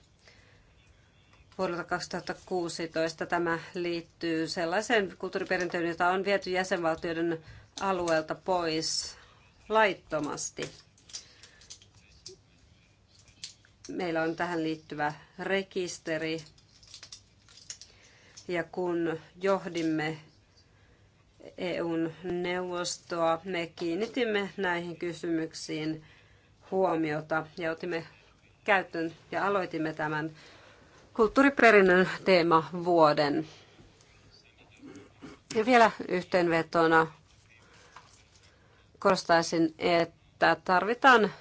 vuodelta 2016. Tämä liittyy sellaiseen kulttuuriperintöön, jota on viety jäsenvaltioiden alueelta pois laittomasti. Meillä on tähän liittyvä rekisteri. Ja kun johdimme EUn neuvostoa. Me kiinnitimme näihin kysymyksiin huomiota ja otimme käyttöön ja aloitimme tämän kulttuuriperinnön teema vuoden. Ja vielä yhteenvetona korostaisin, että tarvitaan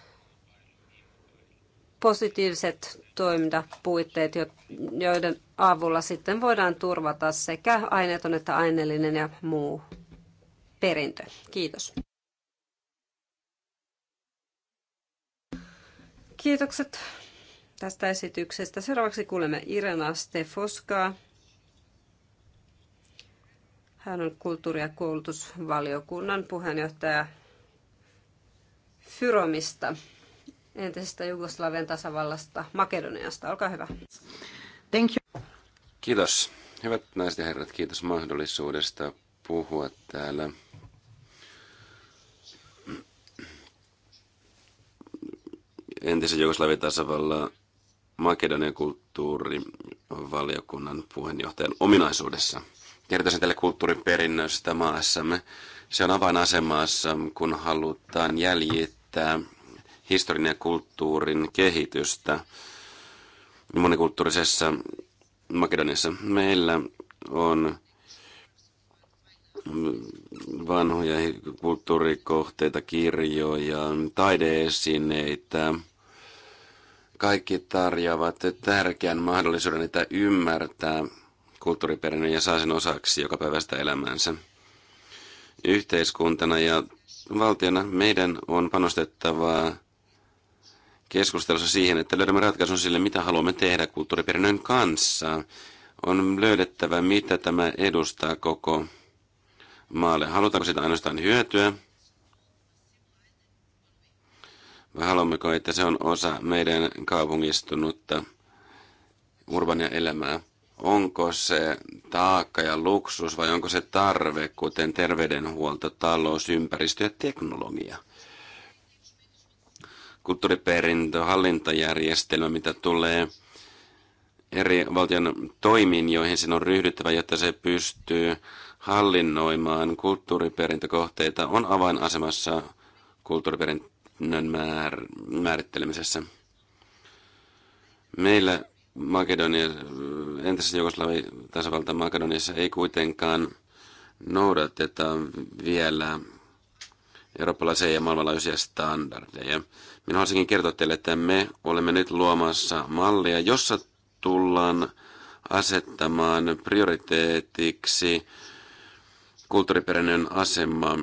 positiiviset toimintapuitteet, joiden avulla sitten voidaan turvata sekä aineeton että aineellinen ja muu perintö. Kiitos. Kiitokset tästä esityksestä. Seuraavaksi kuulemme Irena Stefoskaa. Hän on kulttuuri- ja koulutusvaliokunnan puheenjohtaja Fyromista, entisestä Jugoslavian tasavallasta Makedoniasta. Olkaa hyvä. Thank you. Kiitos. Hyvät naiset ja herrat, kiitos mahdollisuudesta puhua täällä. Entisen Jugoslavin tasavalla Makedonian kulttuurivaliokunnan puheenjohtajan ominaisuudessa. Kertoisin teille kulttuurin maassamme. Se on avainasemassa, kun halutaan jäljittää historian ja kulttuurin kehitystä monikulttuurisessa Makedoniassa. Meillä on vanhoja kulttuurikohteita, kirjoja, taideesineitä. Kaikki tarjoavat tärkeän mahdollisuuden, että ymmärtää kulttuuriperinnön ja saa sen osaksi joka päivästä elämäänsä. Yhteiskuntana ja valtiona meidän on panostettava keskustelussa siihen, että löydämme ratkaisun sille, mitä haluamme tehdä kulttuuriperinnön kanssa. On löydettävä, mitä tämä edustaa koko maalle. Halutaanko sitä ainoastaan hyötyä? Vai haluammeko, että se on osa meidän kaupungistunutta urbania elämää? Onko se taakka ja luksus vai onko se tarve, kuten terveydenhuolto, talous, ympäristö ja teknologia – kulttuuriperintöhallintajärjestelmä, mitä tulee eri valtion toimiin, joihin sen on ryhdyttävä, jotta se pystyy hallinnoimaan kulttuuriperintökohteita, on avainasemassa kulttuuriperinnön määr- määrittelemisessä. Meillä Makedonia, entisessä Jugoslavi tasavalta Makedoniassa ei kuitenkaan noudateta vielä eurooppalaisia ja maailmanlaajuisia standardeja. Minä haluaisinkin kertoa teille, että me olemme nyt luomassa mallia, jossa tullaan asettamaan prioriteetiksi kulttuuriperäinen asema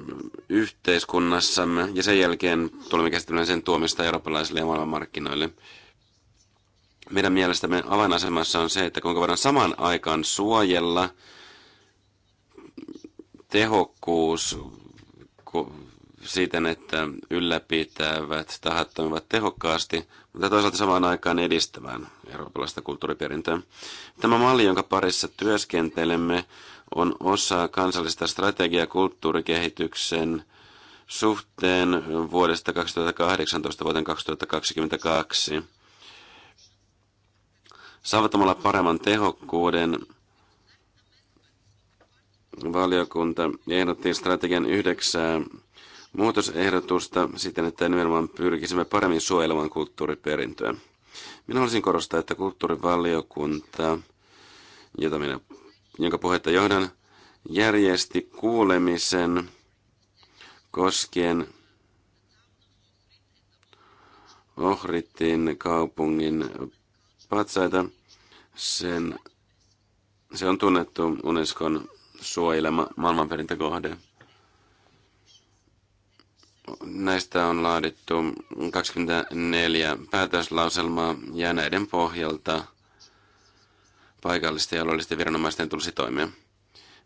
yhteiskunnassamme ja sen jälkeen tulemme käsittelemään sen tuomista eurooppalaisille ja maailmanmarkkinoille. Meidän mielestämme avainasemassa on se, että kuinka voidaan saman aikaan suojella tehokkuus, siten, että ylläpitävät tahat toimivat tehokkaasti, mutta toisaalta samaan aikaan edistämään eurooppalaista kulttuuriperintöä. Tämä malli, jonka parissa työskentelemme, on osa kansallista strategiaa kulttuurikehityksen suhteen vuodesta 2018 vuoteen 2022. Saavuttamalla paremman tehokkuuden valiokunta ehdotti strategian yhdeksää muutosehdotusta siten, että nimenomaan pyrkisimme paremmin suojelemaan kulttuuriperintöä. Minä haluaisin korostaa, että kulttuurivaliokunta, jota minä, jonka puhetta johdan, järjesti kuulemisen koskien Ohritin kaupungin patsaita. Sen, se on tunnettu Unescon suojelema maailmanperintökohde. Näistä on laadittu 24 päätöslauselmaa ja näiden pohjalta paikallisten ja alueellisten viranomaisten tulisi toimia.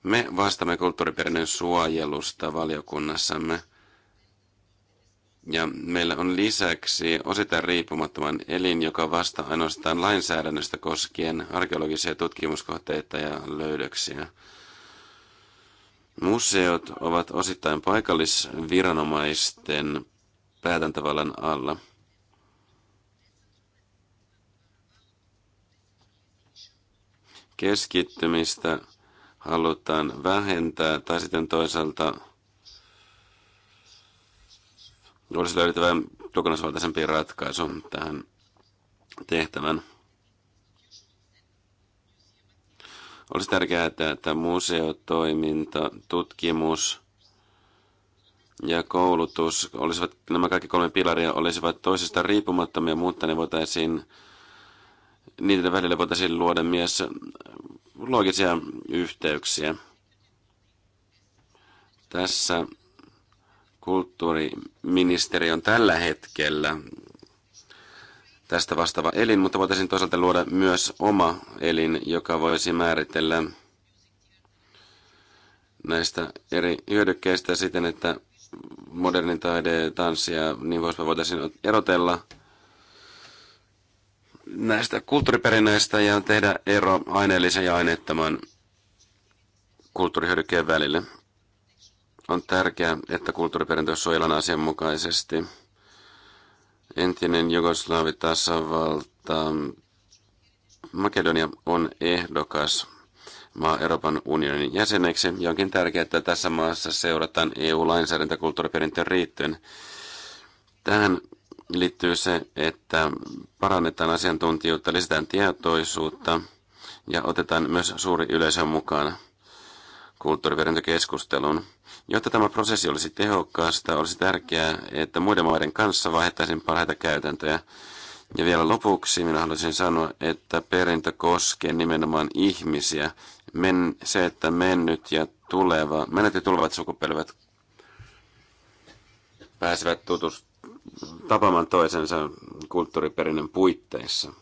Me vastaamme kulttuuriperinnön suojelusta valiokunnassamme. Ja meillä on lisäksi osittain riippumattoman elin, joka vastaa ainoastaan lainsäädännöstä koskien arkeologisia tutkimuskohteita ja löydöksiä. Museot ovat osittain paikallisviranomaisten päätäntävallan alla. Keskittymistä halutaan vähentää tai sitten toisaalta olisi löydettävä kokonaisvaltaisempi ratkaisu tähän tehtävän. Olisi tärkeää, että, että museotoiminta, tutkimus ja koulutus, olisivat, nämä kaikki kolme pilaria olisivat toisistaan riippumattomia, mutta ne voitaisiin, niiden välillä voitaisiin luoda myös loogisia yhteyksiä. Tässä kulttuuriministeri on tällä hetkellä tästä vastaava elin, mutta voitaisiin toisaalta luoda myös oma elin, joka voisi määritellä näistä eri hyödykkeistä siten, että modernin taide, tanssi ja niin poispäin voitaisiin erotella näistä kulttuuriperinnöistä ja tehdä ero aineellisen ja aineettoman kulttuurihyödykkeen välille. On tärkeää, että kulttuuriperintö suojellaan asianmukaisesti entinen Jugoslaavitasavalta Makedonia on ehdokas maa Euroopan unionin jäseneksi. Ja onkin tärkeää, että tässä maassa seurataan EU-lainsäädäntö kulttuuriperintöön riittyen. Tähän liittyy se, että parannetaan asiantuntijuutta, lisätään tietoisuutta ja otetaan myös suuri yleisö mukaan kulttuuriperintökeskusteluun. Jotta tämä prosessi olisi tehokkaasta, olisi tärkeää, että muiden maiden kanssa vaihtaisin parhaita käytäntöjä. Ja vielä lopuksi minä haluaisin sanoa, että perintö koskee nimenomaan ihmisiä. Men, se, että mennyt ja tuleva, menet ja tulevat sukupolvet pääsevät tutustumaan tapaamaan toisensa kulttuuriperinnön puitteissa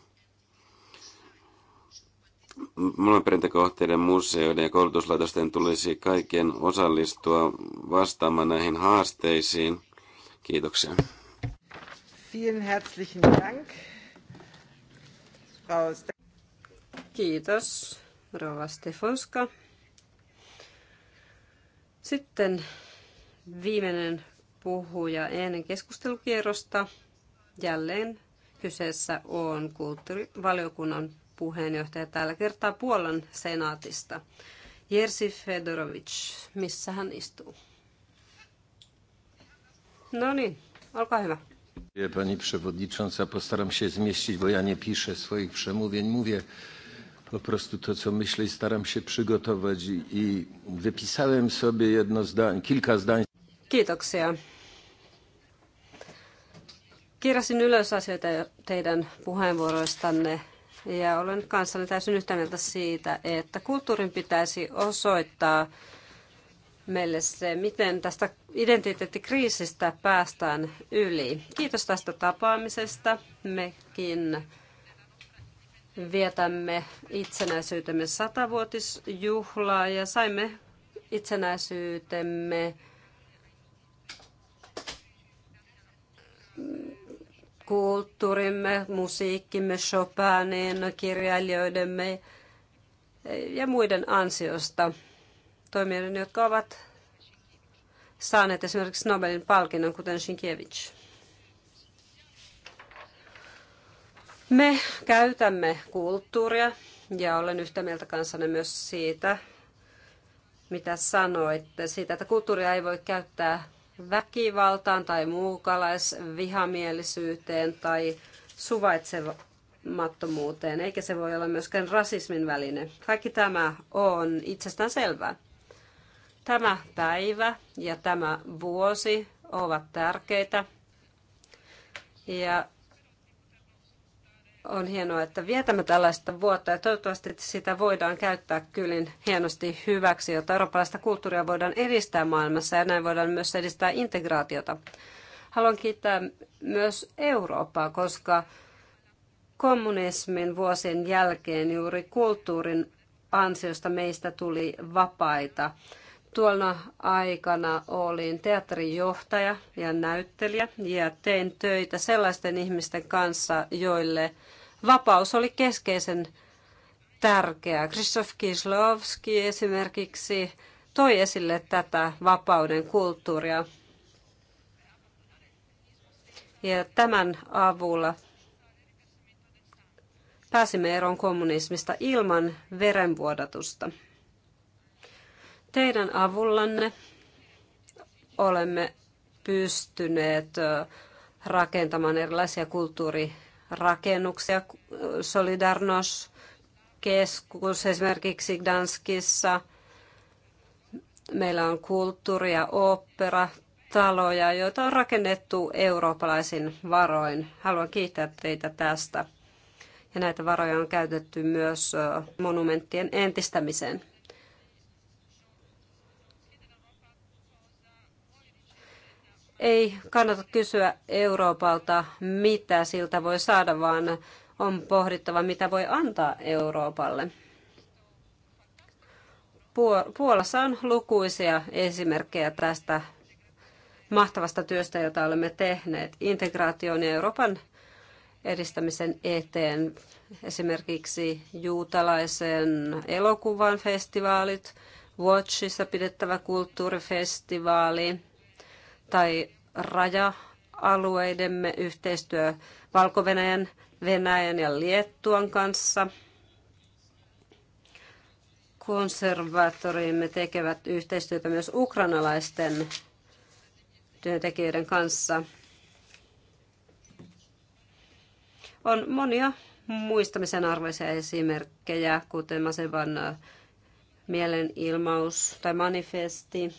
monoperintikohteiden, museoiden ja koulutuslaitosten tulisi kaikkien osallistua vastaamaan näihin haasteisiin. Kiitoksia. Vielen herzlichen Dank. Kiitos, Rova Stefanska. Sitten viimeinen puhuja ennen keskustelukierrosta. Jälleen kyseessä on kulttuurivaliokunnan puheenjohtaja tällä kertaa Puolan senaatista. Jerzy Fedorovic, missä hän istuu? No niin, olkaa hyvä. Pani przewodnicząca, postaram się zmieścić, bo ja nie piszę swoich przemówień. Mówię po prostu to, co myślę i staram się przygotować. I, wypisałem sobie jedno zdań, kilka zdań. Kiitoksia. Kirjasin ylös asioita teidän puheenvuoroistanne ja olen kanssani täysin yhtä mieltä siitä, että kulttuurin pitäisi osoittaa meille se, miten tästä identiteettikriisistä päästään yli. Kiitos tästä tapaamisesta. Mekin vietämme itsenäisyytemme satavuotisjuhlaa ja saimme itsenäisyytemme kulttuurimme, musiikkimme, Chopinin, kirjailijoidemme ja muiden ansiosta. Toimijoiden, jotka ovat saaneet esimerkiksi Nobelin palkinnon, kuten Sienkiewicz. Me käytämme kulttuuria ja olen yhtä mieltä kanssanne myös siitä, mitä sanoitte, siitä, että kulttuuria ei voi käyttää väkivaltaan tai muukalaisvihamielisyyteen tai suvaitsemattomuuteen, eikä se voi olla myöskään rasismin väline. Kaikki tämä on itsestään selvää. Tämä päivä ja tämä vuosi ovat tärkeitä ja on hienoa, että vietämme tällaista vuotta ja toivottavasti sitä voidaan käyttää kyllin hienosti hyväksi, jotta eurooppalaista kulttuuria voidaan edistää maailmassa ja näin voidaan myös edistää integraatiota. Haluan kiittää myös Eurooppaa, koska kommunismin vuosien jälkeen juuri kulttuurin ansiosta meistä tuli vapaita. Tuona aikana olin teatterijohtaja ja näyttelijä ja tein töitä sellaisten ihmisten kanssa, joille vapaus oli keskeisen tärkeää. Krzysztof Kislovski esimerkiksi toi esille tätä vapauden kulttuuria. Ja tämän avulla pääsimme eroon kommunismista ilman verenvuodatusta. Teidän avullanne olemme pystyneet rakentamaan erilaisia kulttuurirakennuksia. Solidarnos-keskus esimerkiksi Danskissa. Meillä on kulttuuri- ja oopperataloja, joita on rakennettu eurooppalaisin varoin. Haluan kiittää teitä tästä. Ja näitä varoja on käytetty myös monumenttien entistämiseen. Ei kannata kysyä Euroopalta, mitä siltä voi saada, vaan on pohdittava, mitä voi antaa Euroopalle. Puolassa on lukuisia esimerkkejä tästä mahtavasta työstä, jota olemme tehneet integraation ja Euroopan edistämisen eteen. Esimerkiksi juutalaisen elokuvan festivaalit, Watchissa pidettävä kulttuurifestivaali, tai raja-alueidemme yhteistyö valko -Venäjän, Venäjän ja Liettuan kanssa. Konservatorimme tekevät yhteistyötä myös ukrainalaisten työntekijöiden kanssa. On monia muistamisen arvoisia esimerkkejä, kuten Masevan mielenilmaus tai manifesti.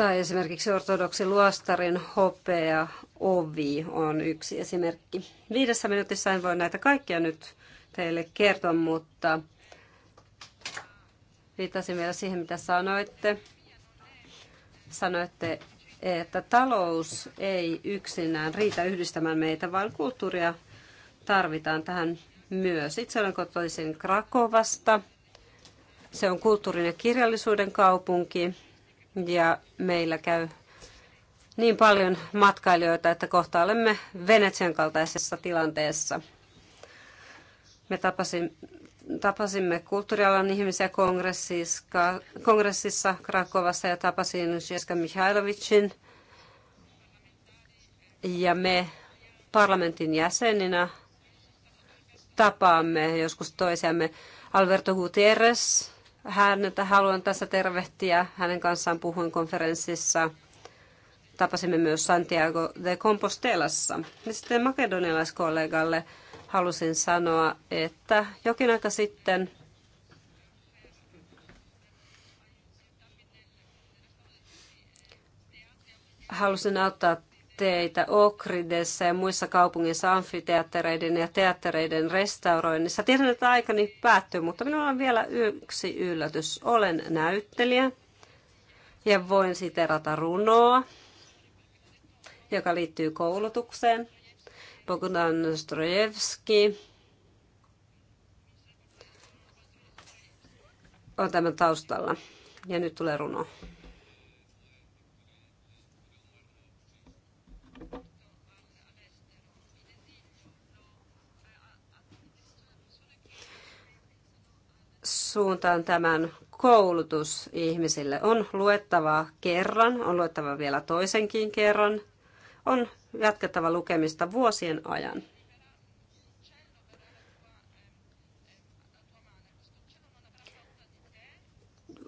Tai esimerkiksi ortodoksi luostarin hopea ovi on yksi esimerkki. Viidessä minuutissa en voi näitä kaikkia nyt teille kertoa, mutta viittasin vielä siihen, mitä sanoitte. Sanoitte, että talous ei yksinään riitä yhdistämään meitä, vaan kulttuuria tarvitaan tähän myös. Itse olen kotoisin Krakovasta. Se on kulttuurin ja kirjallisuuden kaupunki ja meillä käy niin paljon matkailijoita, että kohta olemme Venetsian kaltaisessa tilanteessa. Me tapasimme, tapasimme kulttuurialan ihmisiä kongressissa, kongressissa Krakovassa ja tapasin Jeska Mihailovicin. Ja me parlamentin jäseninä tapaamme joskus toisiamme. Alberto Gutierrez hän, että haluan tässä tervehtiä. Hänen kanssaan puhuin konferenssissa. Tapasimme myös Santiago de Compostelassa. Ja sitten makedonialaiskollegalle halusin sanoa, että jokin aika sitten halusin auttaa teitä Okridessa ja muissa kaupungeissa amfiteattereiden ja teattereiden restauroinnissa. Tiedän, että aikani päättyy, mutta minulla on vielä yksi yllätys. Olen näyttelijä ja voin siterata runoa, joka liittyy koulutukseen. Bogdan Strojevski on tämän taustalla. Ja nyt tulee runo. suuntaan tämän koulutus ihmisille. On luettava kerran, on luettava vielä toisenkin kerran, on jatkettava lukemista vuosien ajan.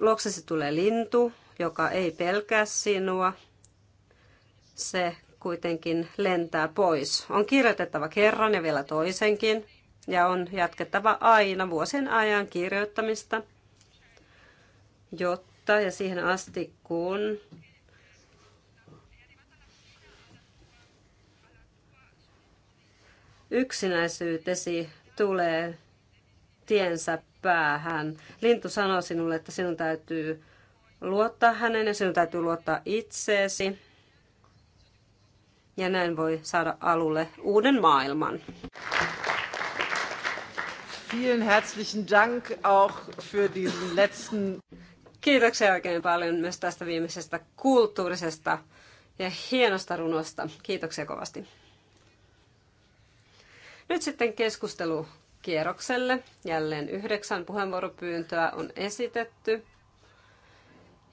Loksesi tulee lintu, joka ei pelkää sinua. Se kuitenkin lentää pois. On kirjoitettava kerran ja vielä toisenkin ja on jatkettava aina vuosien ajan kirjoittamista, jotta ja siihen asti, kun yksinäisyytesi tulee tiensä päähän. Lintu sanoo sinulle, että sinun täytyy luottaa hänen ja sinun täytyy luottaa itseesi. Ja näin voi saada alulle uuden maailman. Vielen herzlichen Dank auch für diesen letzten. Kiitoksia oikein paljon myös tästä viimeisestä kulttuurisesta ja hienosta runosta. Kiitoksia kovasti. Nyt sitten keskustelu kierrokselle. Jälleen yhdeksän puheenvuoropyyntöä on esitetty,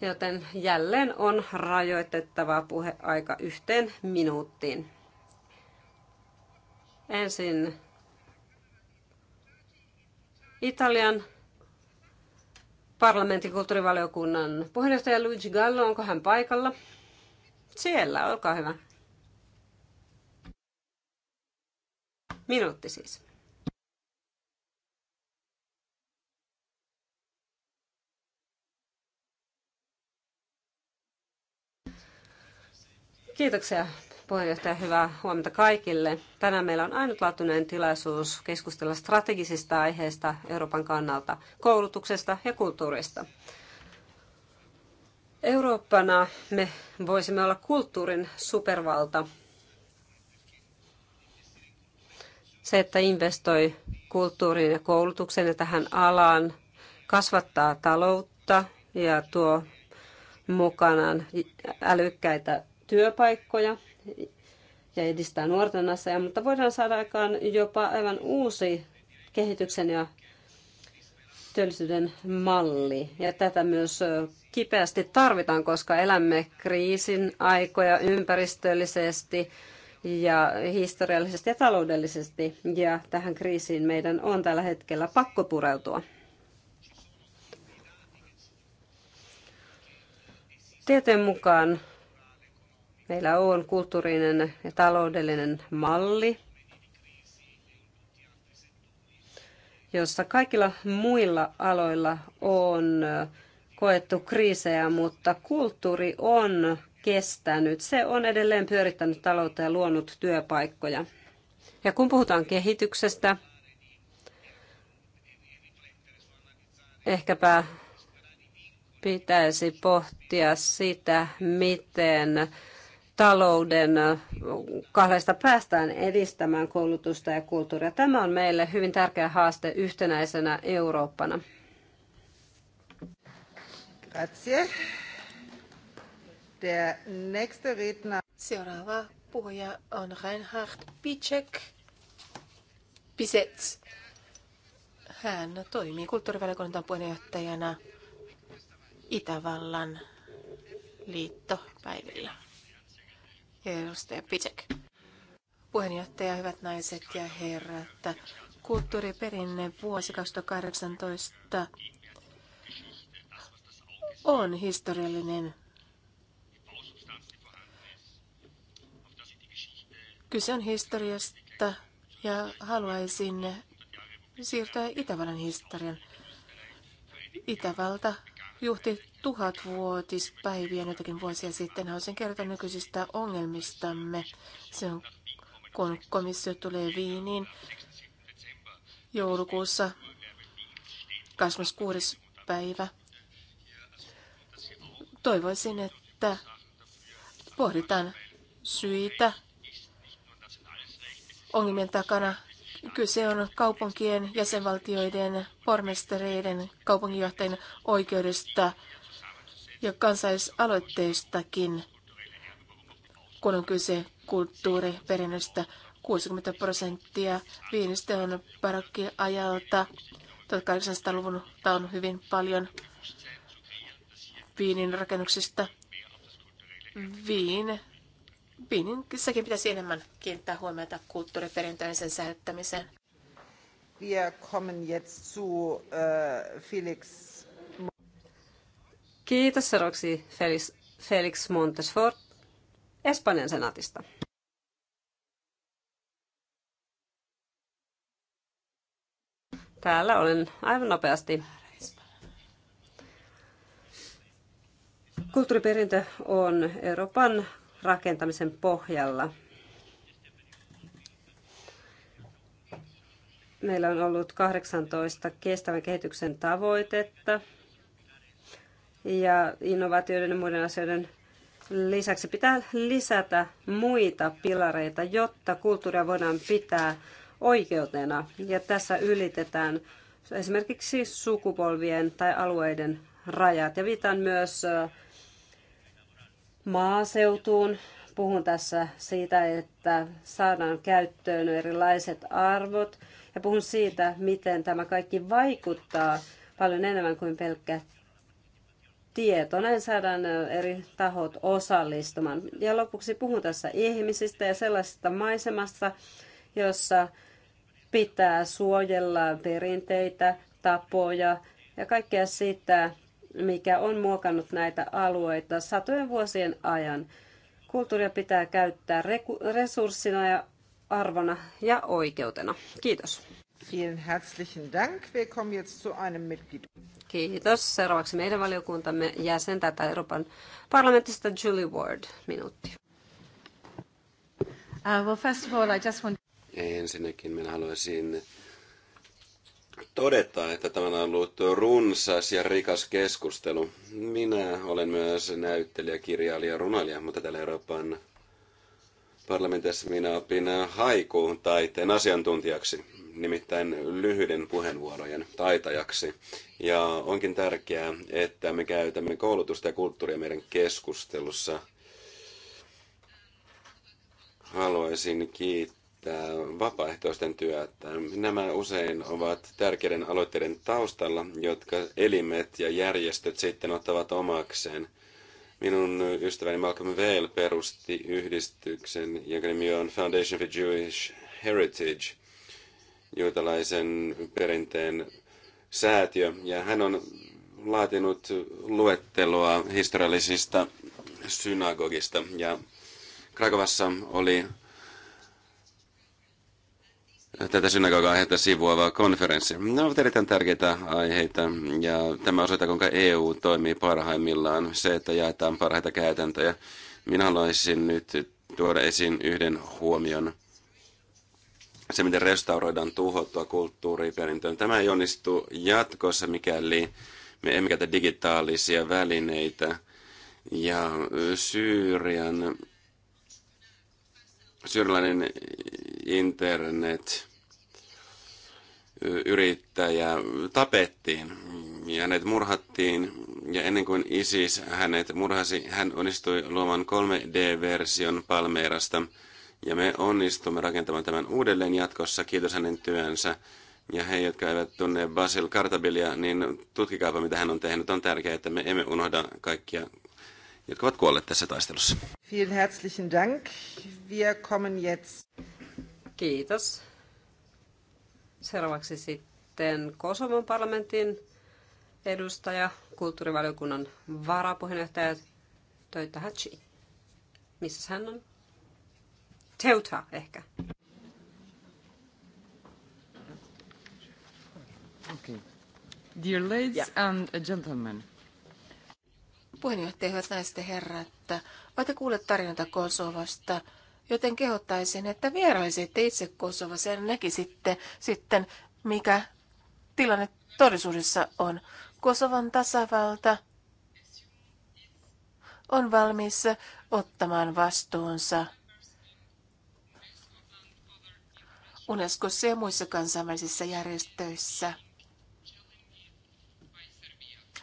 joten jälleen on rajoitettava puheaika yhteen minuuttiin. Ensin Italian parlamentin kulttuurivaliokunnan puheenjohtaja Luigi Gallo, onko hän paikalla? Siellä, olkaa hyvä. Minuutti siis. Kiitoksia puheenjohtaja, hyvää huomenta kaikille. Tänään meillä on ainutlaatuinen tilaisuus keskustella strategisista aiheista Euroopan kannalta, koulutuksesta ja kulttuurista. Eurooppana me voisimme olla kulttuurin supervalta. Se, että investoi kulttuuriin ja koulutukseen ja tähän alaan, kasvattaa taloutta ja tuo mukanaan älykkäitä työpaikkoja – ja edistää nuorten asiaa, mutta voidaan saada aikaan jopa aivan uusi kehityksen ja työllisyyden malli. Ja tätä myös kipeästi tarvitaan, koska elämme kriisin aikoja ympäristöllisesti ja historiallisesti ja taloudellisesti. Ja tähän kriisiin meidän on tällä hetkellä pakko pureutua. Tieteen mukaan Meillä on kulttuurinen ja taloudellinen malli, jossa kaikilla muilla aloilla on koettu kriisejä, mutta kulttuuri on kestänyt. Se on edelleen pyörittänyt taloutta ja luonut työpaikkoja. Ja kun puhutaan kehityksestä, ehkäpä pitäisi pohtia sitä, miten talouden kahdesta päästään edistämään koulutusta ja kulttuuria. Tämä on meille hyvin tärkeä haaste yhtenäisenä Eurooppana. Grazie. Der nächste Redner. Seuraava puhuja on Reinhard Picek. Pisets. Hän toimii kulttuurivaliokunnan puheenjohtajana Itävallan liittopäivillä. Edustaja Pitsek. Puheenjohtaja, hyvät naiset ja herrat. Kulttuuriperinne vuosi 2018 on historiallinen. Kyse on historiasta ja haluaisin siirtyä Itävallan historian. Itävalta juhti tuhatvuotispäiviä jotakin vuosia sitten. Haluaisin kertoa nykyisistä ongelmistamme. Se on, kun komissio tulee Viiniin joulukuussa 26. päivä. Toivoisin, että pohditaan syitä ongelmien takana Kyse on kaupunkien, jäsenvaltioiden, pormestereiden kaupunginjohtajien oikeudesta ja kansallisaloitteistakin, kun on kyse kulttuuriperinnöstä. 60 prosenttia viinistä on barokkiajalta. 1800-luvun on hyvin paljon viinin rakennuksista. Viin Piinin kissakin pitäisi enemmän kiinnittää huomiota kulttuuriperintöön sen säilyttämiseen. Wir kommen jetzt zu äh, Felix. Kiitos seuraavaksi Felix, Felix Montesfort Espanjan senaatista. Täällä olen aivan nopeasti. Kulttuuriperintö on Euroopan rakentamisen pohjalla. Meillä on ollut 18 kestävän kehityksen tavoitetta ja innovaatioiden ja muiden asioiden lisäksi pitää lisätä muita pilareita, jotta kulttuuria voidaan pitää oikeutena. Ja tässä ylitetään esimerkiksi sukupolvien tai alueiden rajat. Ja viitaan myös maaseutuun. Puhun tässä siitä, että saadaan käyttöön erilaiset arvot ja puhun siitä, miten tämä kaikki vaikuttaa paljon enemmän kuin pelkkä tieto. Näin saadaan eri tahot osallistumaan. Ja lopuksi puhun tässä ihmisistä ja sellaisesta maisemasta, jossa pitää suojella perinteitä, tapoja ja kaikkea sitä, mikä on muokannut näitä alueita satojen vuosien ajan. Kulttuuria pitää käyttää resurssina ja arvona ja oikeutena. Kiitos. Vielen herzlichen Dank. Wir kommen jetzt zu einem Mitglied. Kiitos. Seuraavaksi meidän valiokuntamme jäsen tätä Euroopan parlamentista Julie Ward. Minuutti. Uh, well, first of all, I just want... Ensinnäkin minä haluaisin todeta, että tämä on ollut runsas ja rikas keskustelu. Minä olen myös näyttelijä, kirjailija, runoilija, mutta täällä Euroopan parlamentissa minä opin haikuun taiteen asiantuntijaksi, nimittäin lyhyiden puheenvuorojen taitajaksi. Ja onkin tärkeää, että me käytämme koulutusta ja kulttuuria meidän keskustelussa. Haluaisin kiittää että vapaaehtoisten työtä. Nämä usein ovat tärkeiden aloitteiden taustalla, jotka elimet ja järjestöt sitten ottavat omakseen. Minun ystäväni Malcolm Vail perusti yhdistyksen, jonka nimi on Foundation for Jewish Heritage, juutalaisen perinteen säätiö, ja hän on laatinut luetteloa historiallisista synagogista, ja Krakovassa oli tätä synagogaa aiheutta sivuavaa konferenssi. Ne ovat erittäin tärkeitä aiheita ja tämä osoittaa, kuinka EU toimii parhaimmillaan, se, että jaetaan parhaita käytäntöjä. Minä haluaisin nyt tuoda esiin yhden huomion. Se, miten restauroidaan tuhottua kulttuuriperintöä. Tämä ei onnistu jatkossa, mikäli me emme käytä digitaalisia välineitä. Ja Syyrian, syyrialainen internet yrittäjä tapettiin ja hänet murhattiin. Ja ennen kuin ISIS hänet murhasi, hän onnistui luomaan 3D-version Palmeirasta. Ja me onnistumme rakentamaan tämän uudelleen jatkossa, kiitos hänen työnsä. Ja he, jotka eivät tunne Basil Kartabilia, niin tutkikaapa, mitä hän on tehnyt. On tärkeää, että me emme unohda kaikkia, jotka ovat kuolleet tässä taistelussa. Vielen herzlichen Dank. Wir kommen jetzt. Kiitos. Seuraavaksi sitten Kosovon parlamentin edustaja, kulttuurivaliokunnan varapuheenjohtaja Töitä Hatsi. Missä hän on? Teuta ehkä. Okay. Dear ladies yeah. and gentlemen. Puheenjohtaja, hyvät naiset ja herrat, olette kuulleet tarjonta Kosovasta – Joten kehottaisin, että vierailisitte itse Kosovassa ja näkisitte sitten, mikä tilanne todellisuudessa on. Kosovan tasavalta on valmis ottamaan vastuunsa Unescossa ja muissa kansainvälisissä järjestöissä.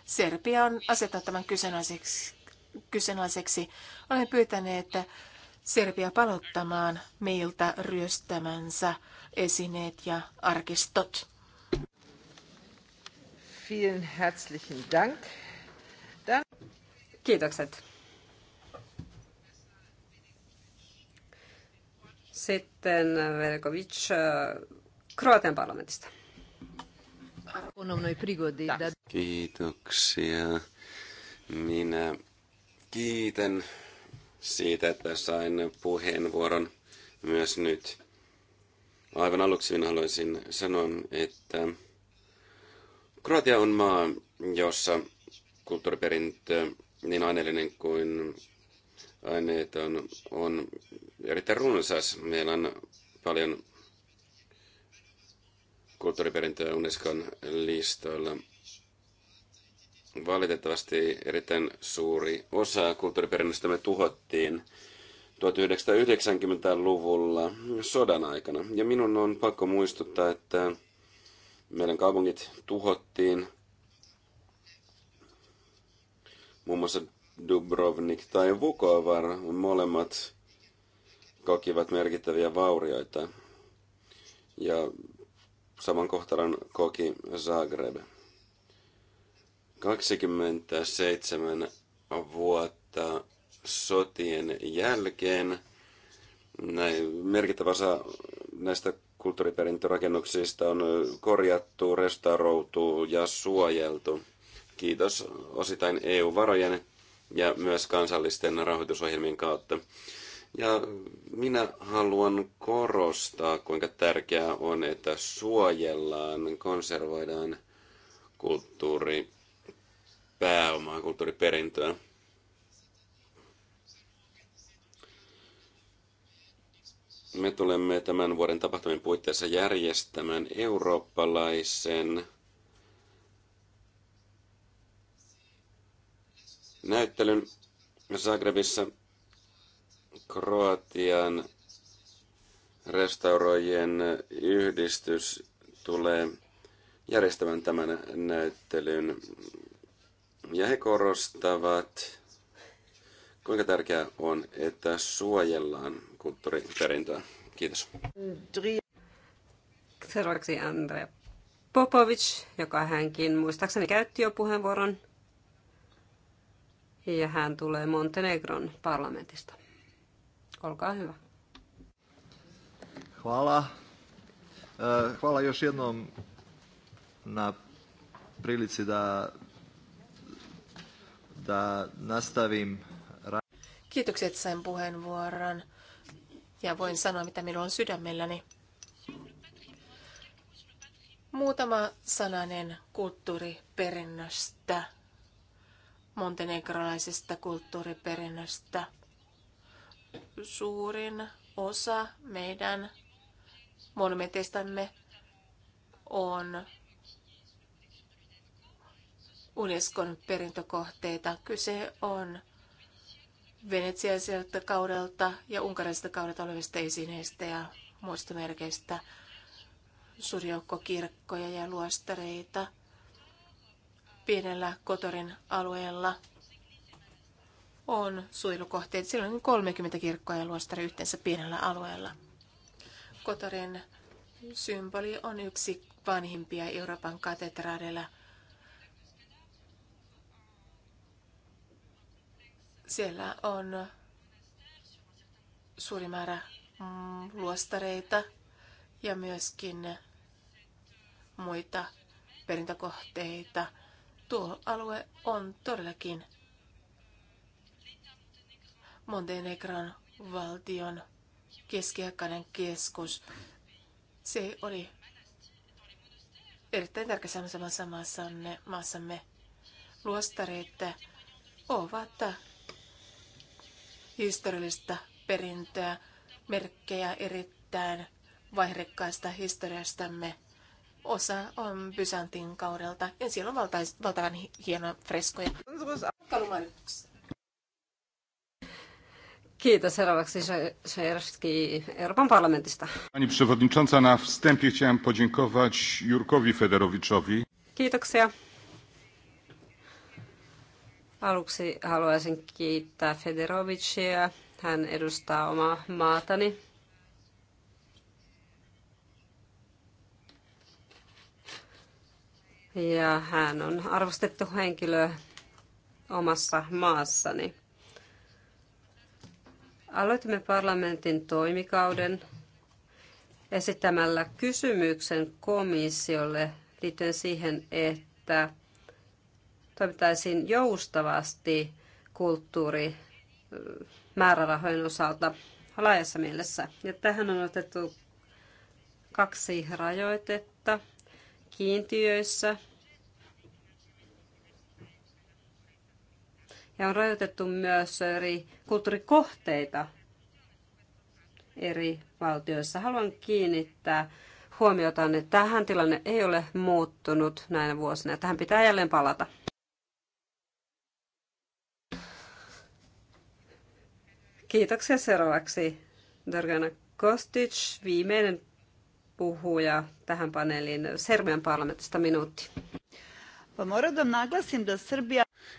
Serbia on asettanut tämän kyseenalaiseksi. kyseenalaiseksi. Olemme pyytäneet Serbia palottamaan meiltä ryöstämänsä esineet ja arkistot. Vielen herzlichen Dank. Dan... Kiitokset. Sitten äh, Velkovic äh, Kroatian parlamentista. Kiitoksia. Minä kiitän siitä, että sain puheenvuoron myös nyt. Aivan aluksi minä haluaisin sanoa, että Kroatia on maa, jossa kulttuuriperintö niin aineellinen kuin aineet on, on erittäin runsas. Meillä on paljon kulttuuriperintöä Unescon listoilla. Valitettavasti erittäin suuri osa kulttuuriperinnöstämme tuhottiin 1990-luvulla sodan aikana. Ja minun on pakko muistuttaa, että meidän kaupungit tuhottiin muun muassa Dubrovnik tai Vukovar, molemmat kokivat merkittäviä vaurioita. Ja saman kohtalon koki Zagreb. 27 vuotta sotien jälkeen näin, merkittävä osa näistä kulttuuriperintörakennuksista on korjattu, restauroitu ja suojeltu. Kiitos osittain EU-varojen ja myös kansallisten rahoitusohjelmien kautta. Ja minä haluan korostaa, kuinka tärkeää on, että suojellaan, konservoidaan kulttuuri pääomaan, kulttuuriperintöön. Me tulemme tämän vuoden tapahtumien puitteissa järjestämään eurooppalaisen näyttelyn Zagrebissa Kroatian restauroijien yhdistys tulee järjestämään tämän näyttelyn ja he korostavat, kuinka tärkeää on, että suojellaan kulttuuriperintöä. Kiitos. Seuraavaksi Andre Popovic, joka hänkin muistaakseni käytti jo puheenvuoron. Ja hän tulee Montenegron parlamentista. Olkaa hyvä. Hvala. Eh, hvala još jednom na prilici da da nastavim... Kiitokset, että sain puheenvuoron ja voin sanoa, mitä minulla on sydämelläni. Muutama sananen kulttuuriperinnöstä, montenegrolaisesta kulttuuriperinnöstä. Suurin osa meidän monumenteistamme on Unescon perintökohteita. Kyse on venetsiaiselta kaudelta ja unkarilaiselta kaudelta olevista esineistä ja muistomerkeistä, surjoukkokirkkoja ja luostareita pienellä Kotorin alueella on suojelukohteita. Siellä on 30 kirkkoa ja luostari yhteensä pienellä alueella. Kotorin symboli on yksi vanhimpia Euroopan katedraaleilla. Siellä on suuri määrä luostareita ja myöskin muita perintökohteita. Tuo alue on todellakin Montenegron valtion keskiaikainen keskus. Se oli erittäin tärkeässä samassa maassamme. Luostareet ovat historiallista perintöä, merkkejä erittäin vaihdekkaasta historiastamme. Osa on Byzantin kaudelta ja siellä on valtais, valtavan hienoja freskoja. Kiitos seuraavaksi Szerski Euroopan parlamentista. Pani przewodnicząca, na wstępie chciałem podziękować Jurkowi Federowiczowi. Kiitoksia Aluksi haluaisin kiittää Federovicia. Hän edustaa omaa maatani. Ja hän on arvostettu henkilö omassa maassani. Aloitimme parlamentin toimikauden esittämällä kysymyksen komissiolle liittyen siihen, että toimittaisiin joustavasti kulttuuri osalta laajassa mielessä. Ja tähän on otettu kaksi rajoitetta kiintiöissä. Ja on rajoitettu myös eri kulttuurikohteita eri valtioissa. Haluan kiinnittää huomiota, että tähän tilanne ei ole muuttunut näinä vuosina. Tähän pitää jälleen palata. Kiitoksia seuraavaksi Dorgana Kostic, viimeinen puhuja tähän paneeliin Serbian parlamentista minuutti.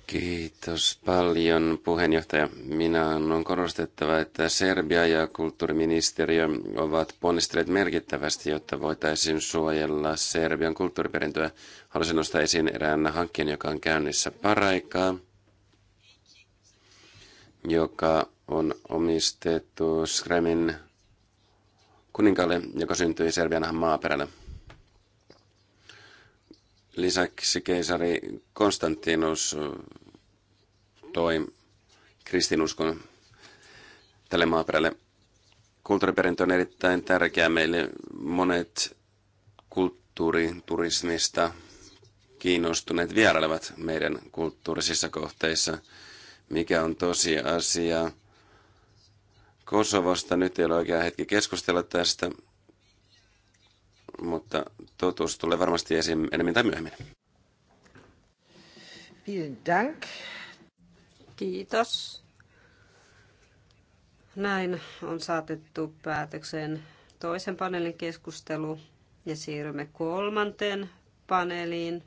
Kiitos paljon puheenjohtaja. Minä on korostettava, että Serbia ja kulttuuriministeriö ovat ponnistelleet merkittävästi, jotta voitaisiin suojella Serbian kulttuuriperintöä. Haluaisin nostaa esiin erään hankkeen, joka on käynnissä paraikaa joka on omistettu Sremin kuninkaalle, joka syntyi Serbian maaperällä. Lisäksi keisari Konstantinus toi kristinuskon tälle maaperälle. Kulttuuriperintö on erittäin tärkeä meille. Monet kulttuuriturismista kiinnostuneet vierailevat meidän kulttuurisissa kohteissa – mikä on tosi asia? Kosovosta nyt ei ole oikea hetki keskustella tästä, mutta totuus tulee varmasti esiin enemmän tai myöhemmin. Dank. Kiitos. Näin on saatettu päätökseen toisen paneelin keskustelu ja siirrymme kolmanteen paneeliin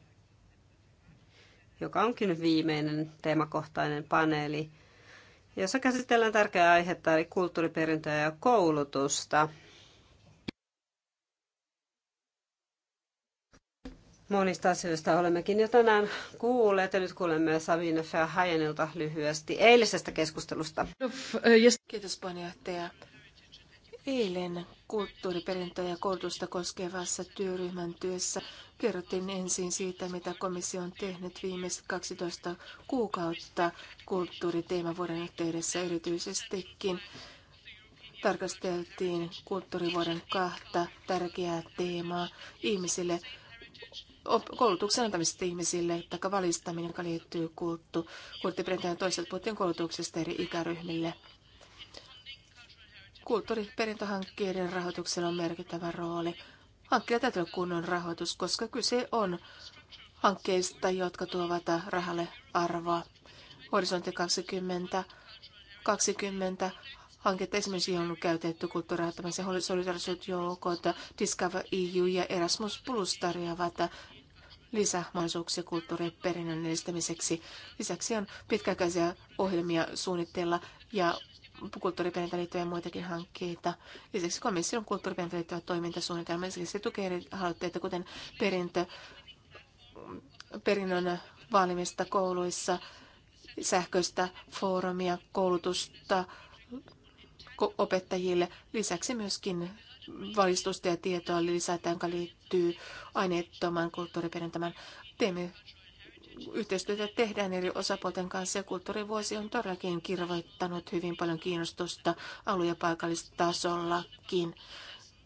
joka onkin viimeinen teemakohtainen paneeli, jossa käsitellään tärkeää aihetta eli kulttuuriperintöä ja koulutusta. Monista asioista olemmekin jo tänään kuulleet ja nyt kuulemme Sabine Verhaenilta lyhyesti eilisestä keskustelusta. Kiitos puheenjohtaja. Eilen kulttuuriperintöä ja koulutusta koskevassa työryhmän työssä Kerrottiin ensin siitä, mitä komissio on tehnyt viimeiset 12 kuukautta kulttuuriteemavuoden yhteydessä erityisestikin. Tarkasteltiin kulttuurivuoden kahta tärkeää teemaa ihmisille, koulutuksen antamista ihmisille, taikka valistaminen, joka liittyy kulttu, kulttuuriperinteen toiset puhuttiin koulutuksesta eri ikäryhmille. Kulttuuriperintöhankkeiden rahoituksella on merkittävä rooli. Hankkeella täytyy olla kunnon rahoitus, koska kyse on hankkeista, jotka tuovat rahalle arvoa. Horisontti 20, 20 hanketta esimerkiksi on käytetty kulttuurirahoittamisen solidarisuusjoukot, Discover EU ja Erasmus Plus tarjoavat lisämahdollisuuksia kulttuuriperinnön edistämiseksi. Lisäksi on pitkäaikaisia ohjelmia suunnitteilla ja kulttuuriperintä liittyviä muitakin hankkeita. Lisäksi komission kulttuuriperintä liittyvä toimintasuunnitelma. Lisäksi se tukee eri hankkeita, kuten perintö, perinnön vaalimista kouluissa, sähköistä foorumia, koulutusta opettajille. Lisäksi myöskin valistusta ja tietoa lisätään, joka liittyy aineettoman kulttuuriperintämään. Teemme yhteistyötä tehdään eri osapuolten kanssa ja kulttuurivuosi on todellakin kirvoittanut hyvin paljon kiinnostusta alue- ja paikallistasollakin.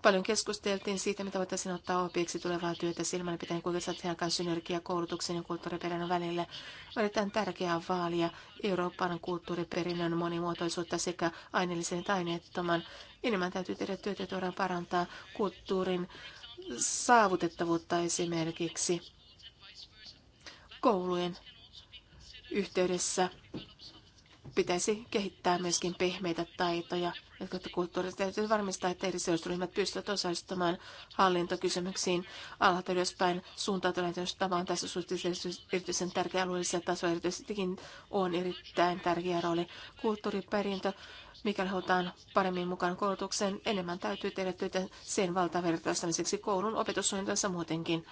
Paljon keskusteltiin siitä, mitä voitaisiin ottaa opiksi tulevaa työtä silmällä pitäen, kuinka saataisiin aikaan synergia koulutuksen ja kulttuuriperinnön välillä. On tärkeää vaalia Euroopan kulttuuriperinnön monimuotoisuutta sekä aineellisen että aineettoman. Enemmän täytyy tehdä työtä, että parantaa kulttuurin saavutettavuutta esimerkiksi koulujen yhteydessä pitäisi kehittää myöskin pehmeitä taitoja, jotka kulttuurissa täytyy varmistaa, että eri sidosryhmät pystyvät osallistumaan hallintokysymyksiin alhaalta ylöspäin Tämä on tässä suhteessa erityisen tärkeä alueellisella tasolla. Erityisestikin on erittäin tärkeä rooli kulttuuriperintö. Mikäli halutaan paremmin mukaan koulutukseen, enemmän täytyy tehdä työtä sen valtavertaistamiseksi koulun opetussuunnitelmassa muutenkin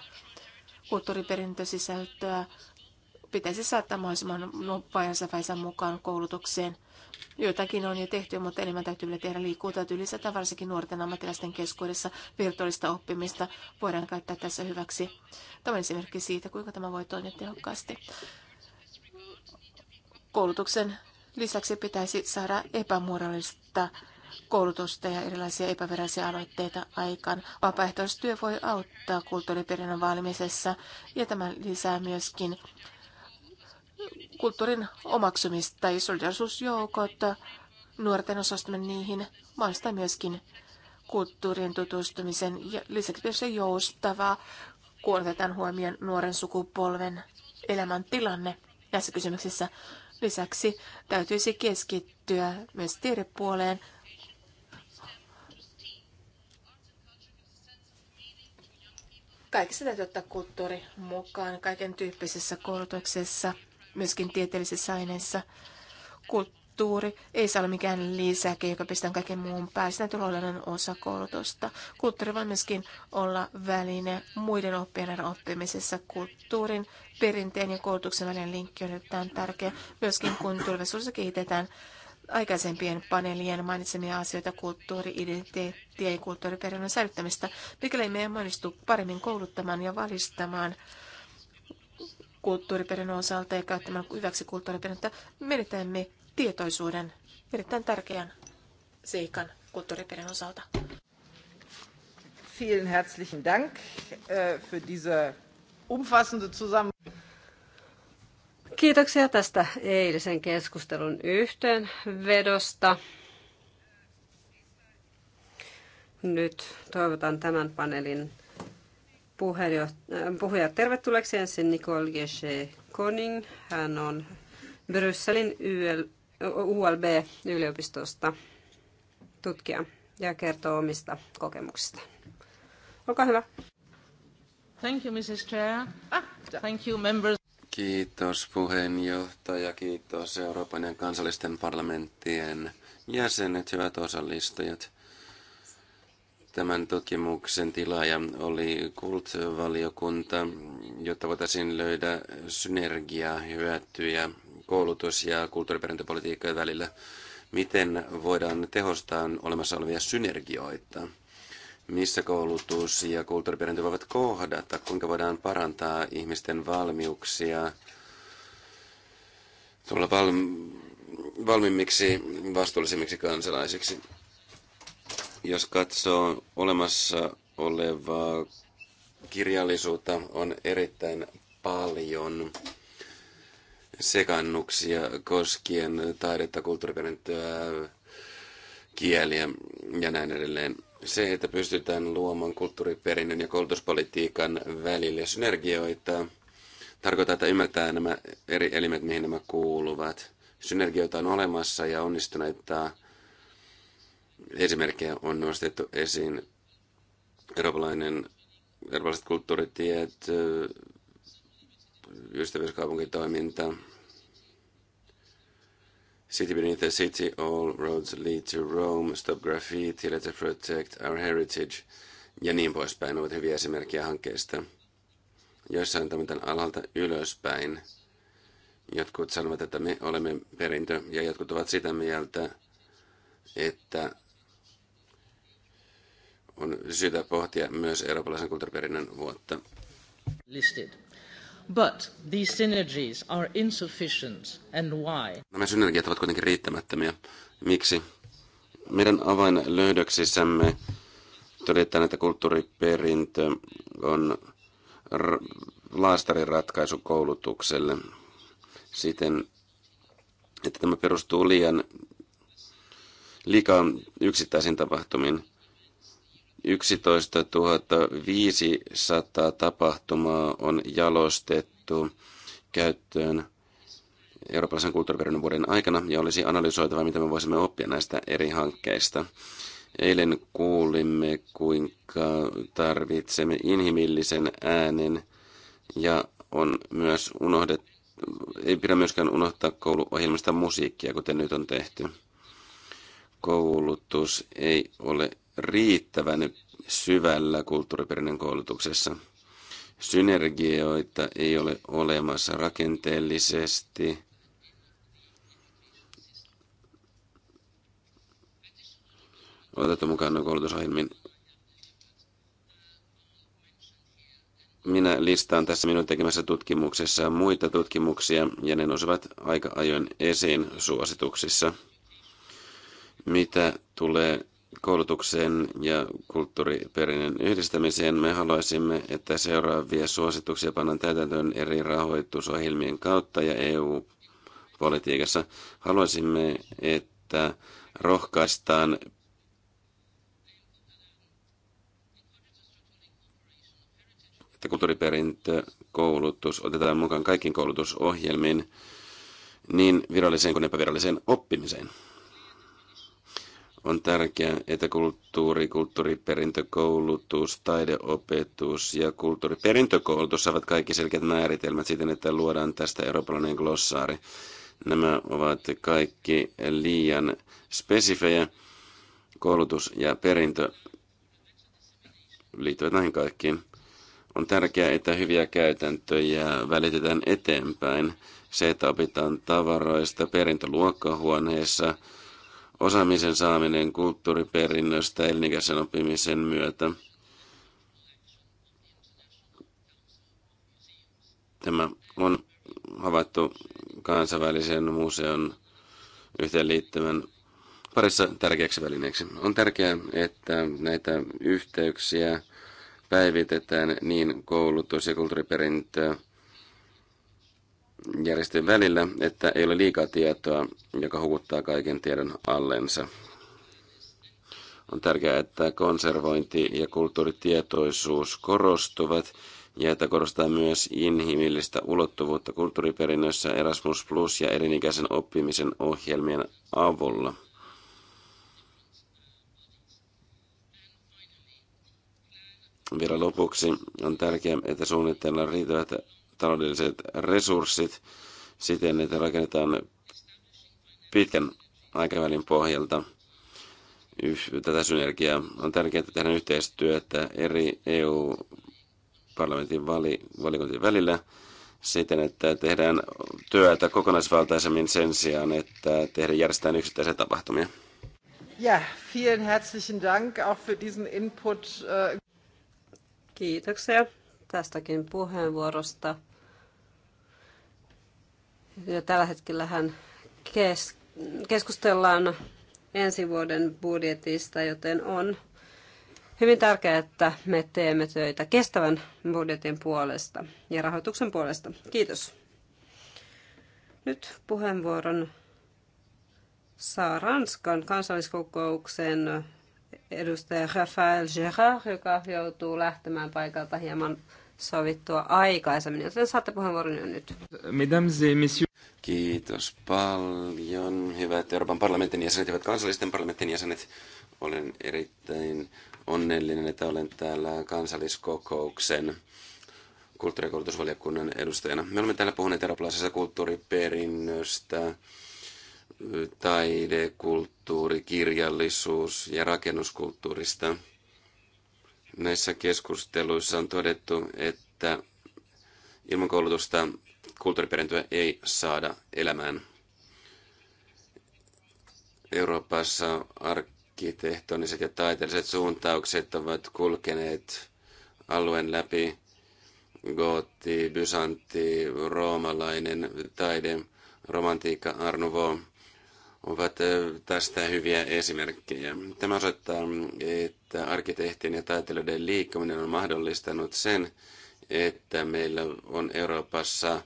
kulttuuriperintösisältöä pitäisi saattaa mahdollisimman nopeansa väisän mukaan koulutukseen. Joitakin on jo tehty, mutta enemmän täytyy vielä tehdä liikkuuta, Täytyy lisätä varsinkin nuorten ammattilaisten keskuudessa virtuaalista oppimista. Voidaan käyttää tässä hyväksi. Tämä on esimerkki siitä, kuinka tämä voi toimia tehokkaasti. Koulutuksen lisäksi pitäisi saada epämuodollista koulutusta ja erilaisia epävirallisia aloitteita aikaan. Vapaaehtoistyö voi auttaa kulttuuriperinnön vaalimisessa ja tämä lisää myöskin kulttuurin omaksumista ja solidarisuusjoukot, nuorten osastuminen niihin, mahdollistaa myöskin kulttuurien tutustumisen ja lisäksi myös joustavaa, kun otetaan huomioon nuoren sukupolven elämäntilanne näissä kysymyksissä. Lisäksi täytyisi keskittyä myös tiedepuoleen, Kaikessa täytyy ottaa kulttuuri mukaan, kaiken tyyppisessä koulutuksessa, myöskin tieteellisissä aineissa. Kulttuuri ei saa olla mikään lisäke, joka pistää kaiken muun päälle. Sitä tulee olla osa koulutusta. Kulttuuri voi myöskin olla väline muiden oppijoiden oppimisessa. Kulttuurin, perinteen ja koulutuksen välinen linkki on erittäin tärkeä, myöskin kun tulevaisuudessa kehitetään aikaisempien paneelien mainitsemia asioita kulttuuriidentiteettiä ja kulttuuriperinnön säilyttämistä, mikäli me mainistu paremmin kouluttamaan ja valistamaan kulttuuriperinnön osalta ja käyttämään hyväksi kulttuuriperinnötä, menetämme tietoisuuden erittäin tärkeän seikan kulttuuriperinnön osalta. Vielen herzlichen Dank äh, für diese umfassende zusammen Kiitoksia tästä eilisen keskustelun yhteenvedosta. Nyt toivotan tämän paneelin äh, puhujat tervetulleeksi ensin Nicole Gesche Koning. Hän on Brysselin YL, ULB-yliopistosta tutkija ja kertoo omista kokemuksista. Olkaa hyvä. Thank you, Mrs. Chair. Ah, thank you, members. Kiitos puheenjohtaja, kiitos Euroopan ja kansallisten parlamenttien jäsenet, hyvät osallistujat. Tämän tutkimuksen tilaaja oli kulttuurivaliokunta, jotta voitaisiin löydä synergiaa, hyötyjä koulutus- ja kulttuuriperintöpolitiikkojen välillä. Miten voidaan tehostaa olemassa olevia synergioita? missä koulutus ja kulttuuriperintö voivat kohdata, kuinka voidaan parantaa ihmisten valmiuksia tulla valmi- valmiimmiksi vastuullisemmiksi kansalaisiksi. Jos katsoo olemassa olevaa kirjallisuutta, on erittäin paljon sekannuksia koskien taidetta, kulttuuriperintöä, kieliä ja näin edelleen. Se, että pystytään luomaan kulttuuriperinnön ja koulutuspolitiikan välille synergioita, tarkoittaa, että ymmärtää nämä eri elimet, mihin nämä kuuluvat. Synergioita on olemassa ja onnistuneita esimerkkejä on nostettu esiin. Eurooppalainen, eurooppalaiset kulttuuritiet, ystävyyskaupunkitoiminta, City beneath a city, all roads lead to Rome, stop graffiti, let's protect our heritage ja niin poispäin ovat hyviä esimerkkejä hankkeista. Joissain tämän alalta ylöspäin. Jotkut sanovat, että me olemme perintö ja jotkut ovat sitä mieltä, että on syytä pohtia myös eurooppalaisen kulttuuriperinnön vuotta. Listed. But these synergies are insufficient and why? Nämä no, synergiat ovat kuitenkin riittämättömiä. Miksi? Meidän avainlöydöksissämme todetaan, että kulttuuriperintö on laastarin ratkaisu koulutukselle siten, että tämä perustuu liian liikaa yksittäisiin tapahtumiin. 11 500 tapahtumaa on jalostettu käyttöön eurooppalaisen kulttuuriperinnön vuoden aikana ja olisi analysoitava, mitä me voisimme oppia näistä eri hankkeista. Eilen kuulimme, kuinka tarvitsemme inhimillisen äänen ja on myös unohdettu, ei pidä myöskään unohtaa kouluohjelmista musiikkia, kuten nyt on tehty. Koulutus ei ole riittävän syvällä kulttuuriperinnön koulutuksessa. Synergioita ei ole olemassa rakenteellisesti. Otettu mukaan koulutusohjelmin. Minä listaan tässä minun tekemässä tutkimuksessa muita tutkimuksia, ja ne nousevat aika ajoin esiin suosituksissa. Mitä tulee koulutukseen ja kulttuuriperinnön yhdistämiseen me haluaisimme, että seuraavia suosituksia pannaan täytäntöön eri rahoitusohjelmien kautta ja EU-politiikassa. Haluaisimme, että rohkaistaan että koulutus otetaan mukaan kaikkiin koulutusohjelmiin niin viralliseen kuin epäviralliseen oppimiseen. On tärkeää, että kulttuuri, kulttuuriperintökoulutus, taideopetus ja kulttuuriperintökoulutus saavat kaikki selkeät määritelmät siten, että luodaan tästä eurooppalainen glossaari. Nämä ovat kaikki liian spesifejä. Koulutus ja perintö liittyvät näihin kaikkiin. On tärkeää, että hyviä käytäntöjä välitetään eteenpäin. Se, että opitaan tavaroista perintöluokkahuoneessa – osaamisen saaminen kulttuuriperinnöstä elinikäisen oppimisen myötä. Tämä on havaittu kansainvälisen museon yhteenliittymän parissa tärkeäksi välineeksi. On tärkeää, että näitä yhteyksiä päivitetään niin koulutus- ja kulttuuriperintöä, järjestöjen välillä, että ei ole liikaa tietoa, joka hukuttaa kaiken tiedon allensa. On tärkeää, että konservointi ja kulttuuritietoisuus korostuvat ja että korostaa myös inhimillistä ulottuvuutta kulttuuriperinnössä Erasmus Plus ja elinikäisen oppimisen ohjelmien avulla. Vielä lopuksi on tärkeää, että suunnitellaan riittävät taloudelliset resurssit siten, että rakennetaan pitkän aikavälin pohjalta tätä synergiaa. On tärkeää tehdä yhteistyötä eri EU-parlamentin vali- valikuntien välillä siten, että tehdään työtä kokonaisvaltaisemmin sen sijaan, että tehdään järjestetään yksittäisiä tapahtumia. Ja, vielen herzlichen Dank auch für diesen input. Äh, Kiitoksia tästäkin puheenvuorosta. Ja tällä hetkellä hän kes- keskustellaan ensi vuoden budjetista, joten on hyvin tärkeää, että me teemme töitä kestävän budjetin puolesta ja rahoituksen puolesta. Kiitos. Nyt puheenvuoron saa Ranskan kansalliskokouksen edustaja Rafael Gerard, joka joutuu lähtemään paikalta hieman sovittua aikaisemmin, joten saatte puheenvuoron jo nyt. Mesdames et messieurs. Kiitos paljon, hyvät Euroopan parlamentin jäsenet, hyvät kansallisten parlamentin jäsenet. Olen erittäin onnellinen, että olen täällä kansalliskokouksen kulttuuri- ja koulutusvaliokunnan edustajana. Me olemme täällä puhuneet eurooppalaisesta kulttuuriperinnöstä, taide, kulttuuri, kirjallisuus ja rakennuskulttuurista – Näissä keskusteluissa on todettu, että ilman koulutusta kulttuuriperintöä ei saada elämään. Euroopassa arkkitehtoniset ja taiteelliset suuntaukset ovat kulkeneet alueen läpi. Gootti, Bysantti, roomalainen taide, romantiikka, Arnouveau – ovat tästä hyviä esimerkkejä. Tämä osoittaa, että arkkitehtien ja taiteilijoiden liikkuminen on mahdollistanut sen, että meillä on Euroopassa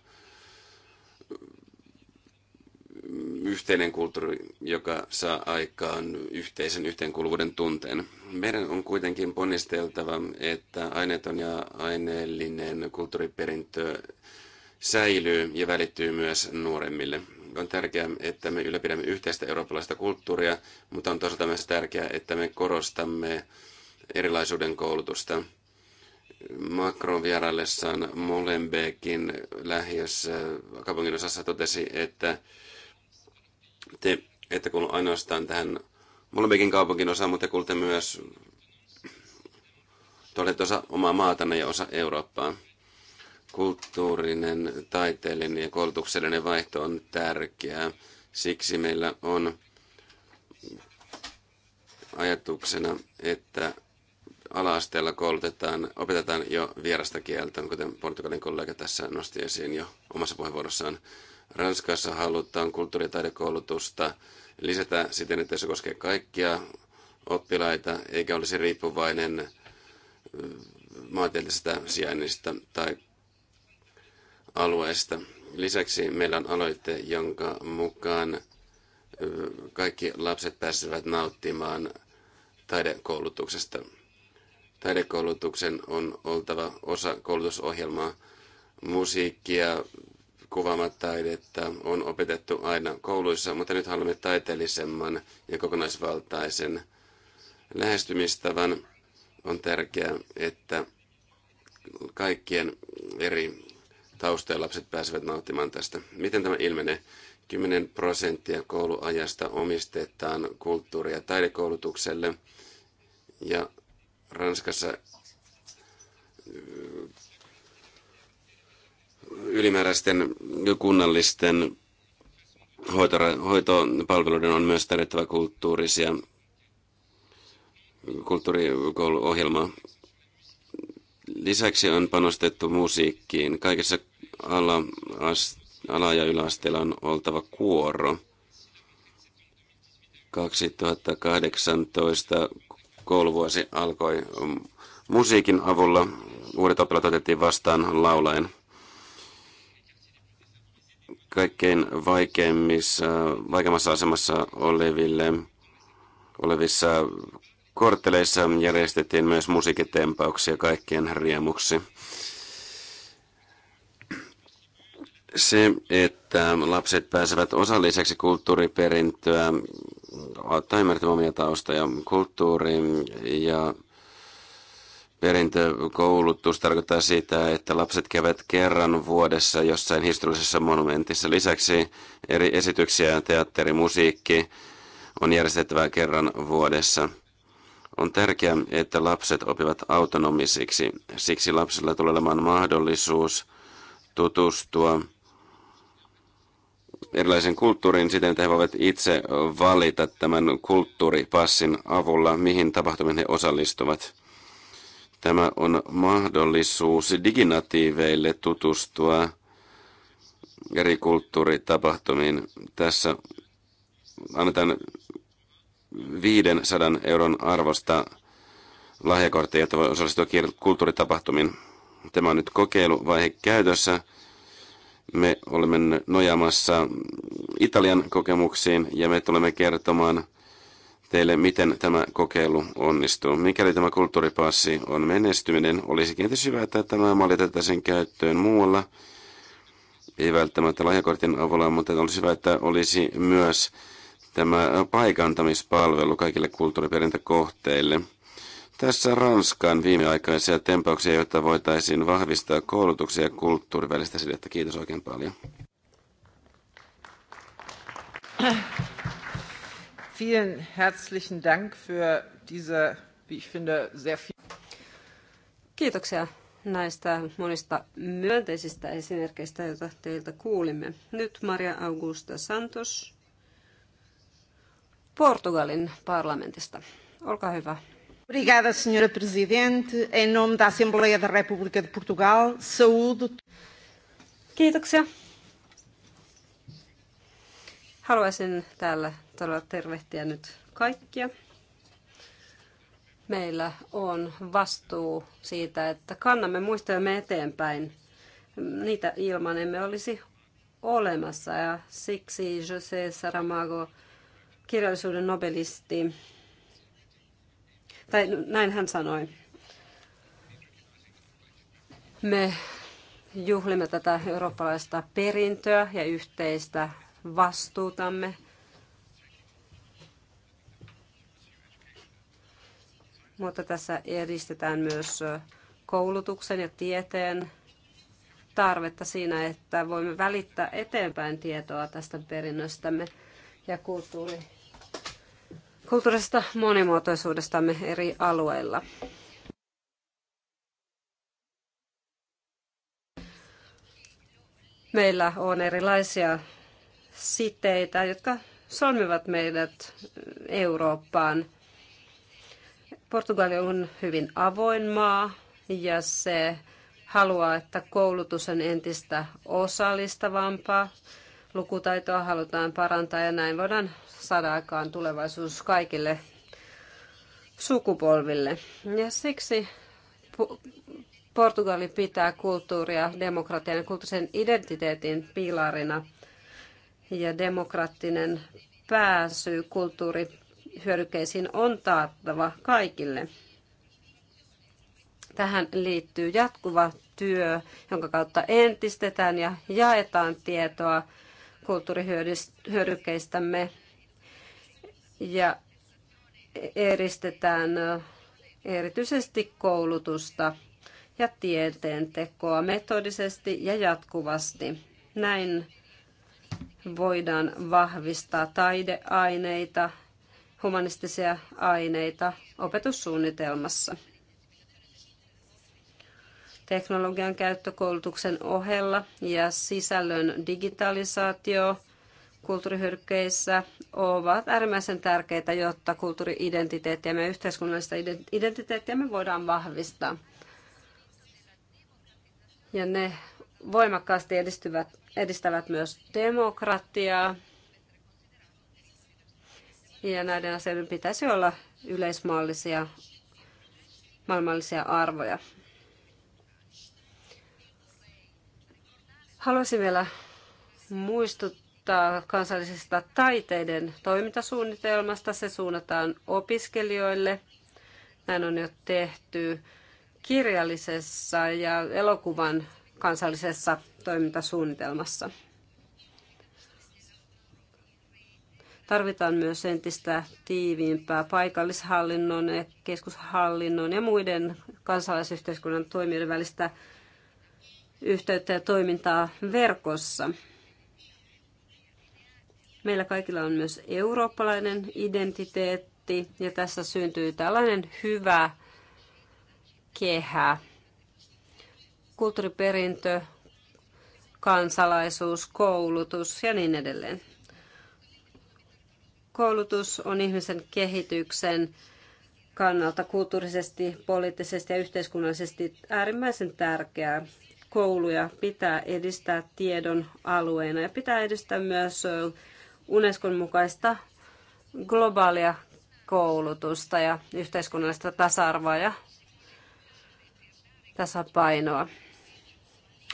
yhteinen kulttuuri, joka saa aikaan yhteisen yhteenkuuluvuuden tunteen. Meidän on kuitenkin ponnisteltava, että aineeton ja aineellinen kulttuuriperintö säilyy ja välittyy myös nuoremmille on tärkeää, että me ylläpidämme yhteistä eurooppalaista kulttuuria, mutta on toisaalta myös tärkeää, että me korostamme erilaisuuden koulutusta. Macron vieraillessaan Molenbeekin lähiössä kaupungin osassa totesi, että te että kuulu ainoastaan tähän Molenbeekin kaupungin osaan, mutta kuulte myös te osa omaa maatanne ja osa Eurooppaa. Kulttuurinen, taiteellinen ja koulutuksellinen vaihto on tärkeää. Siksi meillä on ajatuksena, että ala-asteella koulutetaan, opetetaan jo vierasta kieltä, kuten Portugalin kollega tässä nosti esiin jo omassa puheenvuorossaan. Ranskassa halutaan kulttuuri- ja taidekoulutusta lisätä siten, että se koskee kaikkia oppilaita, eikä olisi riippuvainen maantieteellisestä sijainnista tai alueesta. Lisäksi meillä on aloite, jonka mukaan kaikki lapset pääsevät nauttimaan taidekoulutuksesta. Taidekoulutuksen on oltava osa koulutusohjelmaa. Musiikkia, kuvaamataidetta on opetettu aina kouluissa, mutta nyt haluamme taiteellisemman ja kokonaisvaltaisen lähestymistavan. On tärkeää, että kaikkien eri lapset pääsevät nauttimaan tästä. Miten tämä ilmenee? 10 prosenttia kouluajasta omistetaan kulttuuri- ja taidekoulutukselle. Ja Ranskassa ylimääräisten kunnallisten hoitopalveluiden on myös tarjottava kulttuurisia kulttuurikouluohjelmaa. Lisäksi on panostettu musiikkiin. Kaikessa ala, as, ala- ja yläasteella on oltava kuoro. 2018 kouluvuosi alkoi musiikin avulla. Uudet oppilaat otettiin vastaan laulaen. Kaikkein vaikeimmissa, vaikeimmassa asemassa oleville, olevissa kortteleissa järjestettiin myös musiikitempauksia kaikkien riemuksi. Se, että lapset pääsevät osalliseksi kulttuuriperintöä, ottaa ymmärtämään omia taustoja. Kulttuuri ja perintökoulutus tarkoittaa sitä, että lapset käyvät kerran vuodessa jossain historiallisessa monumentissa. Lisäksi eri esityksiä, teatteri, musiikki on järjestettävä kerran vuodessa. On tärkeää, että lapset opivat autonomisiksi. Siksi lapsilla tulee olemaan mahdollisuus tutustua erilaisen kulttuuriin siten, että he voivat itse valita tämän kulttuuripassin avulla, mihin tapahtumiin he osallistuvat. Tämä on mahdollisuus diginatiiveille tutustua eri kulttuuritapahtumiin. Tässä annetaan 500 euron arvosta lahjakortteja, että voi osallistua kulttuuritapahtumiin. Tämä on nyt kokeiluvaihe käytössä me olemme nojaamassa Italian kokemuksiin ja me tulemme kertomaan teille, miten tämä kokeilu onnistuu. Mikäli tämä kulttuuripassi on menestyminen, olisi kenties hyvä, että tämä malli käyttöön muualla. Ei välttämättä lahjakortin avulla, mutta olisi hyvä, että olisi myös tämä paikantamispalvelu kaikille kulttuuriperintökohteille – tässä Ranskan viimeaikaisia tempauksia, joita voitaisiin vahvistaa koulutuksen ja kulttuurin välistä sidettä. Kiitos oikein paljon. Vielen herzlichen Dank für diese, wie ich finde, sehr viel. Kiitoksia näistä monista myönteisistä esimerkkeistä, joita teiltä kuulimme. Nyt Maria Augusta Santos Portugalin parlamentista. Olkaa hyvä. Obrigada, senhora presidente. Em nome da Assembleia da República de Portugal, saúdo. Kiitoksia. Haluaisin täällä todella tervehtiä nyt kaikkia. Meillä on vastuu siitä, että kannamme muistojamme eteenpäin. Niitä ilman emme olisi olemassa ja siksi José Saramago, kirjallisuuden nobelisti, tai näin hän sanoi. Me juhlimme tätä eurooppalaista perintöä ja yhteistä vastuutamme. Mutta tässä edistetään myös koulutuksen ja tieteen tarvetta siinä, että voimme välittää eteenpäin tietoa tästä perinnöstämme ja kulttuuri- kulttuurisesta monimuotoisuudestamme eri alueilla. Meillä on erilaisia siteitä, jotka solmivat meidät Eurooppaan. Portugali on hyvin avoin maa ja se haluaa, että koulutus on entistä osallistavampaa lukutaitoa halutaan parantaa ja näin voidaan saada aikaan tulevaisuus kaikille sukupolville. Ja siksi Portugali pitää kulttuuria demokratian ja kulttuurisen identiteetin pilarina ja demokraattinen pääsy kulttuurihyödykkeisiin on taattava kaikille. Tähän liittyy jatkuva työ, jonka kautta entistetään ja jaetaan tietoa kulttuurihyödykkeistämme ja eristetään erityisesti koulutusta ja tieteen tekoa metodisesti ja jatkuvasti. Näin voidaan vahvistaa taideaineita, humanistisia aineita opetussuunnitelmassa teknologian käyttökoulutuksen ohella ja sisällön digitalisaatio kulttuurihyrkkeissä ovat äärimmäisen tärkeitä, jotta kulttuuriidentiteettiä ja yhteiskunnallista me voidaan vahvistaa. Ja ne voimakkaasti edistyvät, edistävät myös demokratiaa. Ja näiden asioiden pitäisi olla yleismaallisia, maailmallisia arvoja. Haluaisin vielä muistuttaa kansallisesta taiteiden toimintasuunnitelmasta. Se suunnataan opiskelijoille. Näin on jo tehty kirjallisessa ja elokuvan kansallisessa toimintasuunnitelmassa. Tarvitaan myös entistä tiiviimpää paikallishallinnon, keskushallinnon ja muiden kansalaisyhteiskunnan toimijoiden välistä yhteyttä ja toimintaa verkossa. Meillä kaikilla on myös eurooppalainen identiteetti ja tässä syntyy tällainen hyvä kehä. Kulttuuriperintö, kansalaisuus, koulutus ja niin edelleen. Koulutus on ihmisen kehityksen kannalta kulttuurisesti, poliittisesti ja yhteiskunnallisesti äärimmäisen tärkeää kouluja pitää edistää tiedon alueena ja pitää edistää myös Unescon mukaista globaalia koulutusta ja yhteiskunnallista tasa-arvoa ja tasapainoa.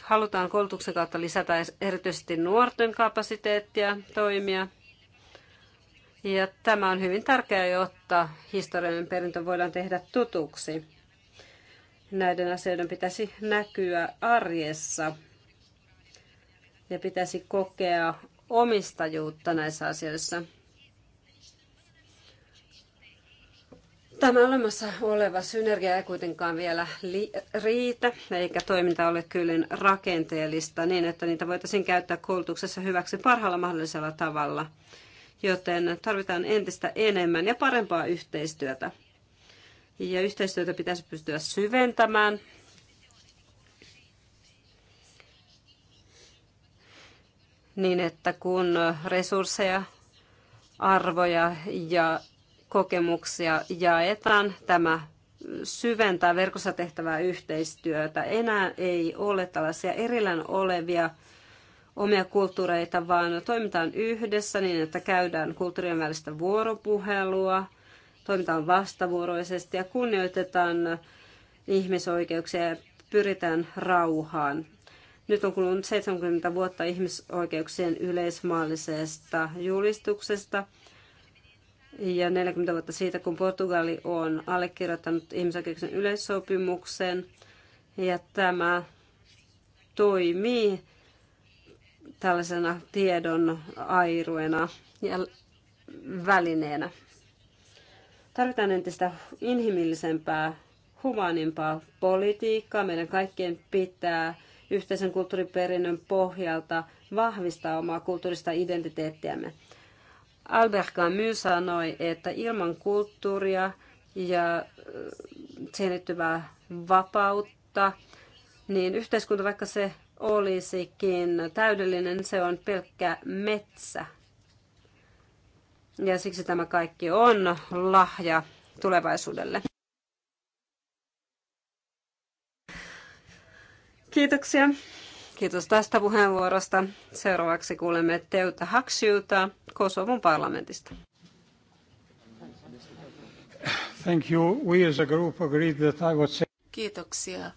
Halutaan koulutuksen kautta lisätä erityisesti nuorten kapasiteettia toimia. Ja tämä on hyvin tärkeää, jotta historiallinen perintö voidaan tehdä tutuksi näiden asioiden pitäisi näkyä arjessa ja pitäisi kokea omistajuutta näissä asioissa. Tämä olemassa oleva synergia ei kuitenkaan vielä riitä, eikä toiminta ole kyllin rakenteellista niin, että niitä voitaisiin käyttää koulutuksessa hyväksi parhaalla mahdollisella tavalla. Joten tarvitaan entistä enemmän ja parempaa yhteistyötä ja yhteistyötä pitäisi pystyä syventämään. Niin, että kun resursseja, arvoja ja kokemuksia jaetaan, tämä syventää verkossa tehtävää yhteistyötä. Enää ei ole tällaisia erillään olevia omia kulttuureita, vaan toimitaan yhdessä niin, että käydään kulttuurien välistä vuoropuhelua – toimitaan vastavuoroisesti ja kunnioitetaan ihmisoikeuksia ja pyritään rauhaan. Nyt on kulunut 70 vuotta ihmisoikeuksien yleismaallisesta julistuksesta ja 40 vuotta siitä, kun Portugali on allekirjoittanut ihmisoikeuksien yleissopimuksen. Ja tämä toimii tällaisena tiedon airuena ja välineenä. Tarvitaan entistä inhimillisempää, humanimpaa politiikkaa. Meidän kaikkien pitää yhteisen kulttuuriperinnön pohjalta vahvistaa omaa kulttuurista identiteettiämme. Albert Camus sanoi, että ilman kulttuuria ja äh, siihen liittyvää vapautta, niin yhteiskunta, vaikka se olisikin täydellinen, se on pelkkä metsä. Ja siksi tämä kaikki on lahja tulevaisuudelle. Kiitoksia. Kiitos tästä puheenvuorosta. Seuraavaksi kuulemme Teuta Haksiuta Kosovon parlamentista. Thank you. We as a group agreed that I would say... Kiitoksia.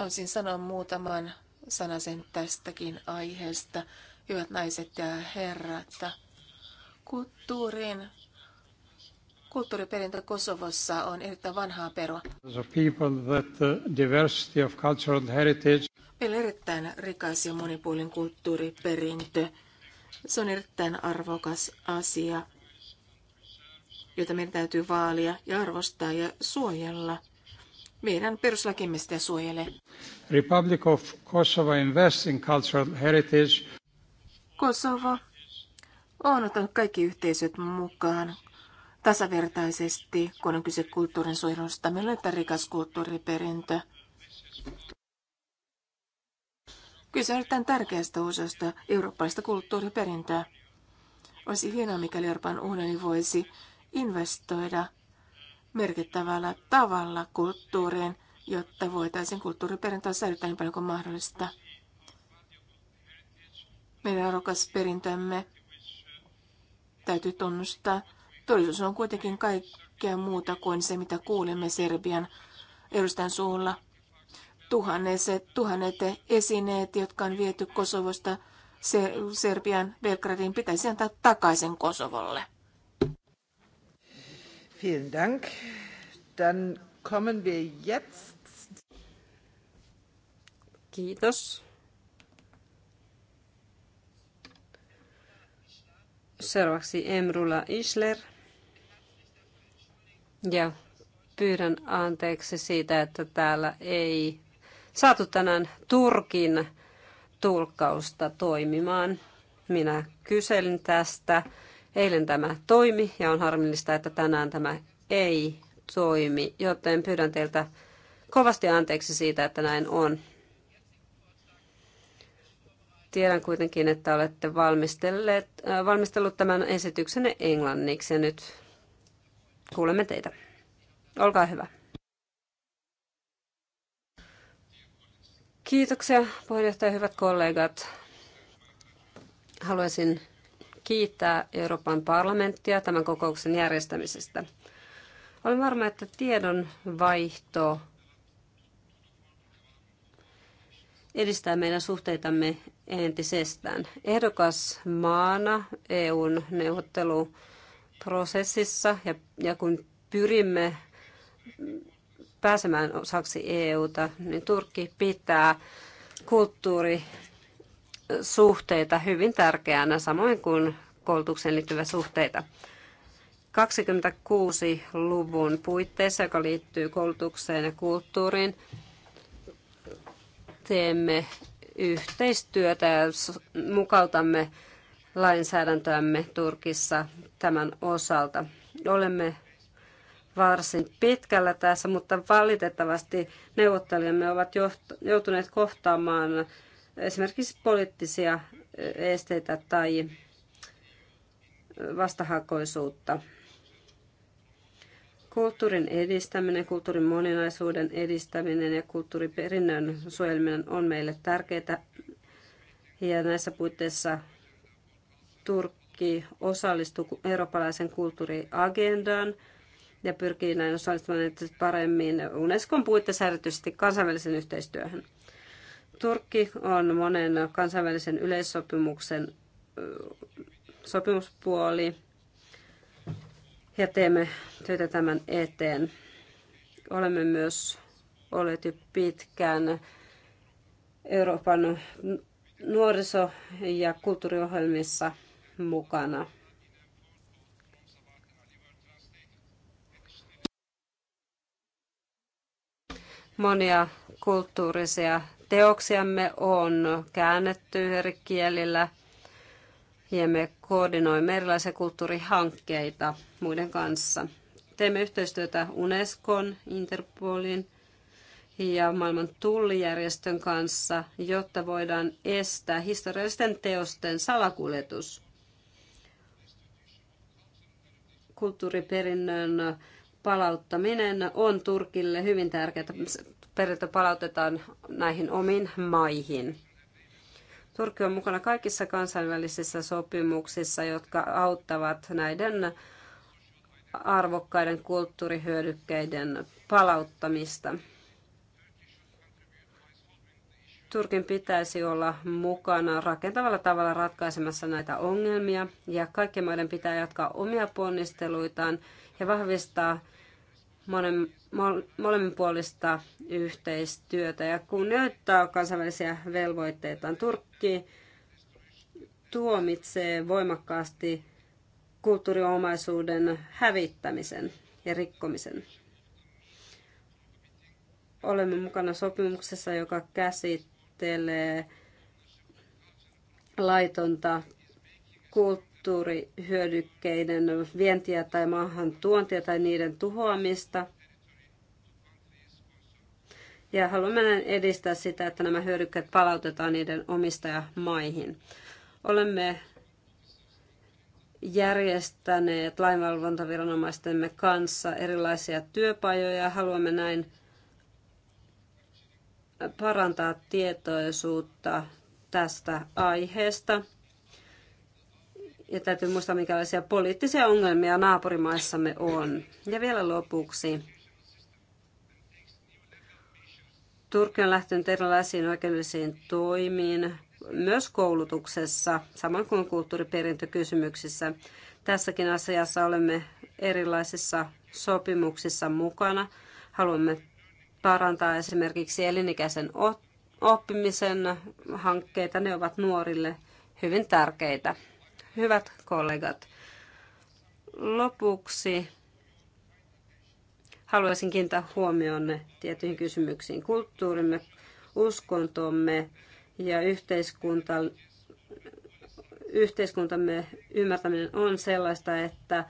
Olisin sanoa muutaman sanasen tästäkin aiheesta hyvät naiset ja herrat. Kulttuurin, kulttuuriperintö Kosovossa on erittäin vanhaa perua. Meillä on erittäin rikas ja monipuolinen kulttuuriperintö. Se on erittäin arvokas asia, jota meidän täytyy vaalia ja arvostaa ja suojella. Meidän peruslakimme sitä suojelee. Republic of Kosovo invests in cultural heritage Kosovo on ottanut kaikki yhteisöt mukaan tasavertaisesti, kun on kyse kulttuurin suojelusta. Meillä on rikas kulttuuriperintö. Kyse on erittäin tärkeästä osasta eurooppalaista kulttuuriperintöä. Olisi hienoa, mikäli Euroopan unioni voisi investoida merkittävällä tavalla kulttuuriin, jotta voitaisiin kulttuuriperintöä säilyttää niin paljon kuin mahdollista meidän rakas perintömme täytyy tunnustaa. Todellisuus on kuitenkin kaikkea muuta kuin se, mitä kuulemme Serbian edustajan suulla. Tuhannet, tuhannet esineet, jotka on viety Kosovosta Serbian Belgradin, pitäisi antaa takaisin Kosovolle. Vielen Dank. Dann kommen wir jetzt. Kiitos. Seuraavaksi Emrula Isler. Ja pyydän anteeksi siitä, että täällä ei saatu tänään Turkin tulkkausta toimimaan. Minä kyselin tästä. Eilen tämä toimi ja on harmillista, että tänään tämä ei toimi, joten pyydän teiltä kovasti anteeksi siitä, että näin on. Tiedän kuitenkin, että olette valmistelleet, äh, valmistellut tämän esityksenne englanniksi ja nyt kuulemme teitä. Olkaa hyvä. Kiitoksia puheenjohtaja hyvät kollegat. Haluaisin kiittää Euroopan parlamenttia tämän kokouksen järjestämisestä. Olen varma, että tiedon vaihto edistää meidän suhteitamme entisestään. Ehdokas maana EUn neuvotteluprosessissa ja, ja kun pyrimme pääsemään osaksi EUta, niin Turkki pitää kulttuurisuhteita hyvin tärkeänä, samoin kuin koulutukseen liittyviä suhteita. 26-luvun puitteissa, joka liittyy koulutukseen ja kulttuuriin, teemme yhteistyötä ja mukautamme lainsäädäntöämme Turkissa tämän osalta. Olemme varsin pitkällä tässä, mutta valitettavasti neuvottelijamme ovat joutuneet kohtaamaan esimerkiksi poliittisia esteitä tai vastahakoisuutta. Kulttuurin edistäminen, kulttuurin moninaisuuden edistäminen ja kulttuuriperinnön suojelminen on meille tärkeää. Ja näissä puitteissa Turkki osallistuu eurooppalaisen kulttuuriagendaan ja pyrkii näin osallistumaan paremmin Unescon puitteissa erityisesti kansainvälisen yhteistyöhön. Turkki on monen kansainvälisen yleissopimuksen sopimuspuoli ja teemme töitä tämän eteen. Olemme myös olleet jo pitkään Euroopan nuoriso- ja kulttuuriohjelmissa mukana. Monia kulttuurisia teoksiamme on käännetty eri kielillä – ja me koordinoimme erilaisia kulttuurihankkeita muiden kanssa. Teemme yhteistyötä Unescon, Interpolin ja maailman tullijärjestön kanssa, jotta voidaan estää historiallisten teosten salakuljetus. Kulttuuriperinnön palauttaminen on Turkille hyvin tärkeää. Perintö palautetaan näihin omiin maihin. Turkki on mukana kaikissa kansainvälisissä sopimuksissa, jotka auttavat näiden arvokkaiden kulttuurihyödykkeiden palauttamista. Turkin pitäisi olla mukana rakentavalla tavalla ratkaisemassa näitä ongelmia ja kaikkien maiden pitää jatkaa omia ponnisteluitaan ja vahvistaa monen molemminpuolista yhteistyötä ja kunnioittaa kansainvälisiä velvoitteitaan. Turkki tuomitsee voimakkaasti kulttuuriomaisuuden hävittämisen ja rikkomisen. Olemme mukana sopimuksessa, joka käsittelee laitonta kulttuurihyödykkeiden vientiä tai maahan tuontia tai niiden tuhoamista – ja haluamme edistää sitä, että nämä hyödykkeet palautetaan niiden omistajamaihin. Olemme järjestäneet lainvalvontaviranomaistemme kanssa erilaisia työpajoja ja haluamme näin parantaa tietoisuutta tästä aiheesta. Ja täytyy muistaa, minkälaisia poliittisia ongelmia naapurimaissamme on. Ja vielä lopuksi Turkki on lähtenyt erilaisiin oikeudellisiin toimiin myös koulutuksessa, samoin kuin kulttuuriperintökysymyksissä. Tässäkin asiassa olemme erilaisissa sopimuksissa mukana. Haluamme parantaa esimerkiksi elinikäisen oppimisen hankkeita. Ne ovat nuorille hyvin tärkeitä. Hyvät kollegat, lopuksi haluaisin kiinnittää huomionne tiettyihin kysymyksiin. Kulttuurimme, uskontomme ja yhteiskunta, yhteiskuntamme ymmärtäminen on sellaista, että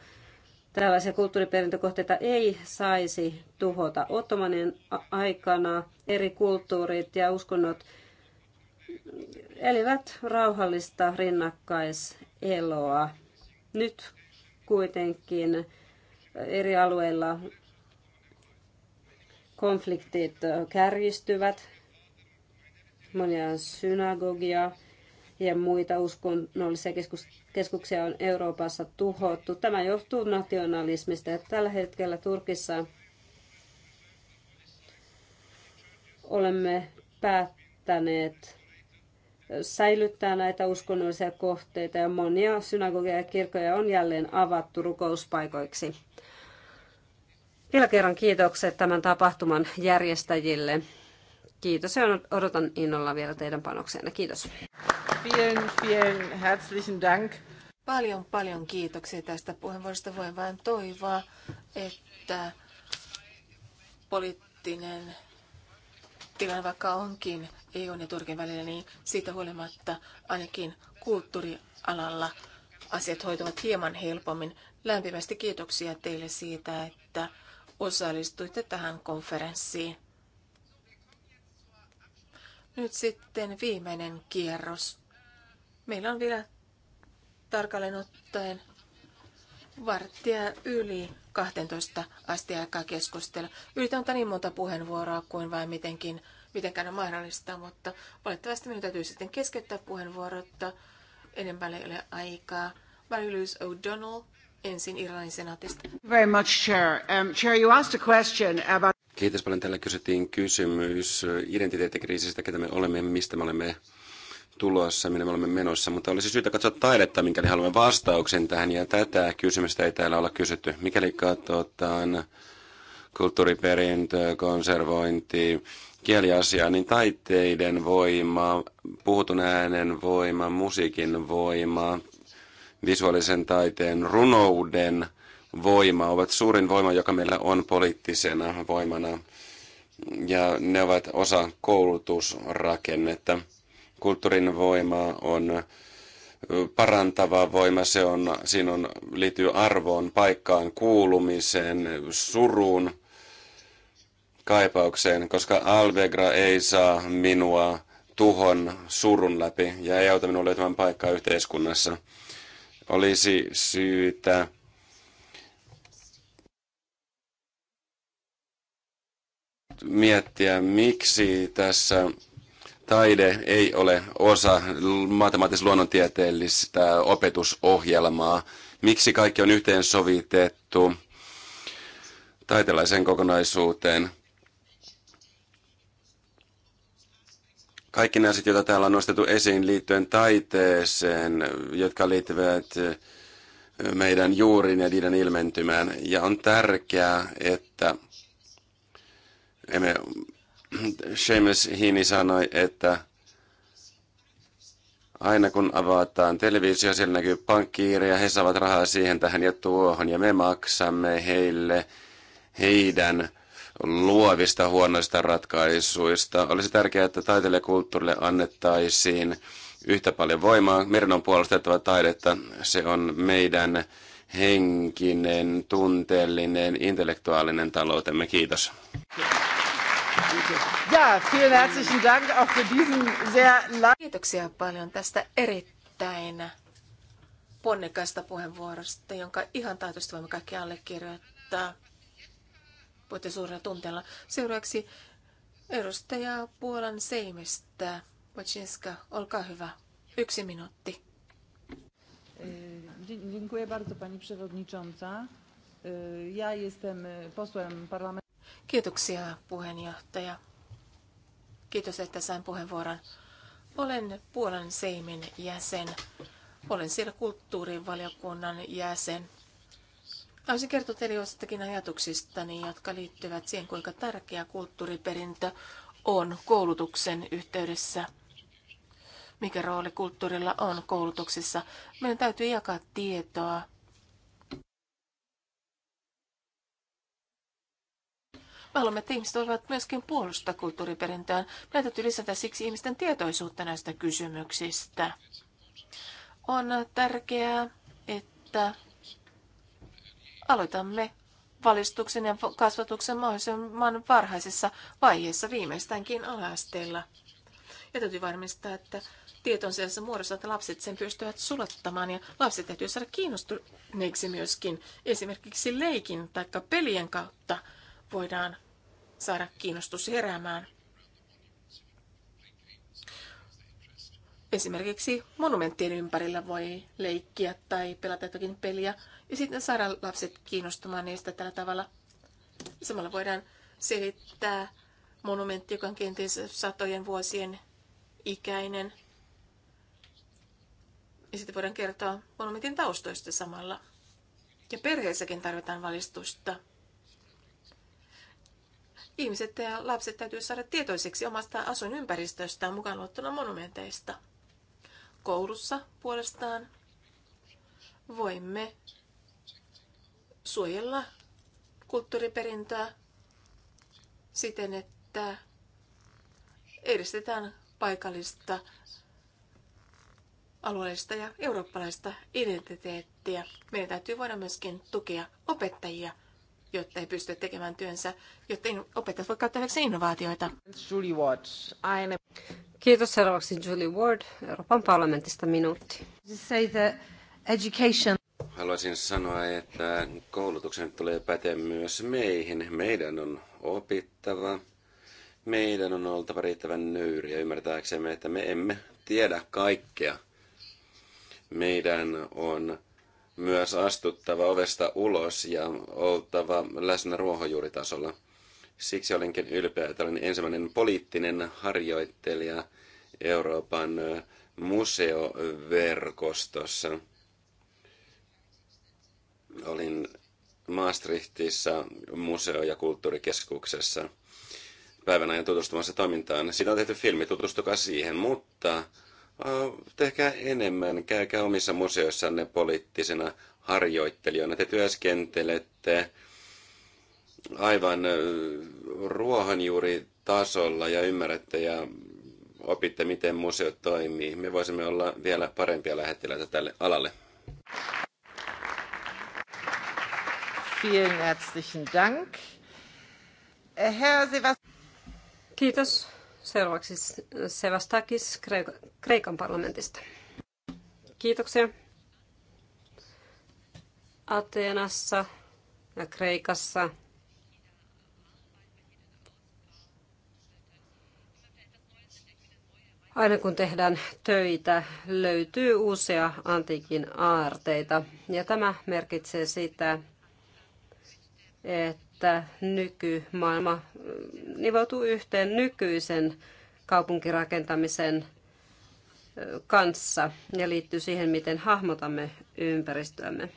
tällaisia kulttuuriperintökohteita ei saisi tuhota. Ottomanin aikana eri kulttuurit ja uskonnot elivät rauhallista rinnakkaiseloa. Nyt kuitenkin eri alueilla konfliktit kärjistyvät, monia synagogia ja muita uskonnollisia keskuksia on Euroopassa tuhottu. Tämä johtuu nationalismista ja tällä hetkellä Turkissa olemme päättäneet säilyttää näitä uskonnollisia kohteita ja monia synagogia ja kirkkoja on jälleen avattu rukouspaikoiksi. Vielä kerran kiitokset tämän tapahtuman järjestäjille. Kiitos ja odotan innolla vielä teidän panoksenne. Kiitos. Vielen, vielen herzlichen Dank. Paljon, paljon kiitoksia tästä puheenvuorosta. Voin vain toivoa, että poliittinen tilanne, vaikka onkin EUn ja Turkin välillä, niin siitä huolimatta ainakin kulttuurialalla asiat hoituvat hieman helpommin. Lämpimästi kiitoksia teille siitä, että osallistuitte tähän konferenssiin. Nyt sitten viimeinen kierros. Meillä on vielä tarkalleen ottaen varttia yli 12 asti aikaa keskustella. Yritän ottaa niin monta puheenvuoroa kuin vain mitenkin, mitenkään on mahdollista, mutta valitettavasti minun täytyy sitten keskeyttää puheenvuorot, enemmän ei ole aikaa. Marilys O'Donnell ensin Irlannin senaatista. Very much, Chair. Um, chair, you asked a question about... Kiitos paljon. Täällä kysyttiin kysymys identiteettikriisistä, ketä me olemme, mistä me olemme tulossa, minne me olemme menossa, mutta olisi syytä katsoa taidetta, mikäli haluamme vastauksen tähän, ja tätä kysymystä ei täällä olla kysytty. Mikäli katsotaan kulttuuriperintö, konservointi, kieliasia, niin taiteiden voima, puhutun äänen voima, musiikin voima, visuaalisen taiteen runouden voima ovat suurin voima, joka meillä on poliittisena voimana. Ja ne ovat osa koulutusrakennetta. Kulttuurin voima on parantava voima, se on, siinä on, liittyy arvoon, paikkaan, kuulumiseen, suruun, kaipaukseen, koska Alvegra ei saa minua tuhon surun läpi ja ei auta minua löytämään paikkaa yhteiskunnassa olisi syytä miettiä, miksi tässä taide ei ole osa matemaattis-luonnontieteellistä opetusohjelmaa. Miksi kaikki on yhteensovitettu taitelaiseen kokonaisuuteen? kaikki nämä asiat, joita täällä on nostettu esiin liittyen taiteeseen, jotka liittyvät meidän juuriin ja niiden ilmentymään. Ja on tärkeää, että emme, Seamus Heaney sanoi, että aina kun avataan televisio, siellä näkyy pankkiiri ja he saavat rahaa siihen tähän ja tuohon ja me maksamme heille heidän luovista huonoista ratkaisuista. Olisi tärkeää, että taiteelle kulttuurille annettaisiin yhtä paljon voimaa. Meidän on puolustettava taidetta. Se on meidän henkinen, tunteellinen, intellektuaalinen taloutemme. Kiitos. Ja, Kiitoksia paljon tästä erittäin ponnekasta puheenvuorosta, jonka ihan taitoista voimme kaikki allekirjoittaa puhutte suurella tunteella. Seuraavaksi edustaja Puolan Seimestä. Wacinska, olkaa hyvä. Yksi minuutti. E, dziękuję bardzo pani przewodnicząca. E, ja jestem posłem parlamentu. Kiitoksia puheenjohtaja. Kiitos, että sain puheenvuoron. Olen Puolan Seimin jäsen. Olen siellä kulttuurivaliokunnan jäsen. Haluaisin kertoa teille joistakin ajatuksistani, jotka liittyvät siihen, kuinka tärkeä kulttuuriperintö on koulutuksen yhteydessä. Mikä rooli kulttuurilla on koulutuksessa? Meidän täytyy jakaa tietoa. Me haluamme, että ihmiset voivat myöskin puolustaa kulttuuriperintöään. Meidän täytyy lisätä siksi ihmisten tietoisuutta näistä kysymyksistä. On tärkeää, että Aloitamme valistuksen ja kasvatuksen mahdollisimman varhaisessa vaiheessa viimeistäänkin alaasteella. Ja täytyy varmistaa, että tieton seassa muodossa, että lapset sen pystyvät sulattamaan ja lapset täytyy saada kiinnostuneeksi myöskin. Esimerkiksi leikin tai pelien kautta voidaan saada kiinnostus heräämään. Esimerkiksi monumenttien ympärillä voi leikkiä tai pelata jotakin peliä, ja sitten saada lapset kiinnostumaan niistä tällä tavalla. Samalla voidaan selittää monumentti, joka on kenties satojen vuosien ikäinen. Ja sitten voidaan kertoa monumentin taustoista samalla. Ja perheessäkin tarvitaan valistusta. Ihmiset ja lapset täytyy saada tietoiseksi omasta asuinympäristöstään mukaan luottuna monumenteista. Koulussa puolestaan voimme suojella kulttuuriperintöä siten, että edistetään paikallista, alueellista ja eurooppalaista identiteettiä. Meidän täytyy voida myöskin tukea opettajia, jotta ei pysty tekemään työnsä, jotta opettajat voi käyttää innovaatioita. Julie Ward, aina. Kiitos seuraavaksi Julie Ward, Euroopan parlamentista minuutti. Education haluaisin sanoa, että koulutuksen tulee päteä myös meihin. Meidän on opittava. Meidän on oltava riittävän nöyriä ymmärtääksemme, että me emme tiedä kaikkea. Meidän on myös astuttava ovesta ulos ja oltava läsnä ruohonjuuritasolla. Siksi olenkin ylpeä, että olen ensimmäinen poliittinen harjoittelija Euroopan museoverkostossa – Olin Maastrichtissa museo- ja kulttuurikeskuksessa päivän ajan tutustumassa toimintaan. Siitä on tehty filmi, tutustukaa siihen, mutta tehkää enemmän, käykää omissa museoissanne poliittisena harjoittelijana. Te työskentelette aivan ruohonjuuritasolla ja ymmärrätte ja opitte, miten museo toimii. Me voisimme olla vielä parempia lähettiläitä tälle alalle. Vielen herzlichen Dank. Äh, Herr Kiitos. Seuraavaksi Sevastakis Kreikan parlamentista. Kiitoksia. Ateenassa ja Kreikassa Aina kun tehdään töitä, löytyy uusia antiikin aarteita. Ja tämä merkitsee sitä, että nykymaailma mm, nivoutuu yhteen nykyisen kaupunkirakentamisen kanssa ja liittyy siihen, miten hahmotamme ympäristöämme.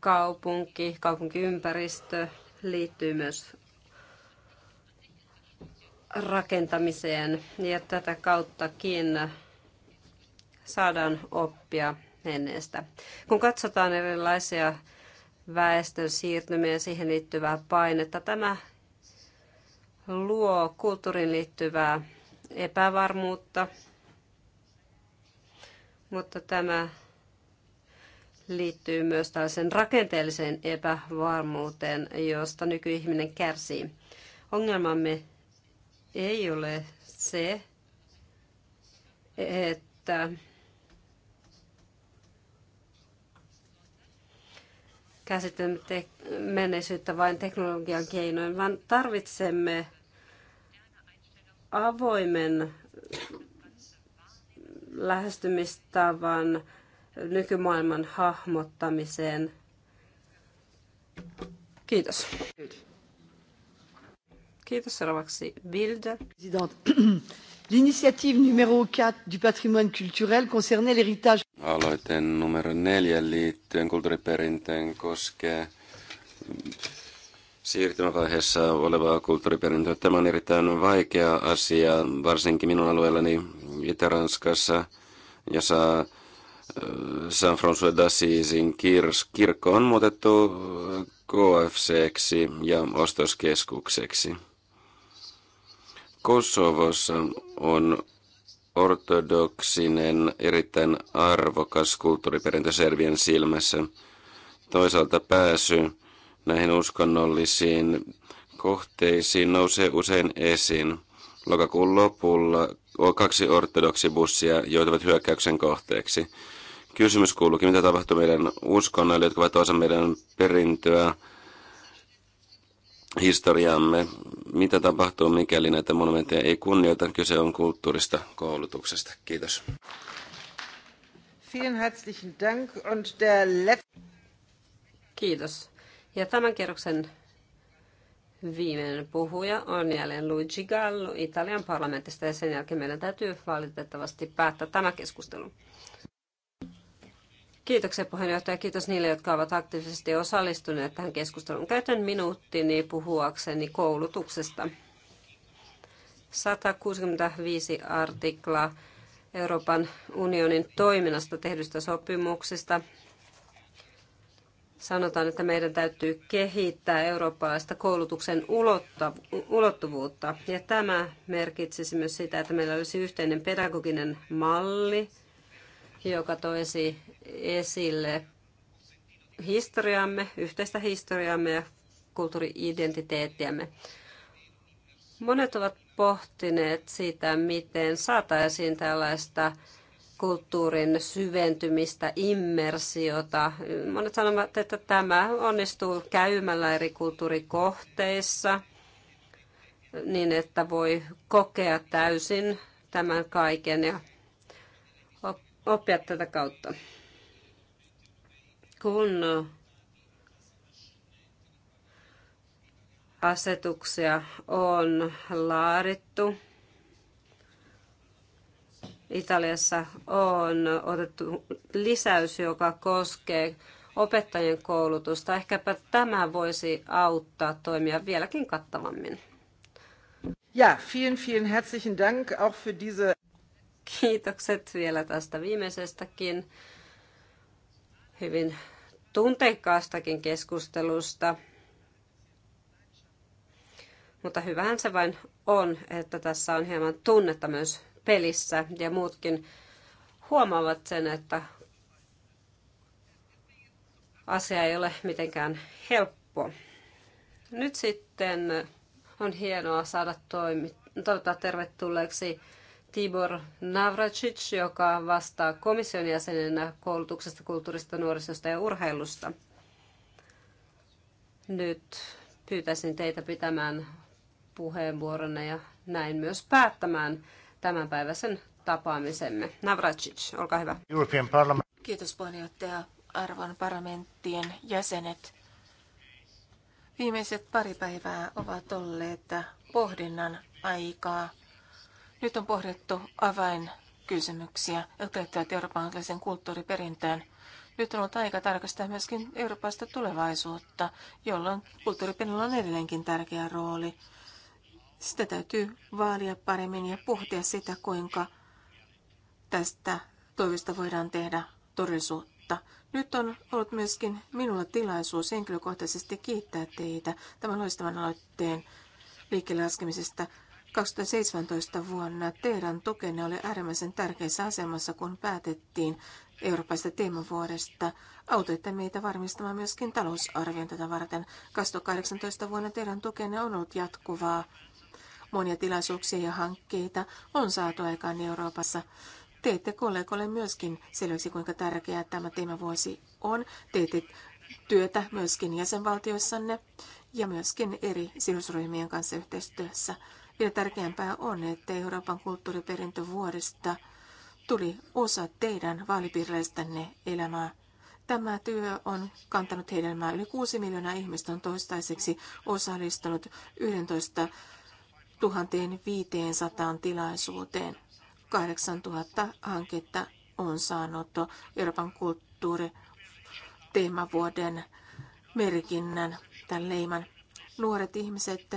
Kaupunki, kaupunkiympäristö liittyy myös rakentamiseen ja tätä kauttakin saadaan oppia menneestä. Kun katsotaan erilaisia väestön siirtymiä ja siihen liittyvää painetta, tämä luo kulttuuriin liittyvää epävarmuutta, mutta tämä liittyy myös tällaiseen rakenteelliseen epävarmuuteen, josta nykyihminen kärsii. Ongelmamme ei ole se, että käsitämme te- menneisyyttä vain teknologian keinoin, vaan tarvitsemme avoimen lähestymistavan nykymaailman hahmottamiseen. Kiitos. Kiitos seuraavaksi Vilde. L'initiative numero 4 du patrimoine culturel concernait l'héritage. Aloite numero 4 liittyen kulttuuriperinteen koskee siirtymävaiheessa olevaa kulttuuriperintöä. Tämä on erittäin vaikea asia, varsinkin minun alueellani Itä-Ranskassa, jossa äh, San François d'Assisin kirkko on muutettu KFCksi ja ostoskeskukseksi. Kosovossa on ortodoksinen, erittäin arvokas kulttuuriperintö Servien silmässä. Toisaalta pääsy näihin uskonnollisiin kohteisiin nousee usein esiin. Lokakuun lopulla kaksi ortodoksibussia joutuvat hyökkäyksen kohteeksi. Kysymys kuuluukin, mitä tapahtuu meidän uskonnoille, jotka ovat osa meidän perintöä, historiaamme. Mitä tapahtuu, mikäli näitä monumentteja ei kunnioita? Kyse on kulttuurista koulutuksesta. Kiitos. Kiitos. Ja tämän kerroksen viimeinen puhuja on jälleen Luigi Gallo Italian parlamentista ja sen jälkeen meidän täytyy valitettavasti päättää tämä keskustelu. Kiitoksia puheenjohtaja. Kiitos niille, jotka ovat aktiivisesti osallistuneet tähän keskusteluun. Käytän minuuttini puhuakseni koulutuksesta. 165 artikla Euroopan unionin toiminnasta tehdystä sopimuksista. Sanotaan, että meidän täytyy kehittää eurooppalaista koulutuksen ulottuvuutta. Ja tämä merkitsisi myös sitä, että meillä olisi yhteinen pedagoginen malli, joka toisi esille historiamme, yhteistä historiamme ja kulttuuriidentiteettiämme. Monet ovat pohtineet sitä, miten saataisiin tällaista kulttuurin syventymistä, immersiota. Monet sanovat, että tämä onnistuu käymällä eri kulttuurikohteissa niin, että voi kokea täysin tämän kaiken ja oppia tätä kautta kun asetuksia on laadittu. Italiassa on otettu lisäys, joka koskee opettajien koulutusta. Ehkäpä tämä voisi auttaa toimia vieläkin kattavammin. Ja, vielen, vielen herzlichen Dank auch für diese... Kiitokset vielä tästä viimeisestäkin hyvin tunteikkaastakin keskustelusta. Mutta hyvähän se vain on, että tässä on hieman tunnetta myös pelissä ja muutkin huomaavat sen, että asia ei ole mitenkään helppo. Nyt sitten on hienoa saada toimi, toivottaa tervetulleeksi Tibor Navracic, joka vastaa komission jäsenenä koulutuksesta, kulttuurista, nuorisosta ja urheilusta. Nyt pyytäisin teitä pitämään puheenvuoronne ja näin myös päättämään tämänpäiväisen tapaamisemme. Navracic, olkaa hyvä. European Parliament. Kiitos puheenjohtaja, arvon parlamenttien jäsenet. Viimeiset pari päivää ovat olleet pohdinnan aikaa nyt on pohdittu avainkysymyksiä, jotka liittyvät eurooppalaisen kulttuuriperintöön. Nyt on ollut aika tarkastaa myöskin eurooppalaista tulevaisuutta, jolloin kulttuuriperinnöllä on edelleenkin tärkeä rooli. Sitä täytyy vaalia paremmin ja pohtia sitä, kuinka tästä toivosta voidaan tehdä todellisuutta. Nyt on ollut myöskin minulla tilaisuus henkilökohtaisesti kiittää teitä tämän loistavan aloitteen liikkeelle laskemisesta. 2017 vuonna teidän tukenne oli äärimmäisen tärkeässä asemassa, kun päätettiin Euroopasta teemavuodesta. Autoitte meitä varmistamaan myöskin talousarvion tätä varten. 2018 vuonna teidän tukenne on ollut jatkuvaa. Monia tilaisuuksia ja hankkeita on saatu aikaan Euroopassa. Teette kollegoille myöskin selväksi, kuinka tärkeää tämä teemavuosi on. Teette työtä myöskin jäsenvaltioissanne ja myöskin eri sidosryhmien kanssa yhteistyössä. Vielä tärkeämpää on, että Euroopan kulttuuriperintövuodesta tuli osa teidän vaalipiireistänne elämää. Tämä työ on kantanut hedelmää. Yli 6 miljoonaa ihmistä on toistaiseksi osallistunut 11 500 tilaisuuteen. 8000 hanketta on saanut Euroopan kulttuuri teemavuoden merkinnän, tämän leiman. Nuoret ihmiset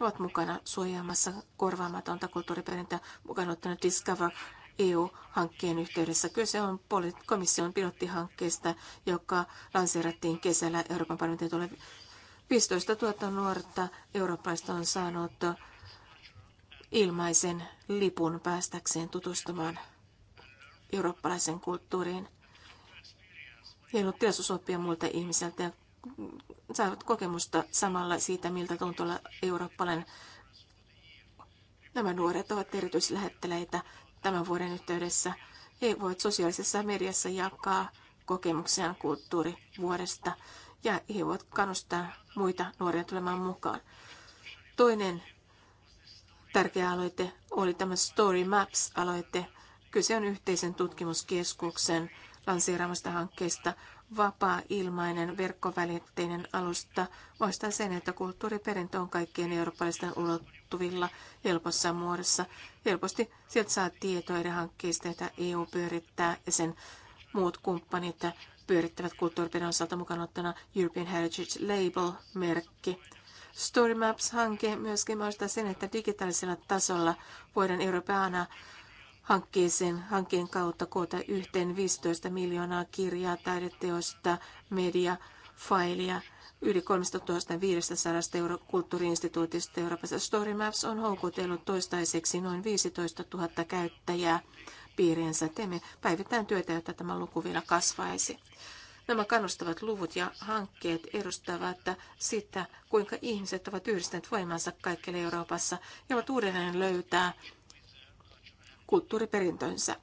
ovat mukana suojaamassa korvaamatonta kulttuuriperintöä mukaan ottanut Discover EU-hankkeen yhteydessä. Kyse on komission pilottihankkeesta, joka lanseerattiin kesällä Euroopan parlamentin tulee 15 000 nuorta eurooppalaista on saanut ilmaisen lipun päästäkseen tutustumaan eurooppalaisen kulttuuriin. Heillä on tilaisuus oppia muilta ihmisiltä ja saanut kokemusta samalla siitä, miltä tuntuu olla eurooppalainen. Nämä nuoret ovat erityislähetteleitä tämän vuoden yhteydessä. He voivat sosiaalisessa mediassa jakaa kokemuksiaan kulttuurivuodesta ja he voivat kannustaa muita nuoria tulemaan mukaan. Toinen tärkeä aloite oli tämä Story Maps-aloite. Kyse on yhteisen tutkimuskeskuksen lanseeraamasta hankkeesta, vapaa-ilmainen verkkovälitteinen alusta vastaa sen, että kulttuuriperintö on kaikkien eurooppalaisten ulottuvilla helpossa muodossa. Helposti sieltä saa tietoa eri hankkeista, joita EU pyörittää ja sen muut kumppanit pyörittävät kulttuuriperinnön osalta mukaan ottana European Heritage Label-merkki. Story Maps-hanke myöskin mahdollistaa sen, että digitaalisella tasolla voidaan Euroopan hankkeeseen, hankkeen kautta koota yhteen 15 miljoonaa kirjaa, taideteosta, media, failia, yli 3500 euro kulttuuriinstituutista Euroopassa. Storymaps on houkutellut toistaiseksi noin 15 000 käyttäjää piiriinsä. Teemme päivittäin työtä, jotta tämä luku vielä kasvaisi. Nämä kannustavat luvut ja hankkeet edustavat sitä, kuinka ihmiset ovat yhdistäneet voimansa kaikille Euroopassa ja ovat uudelleen löytää kulttuuriperintönsä.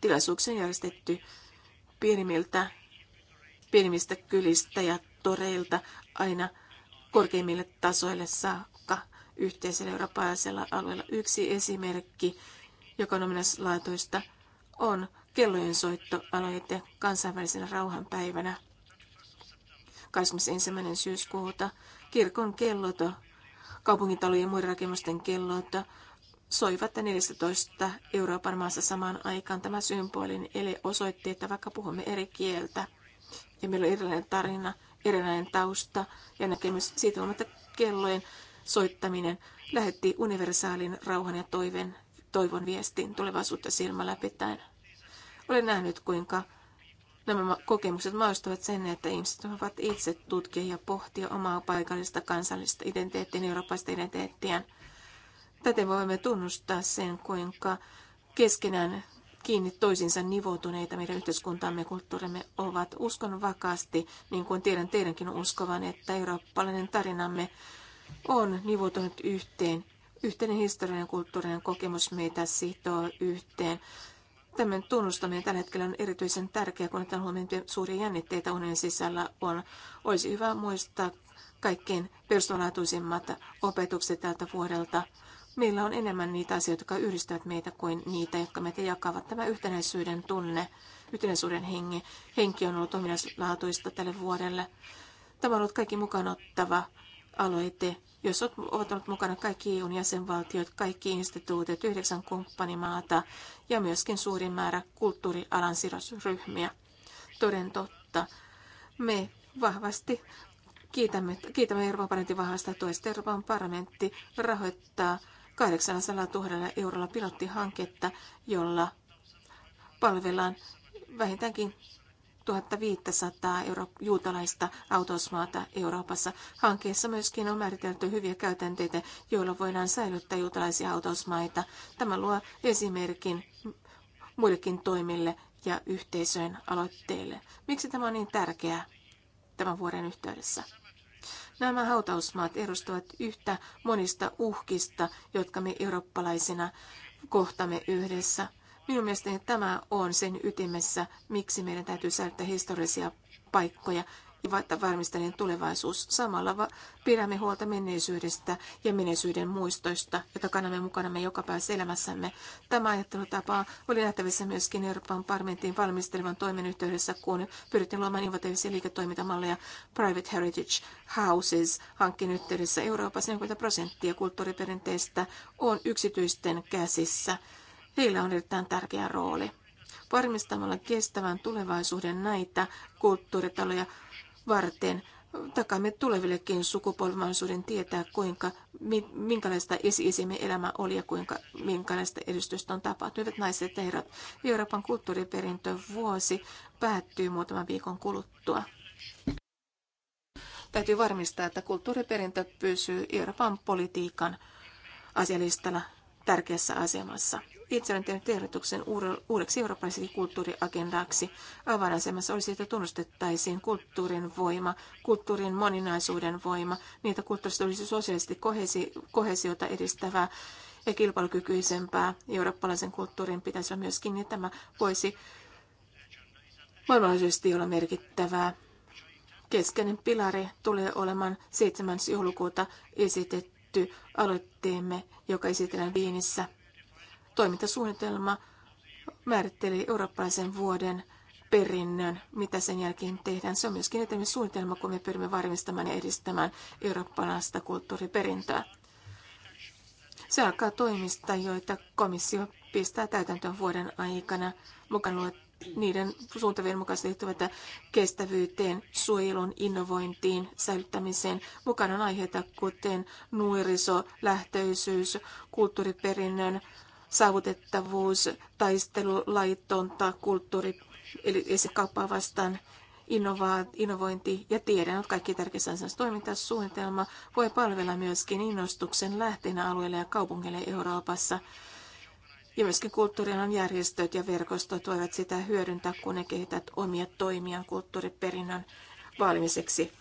Tilaisuuksia järjestetty pienimmiltä, pienimmistä kylistä ja toreilta aina korkeimmille tasoille saakka yhteisellä eurooppalaisella alueella. Yksi esimerkki, joka on ominaislaatuista, on kellojen aloite kansainvälisenä rauhanpäivänä. 21. syyskuuta kirkon kellot, kaupungintalojen ja muiden rakennusten kellot soivat 14 Euroopan maassa samaan aikaan. Tämä symbolin eli osoitti, että vaikka puhumme eri kieltä ja meillä on erilainen tarina, erilainen tausta ja näkemys siitä huolimatta kellojen soittaminen lähetti universaalin rauhan ja toiven, toivon viestin tulevaisuutta silmällä pitäen. Olen nähnyt, kuinka nämä kokemukset maistuvat sen, että ihmiset ovat itse tutkia ja pohtia omaa paikallista kansallista identiteettiä, eurooppalaista identiteettiään. Täten voimme tunnustaa sen, kuinka keskenään kiinni toisinsa nivoutuneita meidän yhteiskuntamme ja kulttuurimme ovat. Uskon vakaasti, niin kuin tiedän teidänkin uskovan, että eurooppalainen tarinamme on nivoutunut yhteen. Yhteinen historiallinen kulttuurinen kokemus meitä sitoo yhteen. Tämän tunnustaminen tällä hetkellä on erityisen tärkeää, kun otetaan huomioon, suuria jännitteitä unen sisällä on. Olisi hyvä muistaa kaikkein perustavanlaatuisimmat opetukset tältä vuodelta. Meillä on enemmän niitä asioita, jotka yhdistävät meitä kuin niitä, jotka meitä jakavat. Tämä yhtenäisyyden tunne, yhtenäisyyden henki, henki on ollut ominaislaatuista tälle vuodelle. Tämä on ollut kaikki mukaan ottava aloite, jos ovat olleet mukana kaikki EUn jäsenvaltiot, kaikki instituutiot, yhdeksän kumppanimaata ja myöskin suurin määrä kulttuurialan sidosryhmiä. Toden totta, me vahvasti kiitämme, kiitämme Euroopan parlamentin vahvasta tuesta. Euroopan parlamentti rahoittaa 800 000 eurolla pilottihanketta, jolla palvellaan vähintäänkin 1500 euro, juutalaista autosmaata Euroopassa. Hankkeessa myöskin on määritelty hyviä käytänteitä, joilla voidaan säilyttää juutalaisia autosmaita. Tämä luo esimerkin muillekin toimille ja yhteisöjen aloitteille. Miksi tämä on niin tärkeää tämän vuoden yhteydessä? Nämä hautausmaat edustavat yhtä monista uhkista, jotka me eurooppalaisina kohtamme yhdessä. Minun mielestäni tämä on sen ytimessä, miksi meidän täytyy säilyttää historiallisia paikkoja ja varmistaneen tulevaisuus. Samalla pidämme huolta menneisyydestä ja menneisyyden muistoista, jota kannamme mukanamme joka päivässä elämässämme. Tämä ajattelutapa oli nähtävissä myöskin Euroopan parlamentin valmistelevan toimen yhteydessä, kun pyrittiin luomaan innovatiivisia liiketoimintamalleja Private Heritage Houses hankkeen yhteydessä Euroopassa 40 prosenttia kulttuuriperinteistä on yksityisten käsissä. Heillä on erittäin tärkeä rooli varmistamalla kestävän tulevaisuuden näitä kulttuuritaloja varten. Takamme tulevillekin sukupolvimaisuuden tietää, kuinka, minkälaista esi-isimme elämä oli ja kuinka, minkälaista edistystä on tapahtunut. Hyvät naiset ja herrat, Euroopan kulttuuriperintövuosi päättyy muutaman viikon kuluttua. Täytyy varmistaa, että kulttuuriperintö pysyy Euroopan politiikan asialistalla tärkeässä asemassa itse olen tehnyt ehdotuksen uudeksi eurooppalaiseksi kulttuuriagendaksi. Avainasemassa olisi, että tunnustettaisiin kulttuurin voima, kulttuurin moninaisuuden voima, niitä kulttuurista olisi sosiaalisesti kohesi, kohesiota edistävää ja kilpailukykyisempää. Eurooppalaisen kulttuurin pitäisi olla myöskin, niin tämä voisi maailmanlaajuisesti olla merkittävää. Keskeinen pilari tulee olemaan 7. joulukuuta esitetty aloitteemme, joka esitellään Viinissä Toimintasuunnitelma määritteli eurooppalaisen vuoden perinnön, mitä sen jälkeen tehdään. Se on myöskin suunnitelma, kun me pyrimme varmistamaan ja edistämään eurooppalaista kulttuuriperintöä. Se alkaa toimista, joita komissio pistää täytäntöön vuoden aikana, mukaan luet niiden suuntavien mukaisesti liittyvät kestävyyteen, suojelun, innovointiin, säilyttämiseen. Mukana on aiheita kuten nuoriso, lähtöisyys, kulttuuriperinnön saavutettavuus, taistelulaitonta, kulttuuri, eli esikauppaa vastaan, innova- innovointi ja tiede ovat kaikki tärkeissä asemassa. Toimintasuunnitelma voi palvella myöskin innostuksen lähteenä alueille ja kaupungeille Euroopassa. Ja myöskin kulttuurialan järjestöt ja verkostot voivat sitä hyödyntää, kun ne kehittävät omia toimiaan kulttuuriperinnön vaalimiseksi.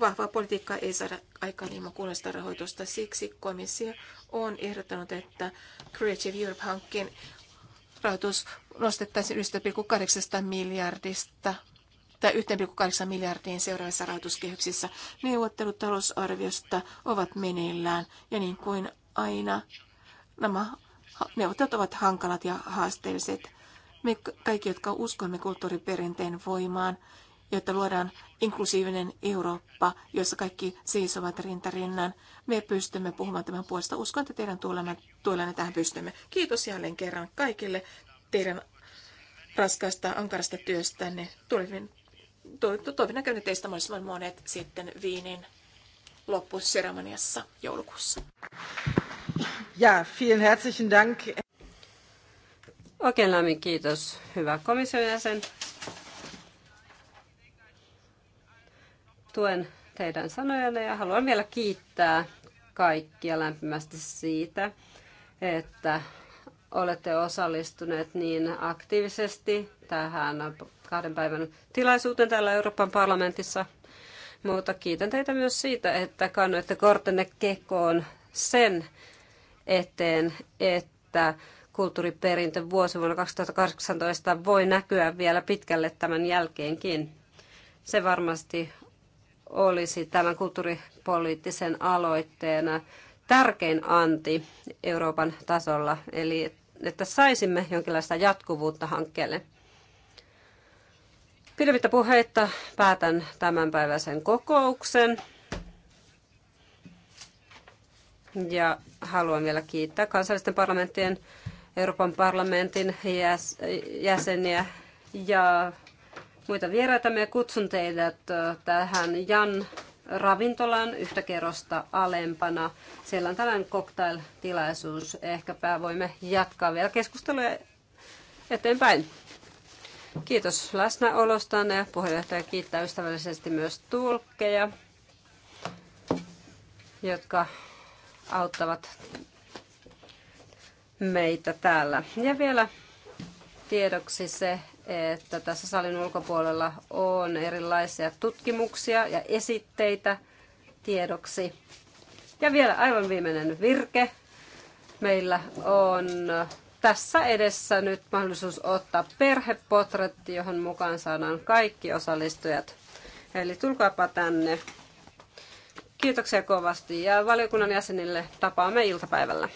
Vahvaa politiikkaa ei saada aikaan ilman kunnallista rahoitusta. Siksi komissio on ehdottanut, että Creative Europe-hankkeen rahoitus nostettaisiin 1,8 miljardista tai 1,8 miljardiin seuraavissa rahoituskehyksissä. Neuvottelut talousarviosta ovat meneillään ja niin kuin aina nämä neuvottelut ovat hankalat ja haasteelliset. Me kaikki, jotka uskomme kulttuuriperinteen voimaan jotta luodaan inklusiivinen Eurooppa, jossa kaikki seisovat rintarinnan. Me pystymme puhumaan tämän puolesta. Uskon, että teidän tuollanne tähän pystymme. Kiitos jälleen kerran kaikille teidän raskaasta, ankarasta työstänne. Toivon to, to, todennäköinen teistä mahdollisimman monet sitten Viinin loppuseremoniassa joulukuussa. Ja, vielen herzlichen Dank. Oikein lämmin kiitos, hyvä komission jäsen. Tuen teidän sanojanne ja haluan vielä kiittää kaikkia lämpimästi siitä, että olette osallistuneet niin aktiivisesti tähän kahden päivän tilaisuuteen täällä Euroopan parlamentissa. Mutta kiitän teitä myös siitä, että kannoitte kortenne kekoon sen eteen, että kulttuuriperintö vuosi vuonna 2018 voi näkyä vielä pitkälle tämän jälkeenkin. Se varmasti olisi tämän kulttuuripoliittisen aloitteena tärkein anti Euroopan tasolla, eli että saisimme jonkinlaista jatkuvuutta hankkeelle. Pidemmittä puheitta päätän tämänpäiväisen kokouksen. Ja haluan vielä kiittää kansallisten parlamenttien, Euroopan parlamentin jäseniä ja muita vieraitamme Me kutsun teidät tähän Jan ravintolan yhtä kerrosta alempana. Siellä on tällainen cocktail-tilaisuus. Ehkäpä voimme jatkaa vielä keskustelua eteenpäin. Kiitos läsnäolostanne ja puheenjohtaja kiittää ystävällisesti myös tulkkeja, jotka auttavat meitä täällä. Ja vielä tiedoksi se, että tässä salin ulkopuolella on erilaisia tutkimuksia ja esitteitä tiedoksi. Ja vielä aivan viimeinen virke. Meillä on tässä edessä nyt mahdollisuus ottaa perhepotretti, johon mukaan saadaan kaikki osallistujat. Eli tulkaapa tänne. Kiitoksia kovasti ja valiokunnan jäsenille tapaamme iltapäivällä.